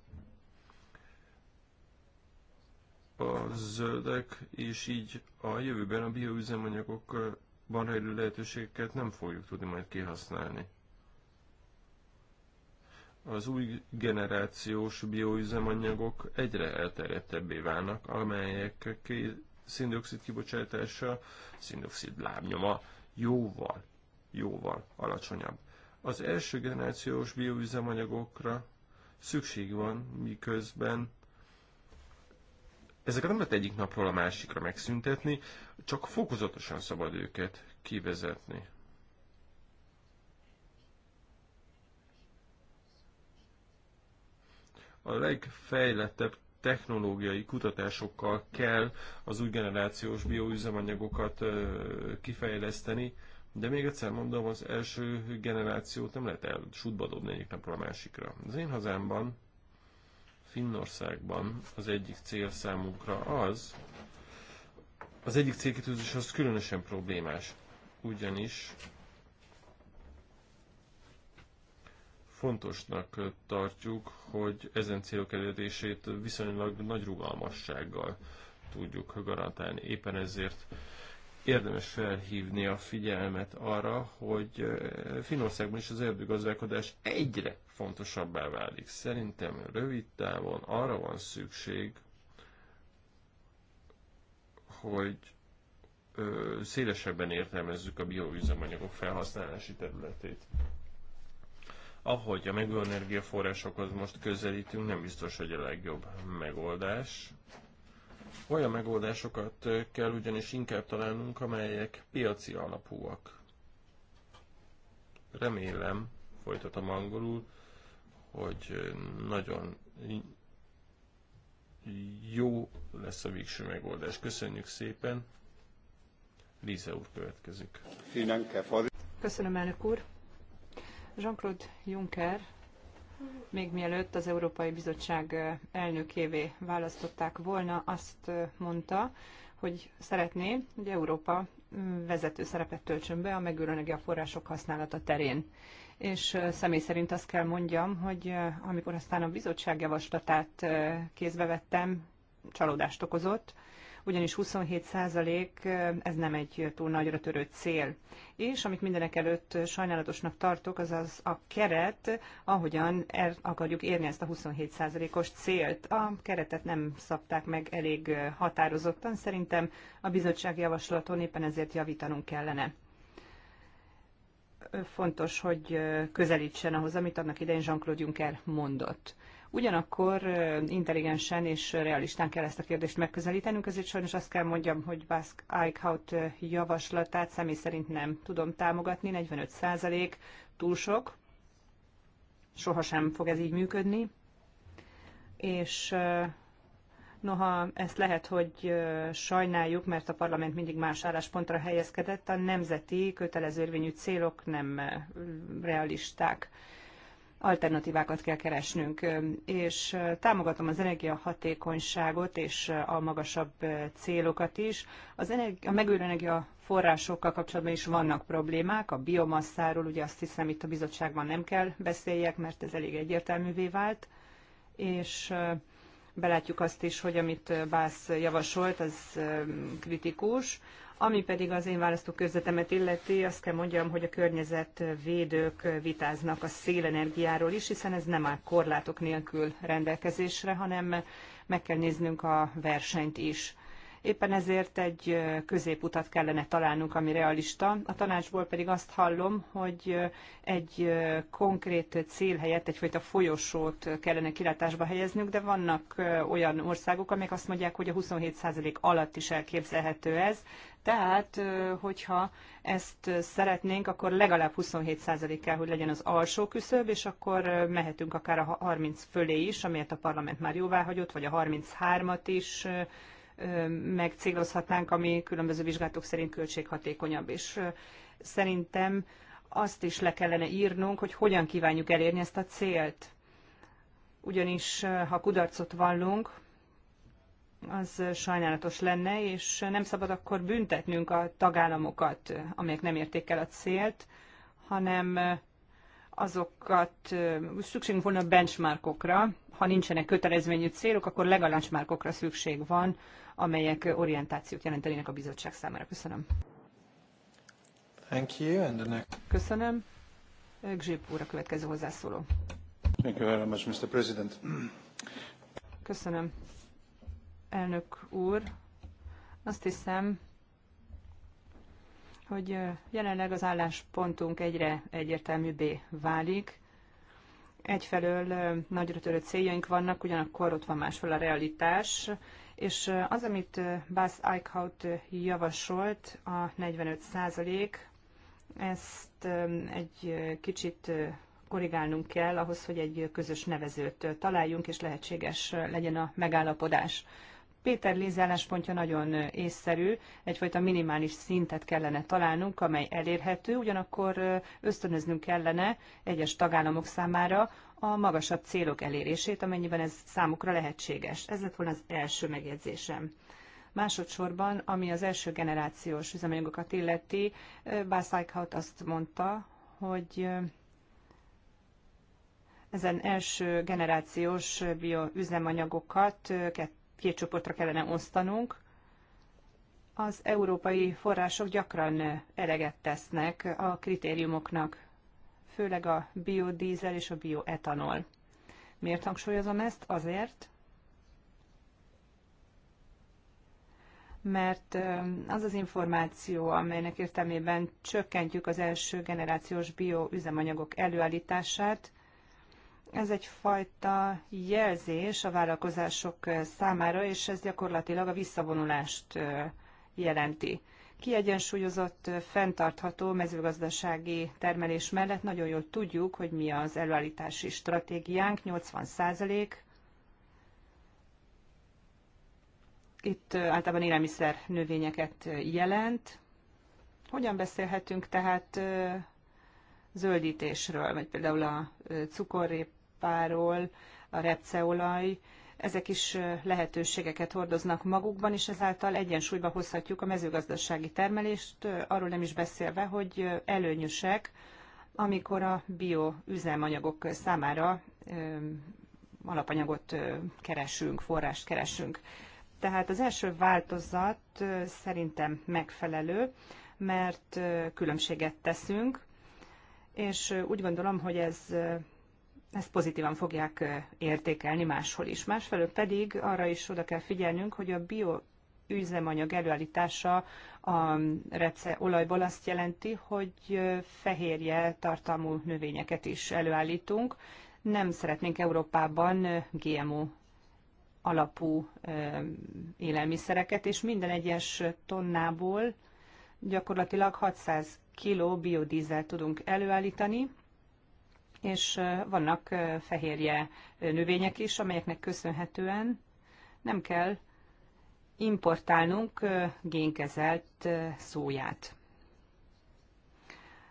a zöldek, és így a jövőben a bioüzemanyagok barhajlő lehetőségeket nem fogjuk tudni majd kihasználni. Az új generációs bioüzemanyagok egyre elterjedtebbé válnak, amelyek szindioxid kibocsátása, szindioxid lábnyoma jóval, jóval alacsonyabb. Az első generációs bioüzemanyagokra szükség van, miközben ezeket nem lehet egyik napról a másikra megszüntetni, csak fokozatosan szabad őket kivezetni. A legfejlettebb technológiai kutatásokkal kell az új generációs bioüzemanyagokat kifejleszteni, de még egyszer mondom, az első generációt nem lehet el sútba dobni egyik napról a másikra. Az én hazámban, Finnországban az egyik cél számunkra az, az egyik célkitűzés az különösen problémás, ugyanis fontosnak tartjuk, hogy ezen célok elérését viszonylag nagy rugalmassággal tudjuk garantálni. Éppen ezért érdemes felhívni a figyelmet arra, hogy Finországban is az erdőgazdálkodás egyre fontosabbá válik. Szerintem rövid távon arra van szükség, hogy ö, szélesebben értelmezzük a bioüzemanyagok felhasználási területét. Ahogy a megőenergiaforrásokhoz most közelítünk, nem biztos, hogy a legjobb megoldás. Olyan megoldásokat kell ugyanis inkább találnunk, amelyek piaci alapúak. Remélem, folytatom angolul, hogy nagyon jó lesz a végső megoldás. Köszönjük szépen. Líze úr következik. Köszönöm, elnök úr. Jean-Claude Juncker még mielőtt az Európai Bizottság eh, elnökévé választották volna, azt eh, mondta, hogy szeretné, hogy Európa mm, vezető szerepet töltsön be a megújuló energiaforrások használata terén és személy szerint azt kell mondjam, hogy amikor aztán a bizottság javaslatát kézbe vettem, csalódást okozott, ugyanis 27 százalék ez nem egy túl nagyra törő cél. És amit mindenek előtt sajnálatosnak tartok, az az a keret, ahogyan el akarjuk érni ezt a 27 százalékos célt. A keretet nem szabták meg elég határozottan, szerintem a bizottság javaslaton éppen ezért javítanunk kellene fontos, hogy közelítsen ahhoz, amit annak idején Jean-Claude Juncker mondott. Ugyanakkor intelligensen és realistán kell ezt a kérdést megközelítenünk, ezért sajnos azt kell mondjam, hogy Baszk Eichhout javaslatát személy szerint nem tudom támogatni, 45 százalék, túl sok, sohasem fog ez így működni, és Noha ezt lehet, hogy sajnáljuk, mert a parlament mindig más álláspontra helyezkedett, a nemzeti kötelezővényű célok nem realisták. Alternatívákat kell keresnünk, és támogatom az energiahatékonyságot és a magasabb célokat is. Az energi- a megőrő energia forrásokkal kapcsolatban is vannak problémák. A biomasszáról ugye azt hiszem itt a bizottságban nem kell beszéljek, mert ez elég egyértelművé vált. És belátjuk azt is, hogy amit Bász javasolt, az kritikus. Ami pedig az én választókörzetemet illeti, azt kell mondjam, hogy a környezetvédők vitáznak a szélenergiáról is, hiszen ez nem áll korlátok nélkül rendelkezésre, hanem meg kell néznünk a versenyt is. Éppen ezért egy középutat kellene találnunk, ami realista. A tanácsból pedig azt hallom, hogy egy konkrét cél helyett egyfajta folyosót kellene kilátásba helyeznünk, de vannak olyan országok, amelyek azt mondják, hogy a 27% alatt is elképzelhető ez. Tehát, hogyha ezt szeretnénk, akkor legalább 27% kell, hogy legyen az alsó küszöb, és akkor mehetünk akár a 30 fölé is, amelyet a parlament már jóvá hagyott, vagy a 33-at is megcélozhatnánk, ami különböző vizsgálatok szerint költséghatékonyabb. És szerintem azt is le kellene írnunk, hogy hogyan kívánjuk elérni ezt a célt. Ugyanis, ha kudarcot vallunk, az sajnálatos lenne, és nem szabad akkor büntetnünk a tagállamokat, amelyek nem érték el a célt, hanem azokat szükségünk volna benchmarkokra, ha nincsenek kötelezményű célok, akkor legalább benchmarkokra szükség van, amelyek orientációt jelentenének a bizottság számára. Köszönöm. Thank you, and the next... Köszönöm. Gzsip úr a következő hozzászóló. Thank you very much, Mr. President. Köszönöm. Elnök úr, azt hiszem, hogy jelenleg az álláspontunk egyre egyértelműbbé válik. Egyfelől nagyra törő céljaink vannak, ugyanakkor ott van máshol a realitás, és az, amit Buzz Eichhout javasolt, a 45 százalék, ezt egy kicsit korrigálnunk kell ahhoz, hogy egy közös nevezőt találjunk, és lehetséges legyen a megállapodás. Péter Líz álláspontja nagyon észszerű, egyfajta minimális szintet kellene találnunk, amely elérhető, ugyanakkor ösztönöznünk kellene egyes tagállamok számára a magasabb célok elérését, amennyiben ez számukra lehetséges. Ez lett volna az első megjegyzésem. Másodszorban, ami az első generációs üzemanyagokat illeti, Bászájkhaut azt mondta, hogy ezen első generációs bioüzemanyagokat két csoportra kellene osztanunk. Az európai források gyakran eleget tesznek a kritériumoknak, főleg a biodízel és a bioetanol. Miért hangsúlyozom ezt? Azért, mert az az információ, amelynek értelmében csökkentjük az első generációs bioüzemanyagok előállítását, ez egyfajta jelzés a vállalkozások számára, és ez gyakorlatilag a visszavonulást jelenti. Kiegyensúlyozott, fenntartható mezőgazdasági termelés mellett nagyon jól tudjuk, hogy mi az előállítási stratégiánk, 80 százalék. Itt általában élelmiszer növényeket jelent. Hogyan beszélhetünk tehát zöldítésről, vagy például a cukorrép párol, a repceolaj, ezek is lehetőségeket hordoznak magukban, és ezáltal egyensúlyba hozhatjuk a mezőgazdasági termelést, arról nem is beszélve, hogy előnyösek, amikor a bioüzemanyagok számára alapanyagot keresünk, forrást keresünk. Tehát az első változat szerintem megfelelő, mert különbséget teszünk, és úgy gondolom, hogy ez ezt pozitívan fogják értékelni máshol is. Másfelől pedig arra is oda kell figyelnünk, hogy a bio üzemanyag előállítása a rece olajból azt jelenti, hogy fehérje tartalmú növényeket is előállítunk. Nem szeretnénk Európában GMO alapú élelmiszereket, és minden egyes tonnából gyakorlatilag 600 kiló biodízel tudunk előállítani, és vannak fehérje növények is, amelyeknek köszönhetően nem kell importálnunk génkezelt szóját.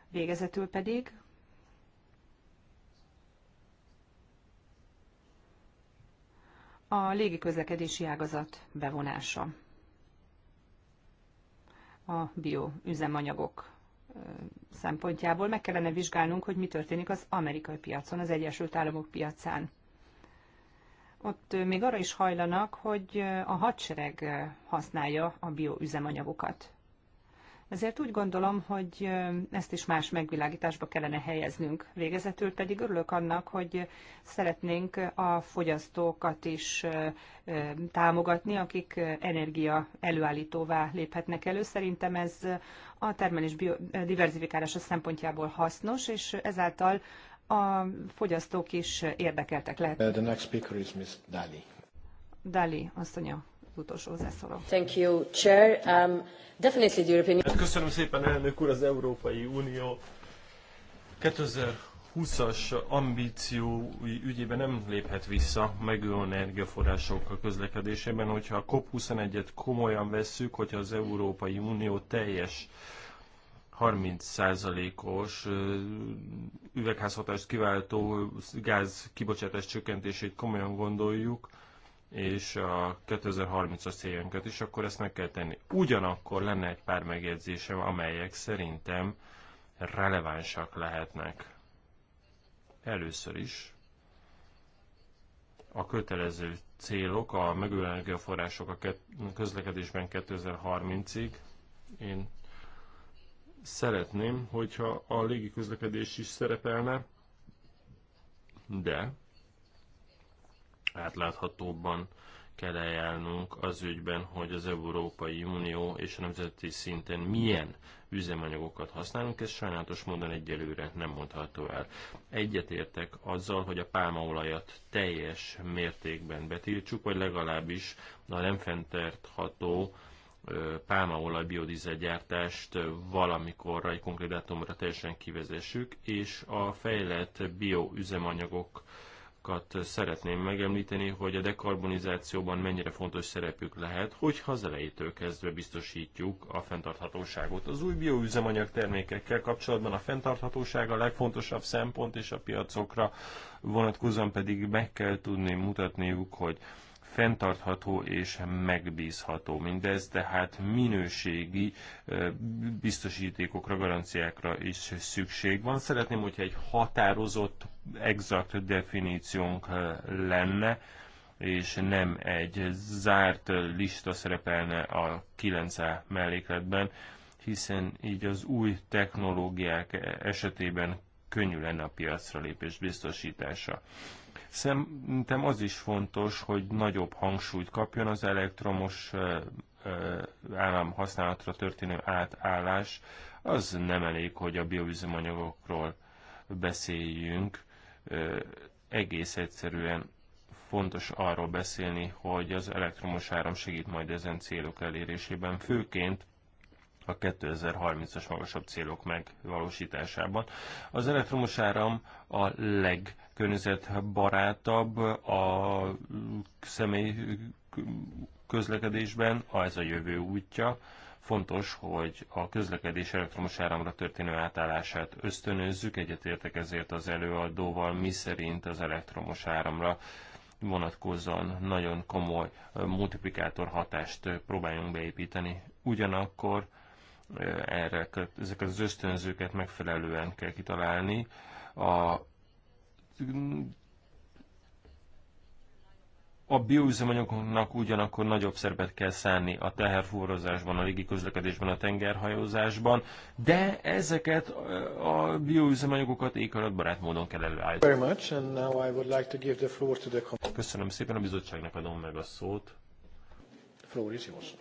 Végezetül pedig a légiközlekedési ágazat bevonása a bioüzemanyagok szempontjából meg kellene vizsgálnunk, hogy mi történik az amerikai piacon, az Egyesült Államok piacán. Ott még arra is hajlanak, hogy a hadsereg használja a bioüzemanyagokat. Ezért úgy gondolom, hogy ezt is más megvilágításba kellene helyeznünk. Végezetül pedig örülök annak, hogy szeretnénk a fogyasztókat is támogatni, akik energia előállítóvá léphetnek elő. Szerintem ez a termelés diverzifikálása szempontjából hasznos, és ezáltal a fogyasztók is érdekeltek lehet. The next speaker is Ms. Dali. Dali asszonya utolsó hozzászóló. Thank you, Chair. Um, definitely the European... Hát köszönöm szépen, elnök úr, az Európai Unió 2020-as ambíciói ügyében nem léphet vissza megújuló energiaforrások a közlekedésében, hogyha a COP21-et komolyan vesszük, hogyha az Európai Unió teljes 30%-os üvegházhatást kiváltó gáz kibocsátás csökkentését komolyan gondoljuk, és a 2030-as céljánkat is, akkor ezt meg kell tenni. Ugyanakkor lenne egy pár megjegyzésem, amelyek szerintem relevánsak lehetnek. Először is a kötelező célok, a megújuló energiaforrások a közlekedésben 2030-ig. Én szeretném, hogyha a légi közlekedés is szerepelne, de átláthatóbban kell eljárnunk az ügyben, hogy az Európai Unió és a nemzeti szinten milyen üzemanyagokat használunk, ez sajnálatos módon egyelőre nem mondható el. Egyetértek azzal, hogy a pálmaolajat teljes mértékben betiltsuk, vagy legalábbis a nem fenntartható pálmaolaj biodizelgyártást valamikorra, egy konkrét dátumra teljesen kivezessük, és a fejlett bioüzemanyagok üzemanyagok kollégákat szeretném megemlíteni, hogy a dekarbonizációban mennyire fontos szerepük lehet, hogyha az elejétől kezdve biztosítjuk a fenntarthatóságot. Az új bioüzemanyag termékekkel kapcsolatban a fenntarthatóság a legfontosabb szempont, és a piacokra vonatkozóan pedig meg kell tudni mutatniuk, hogy fenntartható és megbízható mindez, tehát minőségi biztosítékokra, garanciákra is szükség van. Szeretném, hogyha egy határozott, exakt definíciónk lenne, és nem egy zárt lista szerepelne a 9 mellékletben, hiszen így az új technológiák esetében könnyű lenne a piacra lépés biztosítása. Szerintem az is fontos, hogy nagyobb hangsúlyt kapjon az elektromos használatra történő átállás. Az nem elég, hogy a bioüzemanyagokról beszéljünk. Egész egyszerűen fontos arról beszélni, hogy az elektromos áram segít majd ezen célok elérésében, főként a 2030-as magasabb célok megvalósításában. Az elektromos áram a legkörnyezetbarátabb a személy közlekedésben, ez a jövő útja. Fontos, hogy a közlekedés elektromos áramra történő átállását ösztönözzük, egyetértek ezért az előadóval, mi szerint az elektromos áramra vonatkozóan nagyon komoly multiplikátor hatást próbáljunk beépíteni. Ugyanakkor erre, ezeket az ösztönzőket megfelelően kell kitalálni. A a bioüzemanyagoknak ugyanakkor nagyobb szerepet kell szánni a teherfúrozásban, a légiközlekedésben, a tengerhajózásban, de ezeket a bioüzemanyagokat barát módon kell előállítani. Köszönöm szépen, a bizottságnak adom meg a szót. Floor is yours.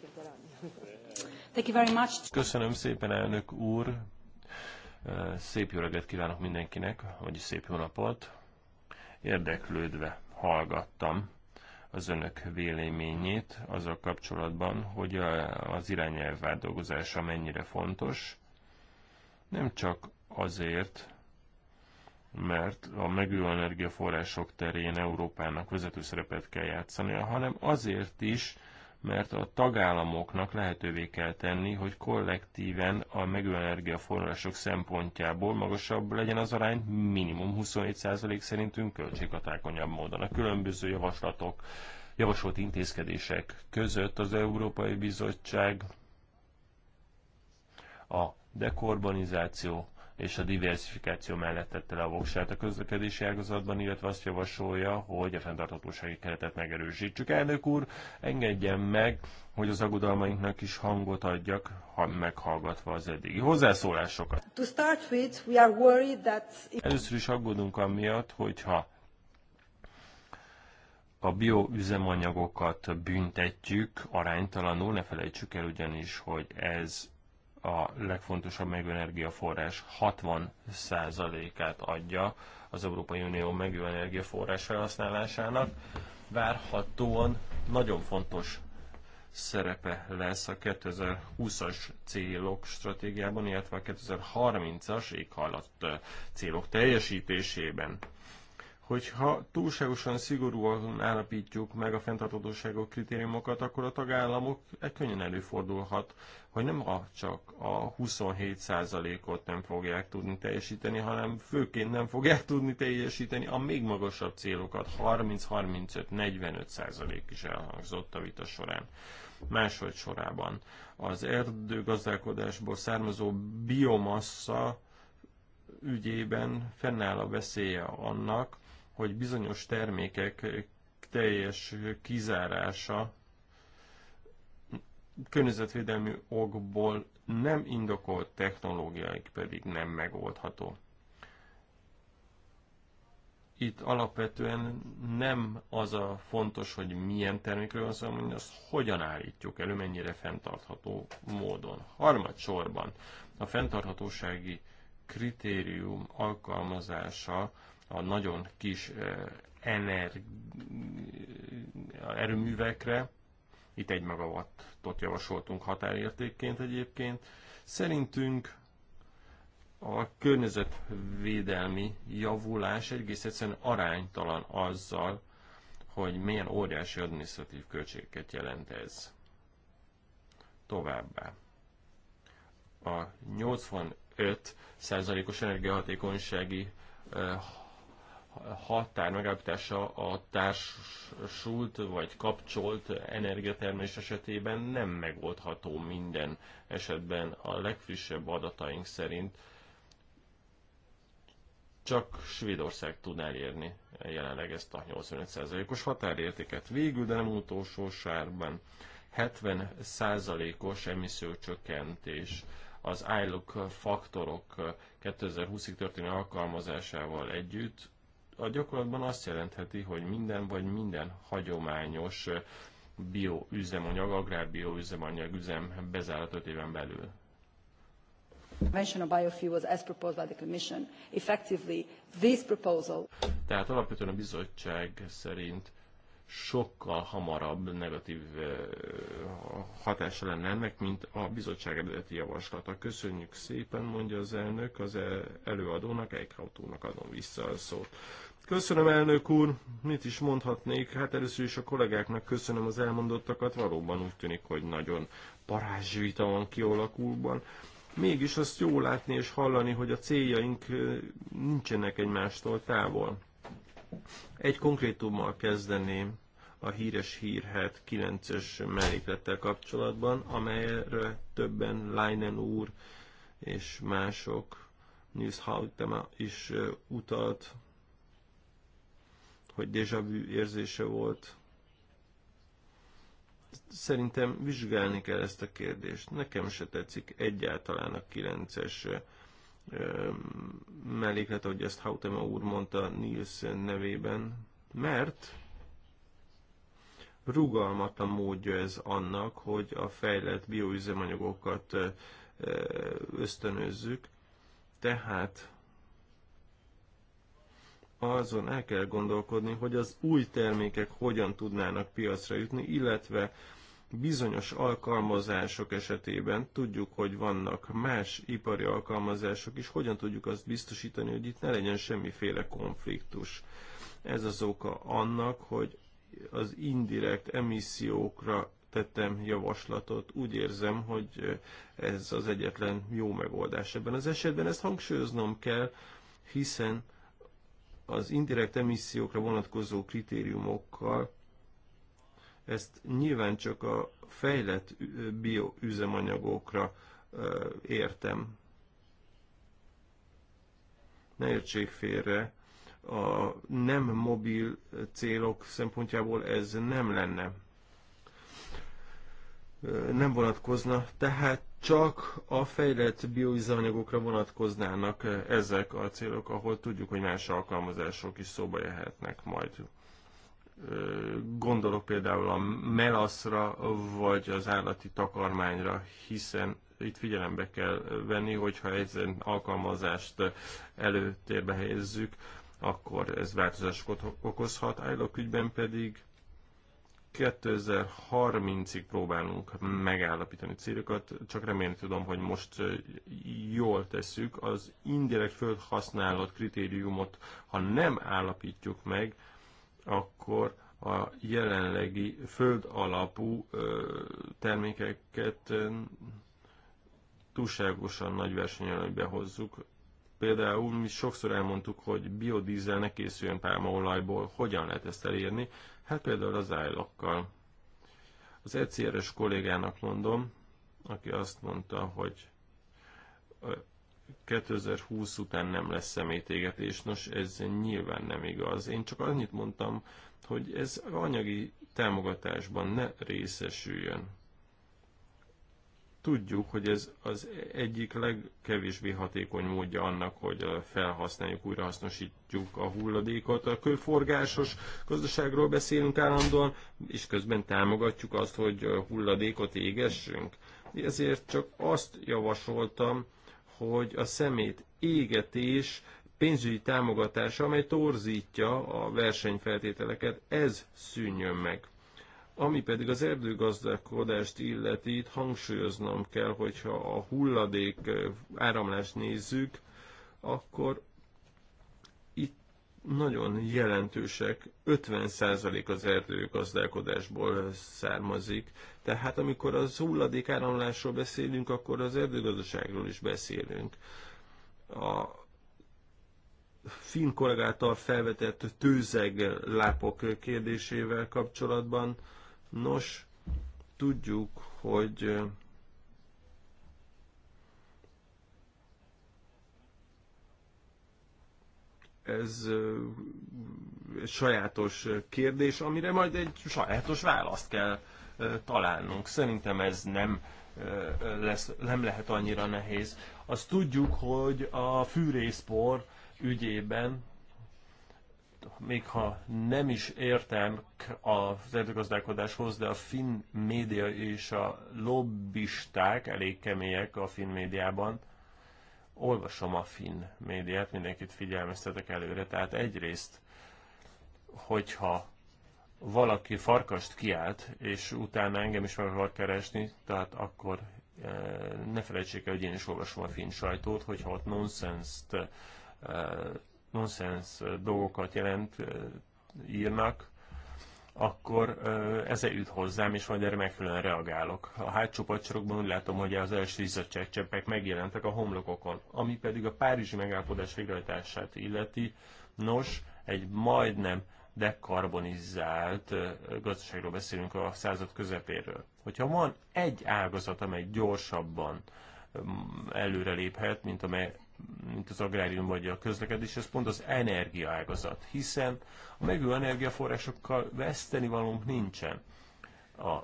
Thank you very much. Köszönöm szépen, elnök úr. Szép jó reggelt kívánok mindenkinek, vagy szép jó napot. Érdeklődve hallgattam az önök véleményét azzal kapcsolatban, hogy az irányelv átdolgozása mennyire fontos. Nem csak azért, mert a megújuló energiaforrások terén Európának vezető szerepet kell játszania, hanem azért is, mert a tagállamoknak lehetővé kell tenni, hogy kollektíven a megújuló energiaforrások szempontjából magasabb legyen az arány, minimum 27% szerintünk költséghatákonyabb módon. A különböző javaslatok, javasolt intézkedések között az Európai Bizottság a dekorbanizáció és a diversifikáció mellett tette le a voksát a közlekedési ágazatban, illetve azt javasolja, hogy a fenntarthatósági keretet megerősítsük. Elnök úr, engedjen meg, hogy az aggodalmainknak is hangot adjak, ha meghallgatva az eddigi hozzászólásokat. To start with, we are worried that... Először is aggódunk amiatt, hogyha a bioüzemanyagokat büntetjük aránytalanul, ne felejtsük el ugyanis, hogy ez a legfontosabb megő energiaforrás 60%-át adja az Európai Unió megő energiaforrás felhasználásának. Várhatóan nagyon fontos szerepe lesz a 2020-as célok stratégiában, illetve a 2030-as éghajlat célok teljesítésében. Hogyha túlságosan szigorúan állapítjuk meg a fenntarthatóságok kritériumokat, akkor a tagállamok könnyen előfordulhat, hogy nem csak a 27%-ot nem fogják tudni teljesíteni, hanem főként nem fogják tudni teljesíteni a még magasabb célokat, 30-35-45% is elhangzott a vita során. Máshogy sorában az erdőgazdálkodásból származó biomassa ügyében fennáll a veszélye annak, hogy bizonyos termékek teljes kizárása környezetvédelmi okból nem indokolt technológiáik pedig nem megoldható. Itt alapvetően nem az a fontos, hogy milyen termékről van szó, hanem hogy azt hogyan állítjuk elő, mennyire fenntartható módon. Harmadsorban a fenntarthatósági kritérium alkalmazása a nagyon kis eh, energi, erőművekre, itt egy megawattot javasoltunk határértékként egyébként. Szerintünk a környezetvédelmi javulás egész egyszerűen aránytalan azzal, hogy milyen óriási adminisztratív költségeket jelent ez. Továbbá. A 85 százalékos energiahatékonysági eh, határ megállapítása a társult vagy kapcsolt energiatermelés esetében nem megoldható minden esetben. A legfrissebb adataink szerint csak Svédország tud elérni jelenleg ezt a 85%-os határértéket. Végül, de nem utolsó sárban 70%-os emissziócsökkentés az ILOC faktorok 2020-ig történő alkalmazásával együtt a gyakorlatban azt jelentheti, hogy minden vagy minden hagyományos bioüzemanyag, agrárbioüzemanyag üzem bezárat 5 éven belül. Tehát alapvetően a bizottság szerint sokkal hamarabb negatív hatása lenne ennek, mint a bizottság eredeti javaslata. Köszönjük szépen, mondja az elnök, az e- előadónak, Eichhautónak adom vissza a szót. Köszönöm, elnök úr, mit is mondhatnék? Hát először is a kollégáknak köszönöm az elmondottakat, valóban úgy tűnik, hogy nagyon parázsvita van kialakulban. Mégis azt jó látni és hallani, hogy a céljaink nincsenek egymástól távol egy konkrétummal kezdeném a híres hírhet 9-es melléklettel kapcsolatban, amelyre többen Leinen úr és mások Newshautema is utalt, hogy déjà vu érzése volt. Szerintem vizsgálni kell ezt a kérdést. Nekem se tetszik egyáltalán a 9-es melléklet, hogy ezt Hautema úr mondta Nielsen nevében, mert rugalmatlan módja ez annak, hogy a fejlett bioüzemanyagokat ösztönözzük, tehát azon el kell gondolkodni, hogy az új termékek hogyan tudnának piacra jutni, illetve Bizonyos alkalmazások esetében tudjuk, hogy vannak más ipari alkalmazások is, hogyan tudjuk azt biztosítani, hogy itt ne legyen semmiféle konfliktus. Ez az oka annak, hogy az indirekt emissziókra tettem javaslatot. Úgy érzem, hogy ez az egyetlen jó megoldás ebben az esetben. Ezt hangsúlyoznom kell, hiszen az indirekt emissziókra vonatkozó kritériumokkal ezt nyilván csak a fejlett bioüzemanyagokra értem. Ne értsék félre, a nem mobil célok szempontjából ez nem lenne. Nem vonatkozna, tehát csak a fejlett bioüzemanyagokra vonatkoznának ezek a célok, ahol tudjuk, hogy más alkalmazások is szóba jöhetnek majd gondolok például a melaszra, vagy az állati takarmányra, hiszen itt figyelembe kell venni, hogyha ezen alkalmazást előtérbe helyezzük, akkor ez változásokat okozhat. Állok ügyben pedig 2030-ig próbálunk megállapítani célokat, csak remélni tudom, hogy most jól tesszük. Az indirekt földhasználat kritériumot, ha nem állapítjuk meg, akkor a jelenlegi föld alapú termékeket túlságosan nagy versenyelőnybe hozzuk. Például mi sokszor elmondtuk, hogy biodízel ne készüljön pálmaolajból, hogyan lehet ezt elérni? Hát például az állakkal. Az ECR-es kollégának mondom, aki azt mondta, hogy 2020 után nem lesz szemétégetés. Nos, ez nyilván nem igaz. Én csak annyit mondtam, hogy ez anyagi támogatásban ne részesüljön. Tudjuk, hogy ez az egyik legkevésbé hatékony módja annak, hogy felhasználjuk, újrahasznosítjuk a hulladékot. A körforgásos gazdaságról beszélünk állandóan, és közben támogatjuk azt, hogy hulladékot égessünk. Ezért csak azt javasoltam, hogy a szemét égetés pénzügyi támogatása, amely torzítja a versenyfeltételeket, ez szűnjön meg. Ami pedig az erdőgazdálkodást illeti, itt hangsúlyoznom kell, hogyha a hulladék eh, áramlást nézzük, akkor nagyon jelentősek, 50% az erdőgazdálkodásból származik. Tehát amikor az hulladék áramlásról beszélünk, akkor az erdőgazdaságról is beszélünk. A finn kollégától felvetett tőzeg lápok kérdésével kapcsolatban, nos, tudjuk, hogy ez egy sajátos kérdés, amire majd egy sajátos választ kell találnunk. Szerintem ez nem, lesz, nem lehet annyira nehéz. Azt tudjuk, hogy a fűrészpor ügyében még ha nem is értem az erdőgazdálkodáshoz, de a finn média és a lobbisták elég kemények a finn médiában, Olvasom a finn médiát, mindenkit figyelmeztetek előre, tehát egyrészt, hogyha valaki farkast kiált, és utána engem is meg akar keresni, tehát akkor e, ne felejtsék el, hogy én is olvasom a finn sajtót, hogyha ott nonsense e, nonsense dolgokat jelent, e, írnak, akkor ez eljut hozzám, és majd erre megfelelően reagálok. A hátsó pacsorokban úgy látom, hogy az első izzadságcseppek megjelentek a homlokokon, ami pedig a párizsi megállapodás végrehajtását illeti. Nos, egy majdnem dekarbonizált gazdaságról beszélünk a század közepéről. Hogyha van egy ágazat, amely gyorsabban előreléphet, mint amely mint az agrárium vagy a közlekedés, ez pont az energiaágazat, hiszen a megő energiaforrásokkal veszteni valónk nincsen. A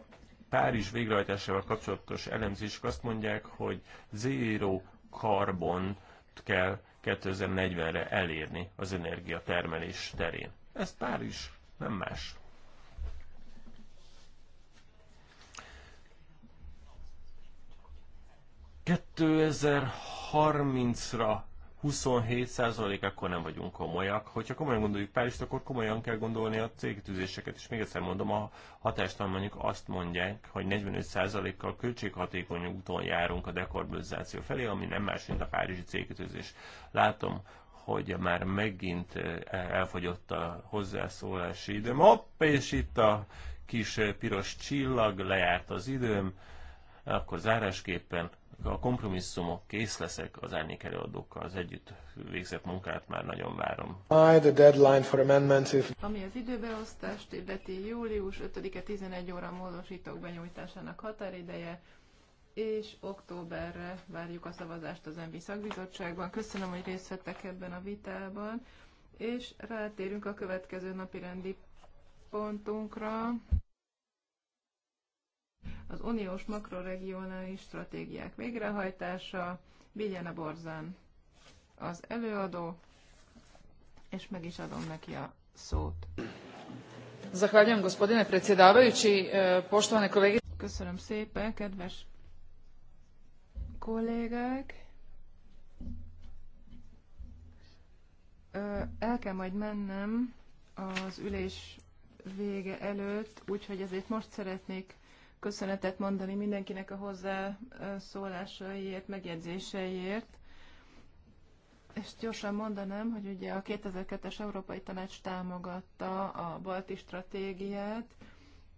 Párizs végrehajtásával kapcsolatos elemzések azt mondják, hogy zéro karbon kell 2040-re elérni az energiatermelés terén. Ez Párizs, nem más. Kettőezer 30-ra 27% százalék, akkor nem vagyunk komolyak. Hogyha komolyan gondoljuk Párizst, akkor komolyan kell gondolni a cégtűzéseket. És még egyszer mondom, a hatástalan mondjuk azt mondják, hogy 45 százalékkal költséghatékony úton járunk a dekarbonizáció felé, ami nem más, mint a párizsi cégtűzés. Látom, hogy már megint eh, elfogyott a hozzászólási időm. Hopp, és itt a kis piros csillag, lejárt az időm. Akkor zárásképpen a kompromisszumok, kész leszek az árnyék előadókkal, az együtt végzett munkát már nagyon várom. the deadline for amendments is... Ami az időbeosztást illeti július 5-e 11 óra módosítók benyújtásának határideje, és októberre várjuk a szavazást az MV szakbizottságban. Köszönöm, hogy részt vettek ebben a vitában, és rátérünk a következő napi rendi pontunkra. Az uniós makroregionális stratégiák végrehajtása, a Borzán az előadó, és meg is adom neki a szót. Zahvaljujem, gospodine predsjedavajući, e, poštovane kolege. Köszönöm szépen, kedves kollégák. El kell majd mennem az ülés vége előtt, úgyhogy ezért most szeretnék köszönetet mondani mindenkinek a hozzászólásaiért, megjegyzéseiért. És gyorsan mondanám, hogy ugye a 2002-es Európai Tanács támogatta a balti stratégiát,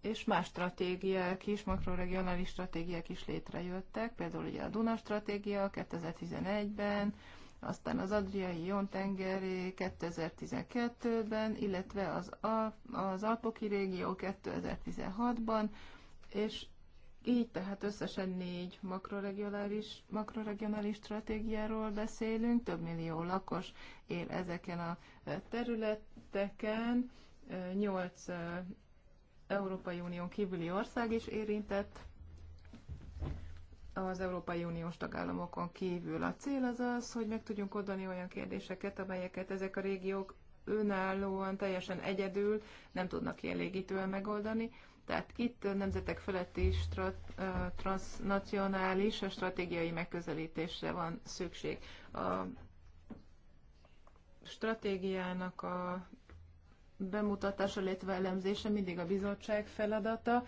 és más stratégiák is, makroregionális stratégiák is létrejöttek, például ugye a Duna stratégia 2011-ben, aztán az Adriai Jontengeri 2012-ben, illetve az, Al- az Alpoki régió 2016-ban, és így tehát összesen négy makroregionális, makroregionális stratégiáról beszélünk, több millió lakos él ezeken a területeken, nyolc Európai Unión kívüli ország is érintett, az Európai Uniós tagállamokon kívül. A cél az az, hogy meg tudjunk oldani olyan kérdéseket, amelyeket ezek a régiók önállóan, teljesen egyedül nem tudnak kielégítően megoldani, tehát itt nemzetek feletti strat, transnacionális stratégiai megközelítésre van szükség. A stratégiának a bemutatása, illetve elemzése mindig a bizottság feladata.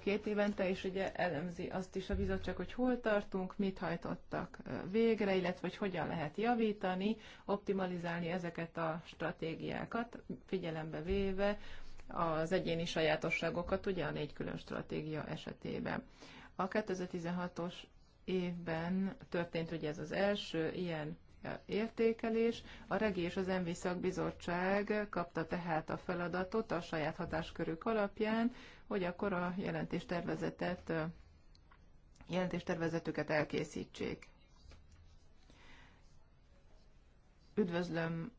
Két évente is ugye elemzi azt is a bizottság, hogy hol tartunk, mit hajtottak végre, illetve hogy hogyan lehet javítani, optimalizálni ezeket a stratégiákat, figyelembe véve az egyéni sajátosságokat, ugye a négy külön stratégia esetében. A 2016-os évben történt ugye ez az első ilyen e, értékelés. A Regi és az Envi Szakbizottság kapta tehát a feladatot a saját hatáskörük alapján, hogy akkor a jelentéstervezetet, e, jelentéstervezetüket elkészítsék. Üdvözlöm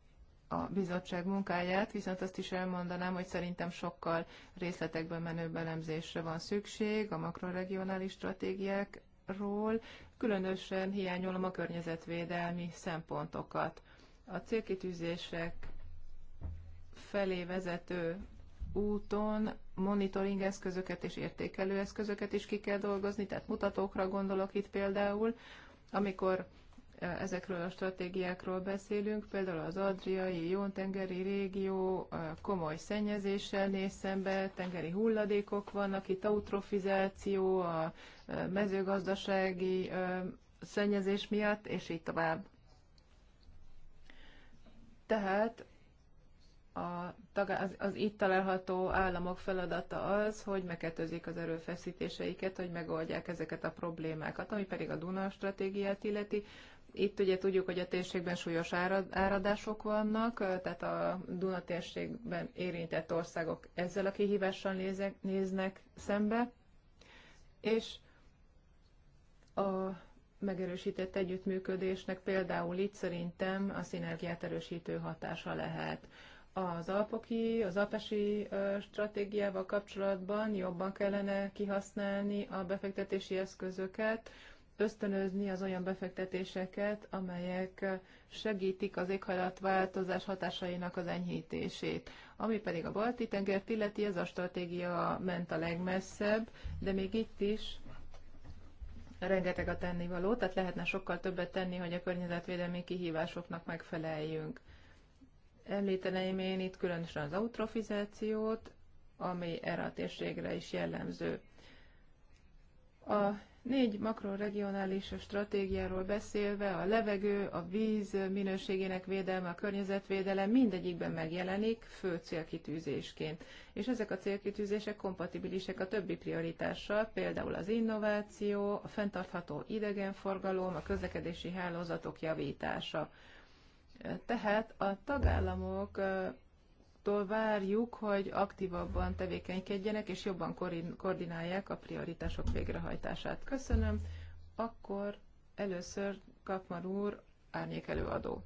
a bizottság munkáját, viszont azt is elmondanám, hogy szerintem sokkal részletekben menőbb elemzésre van szükség a makroregionális stratégiákról, különösen hiányolom a környezetvédelmi szempontokat. A célkitűzések felé vezető úton monitoring eszközöket és értékelő eszközöket is ki kell dolgozni, tehát mutatókra gondolok itt például, amikor ezekről a stratégiákról beszélünk, például az Adriai, Jóntengeri régió komoly szennyezéssel néz szembe, tengeri hulladékok vannak, itt autrofizáció, a e, mezőgazdasági e, szennyezés miatt, és így tovább. Tehát a, az, az itt található államok feladata az, hogy megetőzik az erőfeszítéseiket, hogy megoldják ezeket a problémákat, ami pedig a Duna stratégiát illeti. Itt ugye tudjuk, hogy a térségben súlyos áradások vannak, tehát a Duna térségben érintett országok ezzel a kihívással néznek, néznek szembe, és a megerősített együttműködésnek például itt szerintem a szinergiát erősítő hatása lehet az alpoki, az apesi stratégiával kapcsolatban jobban kellene kihasználni a befektetési eszközöket, ösztönözni az olyan befektetéseket, amelyek segítik az éghajlatváltozás hatásainak az enyhítését. Ami pedig a balti tengert illeti, ez a stratégia ment a legmesszebb, de még itt is rengeteg a tennivaló, tehát lehetne sokkal többet tenni, hogy a környezetvédelmi kihívásoknak megfeleljünk. Említeneim én itt különösen az autrofizációt, ami erre a térségre is jellemző. A Négy makroregionális stratégiáról beszélve, a levegő, a víz minőségének védelme, a környezetvédelem mindegyikben megjelenik fő célkitűzésként. És ezek a célkitűzések kompatibilisek a többi prioritással, például az innováció, a fenntartható idegenforgalom, a közlekedési hálózatok javítása. Tehát a tagállamok azoktól várjuk, hogy aktívabban tevékenykedjenek és jobban koordinálják a prioritások végrehajtását. Köszönöm. Akkor először Kapmar úr, árnyék előadó.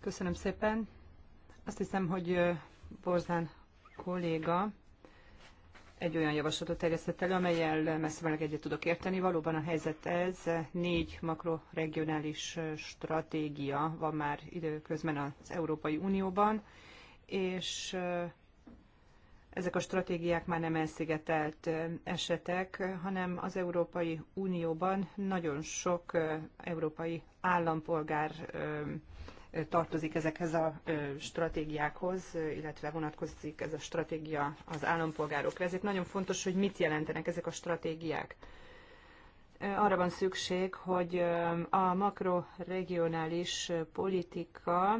Köszönöm szépen. Azt hiszem, hogy Borzán kolléga egy olyan javaslatot terjesztett elő, amelyel meleg egyet tudok érteni. Valóban a helyzet ez, négy makroregionális stratégia van már időközben az Európai Unióban, és ezek a stratégiák már nem elszigetelt esetek, hanem az Európai Unióban nagyon sok európai állampolgár tartozik ezekhez a stratégiákhoz, illetve vonatkozik ez a stratégia az állampolgárokra. Ezért nagyon fontos, hogy mit jelentenek ezek a stratégiák. Arra van szükség, hogy a makroregionális politika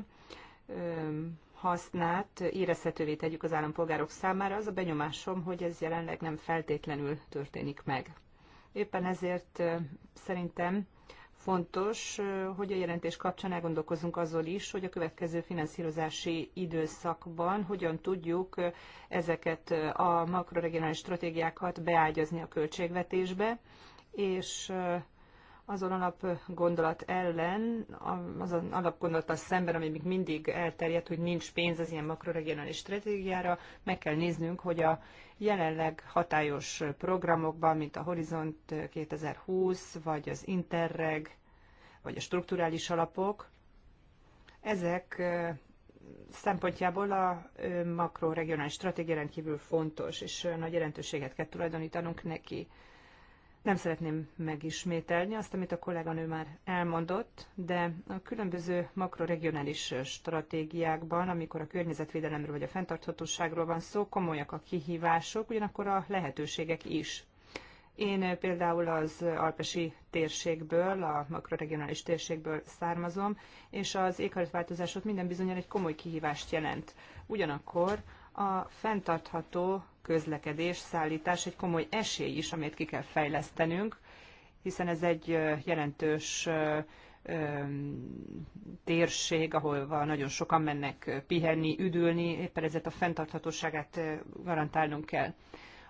hasznát érezhetővé tegyük az állampolgárok számára, az a benyomásom, hogy ez jelenleg nem feltétlenül történik meg. Éppen ezért szerintem fontos, hogy a jelentés kapcsán elgondolkozunk azzal is, hogy a következő finanszírozási időszakban hogyan tudjuk ezeket a makroregionális stratégiákat beágyazni a költségvetésbe, és azon alapgondolat ellen, azon alapgondolattal szemben, ami még mindig elterjedt, hogy nincs pénz az ilyen makroregionális stratégiára, meg kell néznünk, hogy a jelenleg hatályos programokban, mint a Horizont 2020, vagy az Interreg, vagy a strukturális alapok, ezek szempontjából a makroregionális stratégia rendkívül fontos, és nagy jelentőséget kell tulajdonítanunk neki. Nem szeretném megismételni azt, amit a kolléganő már elmondott, de a különböző makroregionális stratégiákban, amikor a környezetvédelemről vagy a fenntarthatóságról van szó, komolyak a kihívások, ugyanakkor a lehetőségek is. Én például az alpesi térségből, a makroregionális térségből származom, és az éghajlatváltozásot minden bizonyal egy komoly kihívást jelent. Ugyanakkor a fenntartható közlekedés, szállítás egy komoly esély is, amit ki kell fejlesztenünk, hiszen ez egy jelentős térség, ahol nagyon sokan mennek pihenni, üdülni, éppen ezért a fenntarthatóságát garantálnunk kell.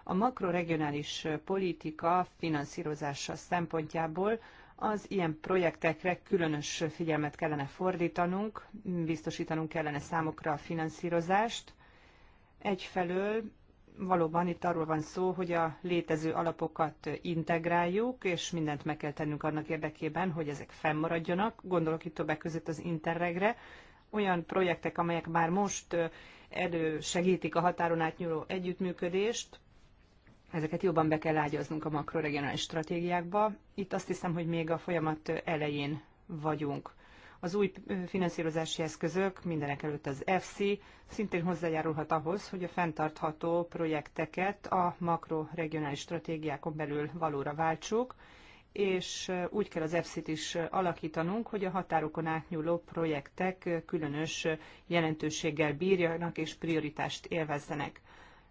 A makroregionális politika finanszírozása szempontjából az ilyen projektekre különös figyelmet kellene fordítanunk, biztosítanunk kellene számokra a finanszírozást. Egyfelől valóban itt arról van szó, hogy a létező alapokat integráljuk, és mindent meg kell tennünk annak érdekében, hogy ezek fennmaradjanak. Gondolok itt többek között az Interregre, olyan projektek, amelyek már most elősegítik a határon átnyúló együttműködést, ezeket jobban be kell ágyaznunk a makroregionális stratégiákba. Itt azt hiszem, hogy még a folyamat elején vagyunk. Az új finanszírozási eszközök, mindenek előtt az FC, szintén hozzájárulhat ahhoz, hogy a fenntartható projekteket a makroregionális stratégiákon belül valóra váltsuk, és úgy kell az EFSZ-t is alakítanunk, hogy a határokon átnyúló projektek különös jelentőséggel bírjanak és prioritást élvezzenek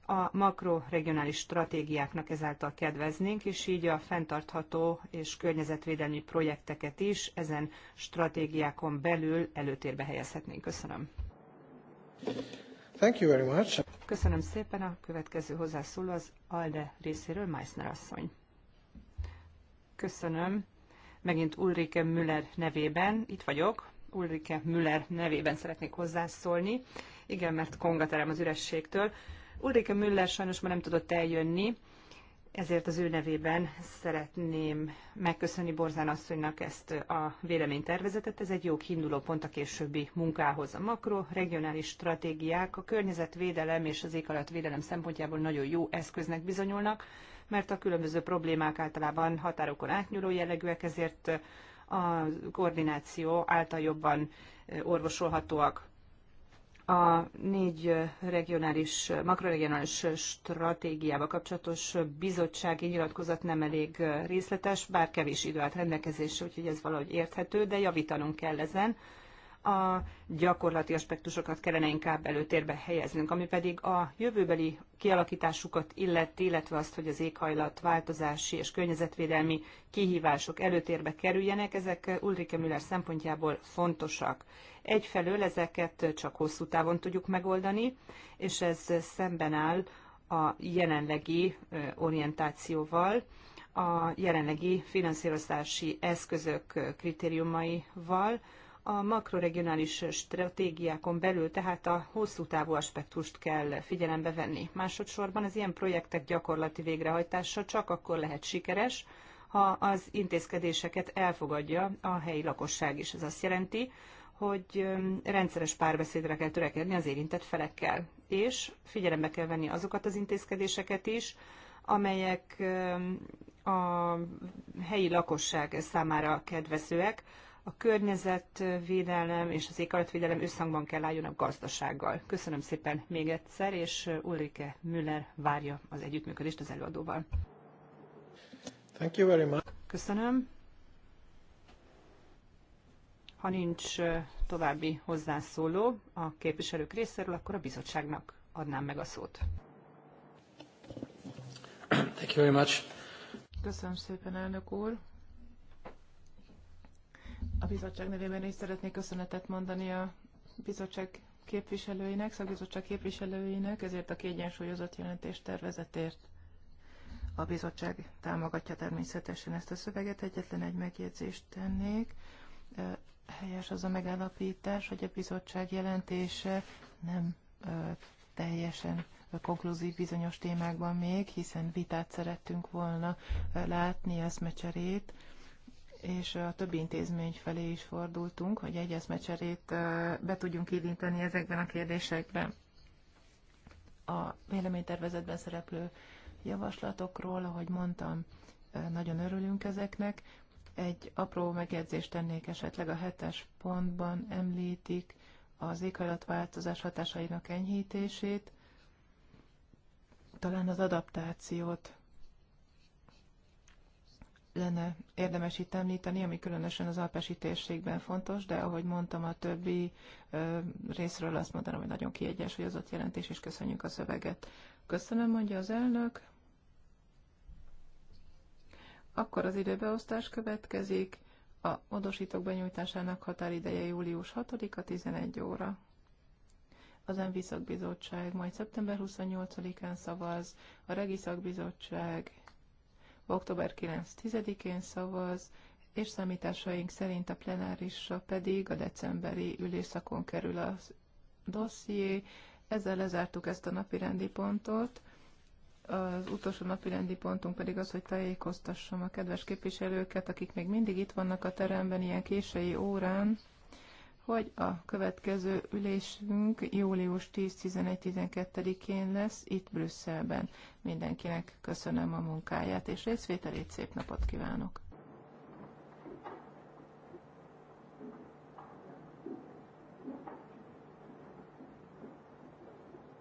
a makroregionális stratégiáknak ezáltal kedveznénk, és így a fenntartható és környezetvédelmi projekteket is ezen stratégiákon belül előtérbe helyezhetnénk. Köszönöm. Thank you very much. Köszönöm szépen. A következő hozzászóló az ALDE részéről Meissner asszony. Köszönöm. Megint Ulrike Müller nevében, itt vagyok, Ulrike Müller nevében szeretnék hozzászólni. Igen, mert kongaterem az ürességtől. Ulrike Müller sajnos már nem tudott eljönni, ezért az ő nevében szeretném megköszönni Borzán asszonynak ezt a véleménytervezetet. Ez egy jó kiinduló pont a későbbi munkához. A makro, regionális stratégiák a környezetvédelem és az éghajlatvédelem szempontjából nagyon jó eszköznek bizonyulnak, mert a különböző problémák általában határokon átnyúló jellegűek, ezért a koordináció által jobban orvosolhatóak a négy regionális, makroregionális stratégiával kapcsolatos bizottsági nyilatkozat nem elég részletes, bár kevés idő állt rendelkezésre, úgyhogy ez valahogy érthető, de javítanunk kell ezen a gyakorlati aspektusokat kellene inkább előtérbe helyeznünk, ami pedig a jövőbeli kialakításukat illeti, illetve azt, hogy az éghajlat, változási és környezetvédelmi kihívások előtérbe kerüljenek, ezek Ulrike Müller szempontjából fontosak. Egyfelől ezeket csak hosszú távon tudjuk megoldani, és ez szemben áll a jelenlegi orientációval, a jelenlegi finanszírozási eszközök kritériumaival, a makroregionális stratégiákon belül tehát a hosszú távú aspektust kell figyelembe venni. Másodszorban az ilyen projektek gyakorlati végrehajtása csak akkor lehet sikeres, ha az intézkedéseket elfogadja a helyi lakosság is. Ez azt jelenti, hogy rendszeres párbeszédre kell törekedni az érintett felekkel, és figyelembe kell venni azokat az intézkedéseket is, amelyek a helyi lakosság számára kedvezőek, a környezetvédelem és az éghajlatvédelem összhangban kell álljon a gazdasággal. Köszönöm szépen még egyszer, és Ulrike Müller várja az együttműködést az előadóval. Thank you very much. Köszönöm. Ha nincs további hozzászóló a képviselők részéről, akkor a bizottságnak adnám meg a szót. Thank you very much. Köszönöm szépen, elnök úr. A bizottság nevében is szeretnék köszönetet mondani a bizottság képviselőinek, szakbizottság képviselőinek ezért a kiegyensúlyozott jelentés tervezetért. A bizottság támogatja természetesen ezt a szöveget, egyetlen egy megjegyzést tennék. Helyes az a megállapítás, hogy a bizottság jelentése nem teljesen konkluzív bizonyos témákban még, hiszen vitát szerettünk volna látni, eszmecserét és a többi intézmény felé is fordultunk, hogy egy eszmecserét be tudjunk érinteni ezekben a kérdésekben. A véleménytervezetben szereplő javaslatokról, ahogy mondtam, nagyon örülünk ezeknek. Egy apró megjegyzést tennék esetleg a hetes pontban említik az éghajlatváltozás hatásainak enyhítését, talán az adaptációt lenne érdemes itt említeni, ami különösen az alpesi térségben fontos, de ahogy mondtam, a többi részről azt mondanám, hogy nagyon kiegyensúlyozott jelentés, és köszönjük a szöveget. Köszönöm, mondja az elnök. Akkor az időbeosztás következik. A módosítók benyújtásának határideje július 6-a 11 óra. Az Envi szakbizottság majd szeptember 28-án szavaz, a Regi szakbizottság október 9-10-én szavaz, és számításaink szerint a plenárisra pedig a decemberi ülésszakon kerül a dosszié. Ezzel lezártuk ezt a napirendi pontot. Az utolsó napirendi pontunk pedig az, hogy tájékoztassam a kedves képviselőket, akik még mindig itt vannak a teremben ilyen késői órán, hogy a következő ülésünk július 10-11-12-én lesz itt Brüsszelben. Mindenkinek köszönöm a munkáját és részvételét, szép napot kívánok!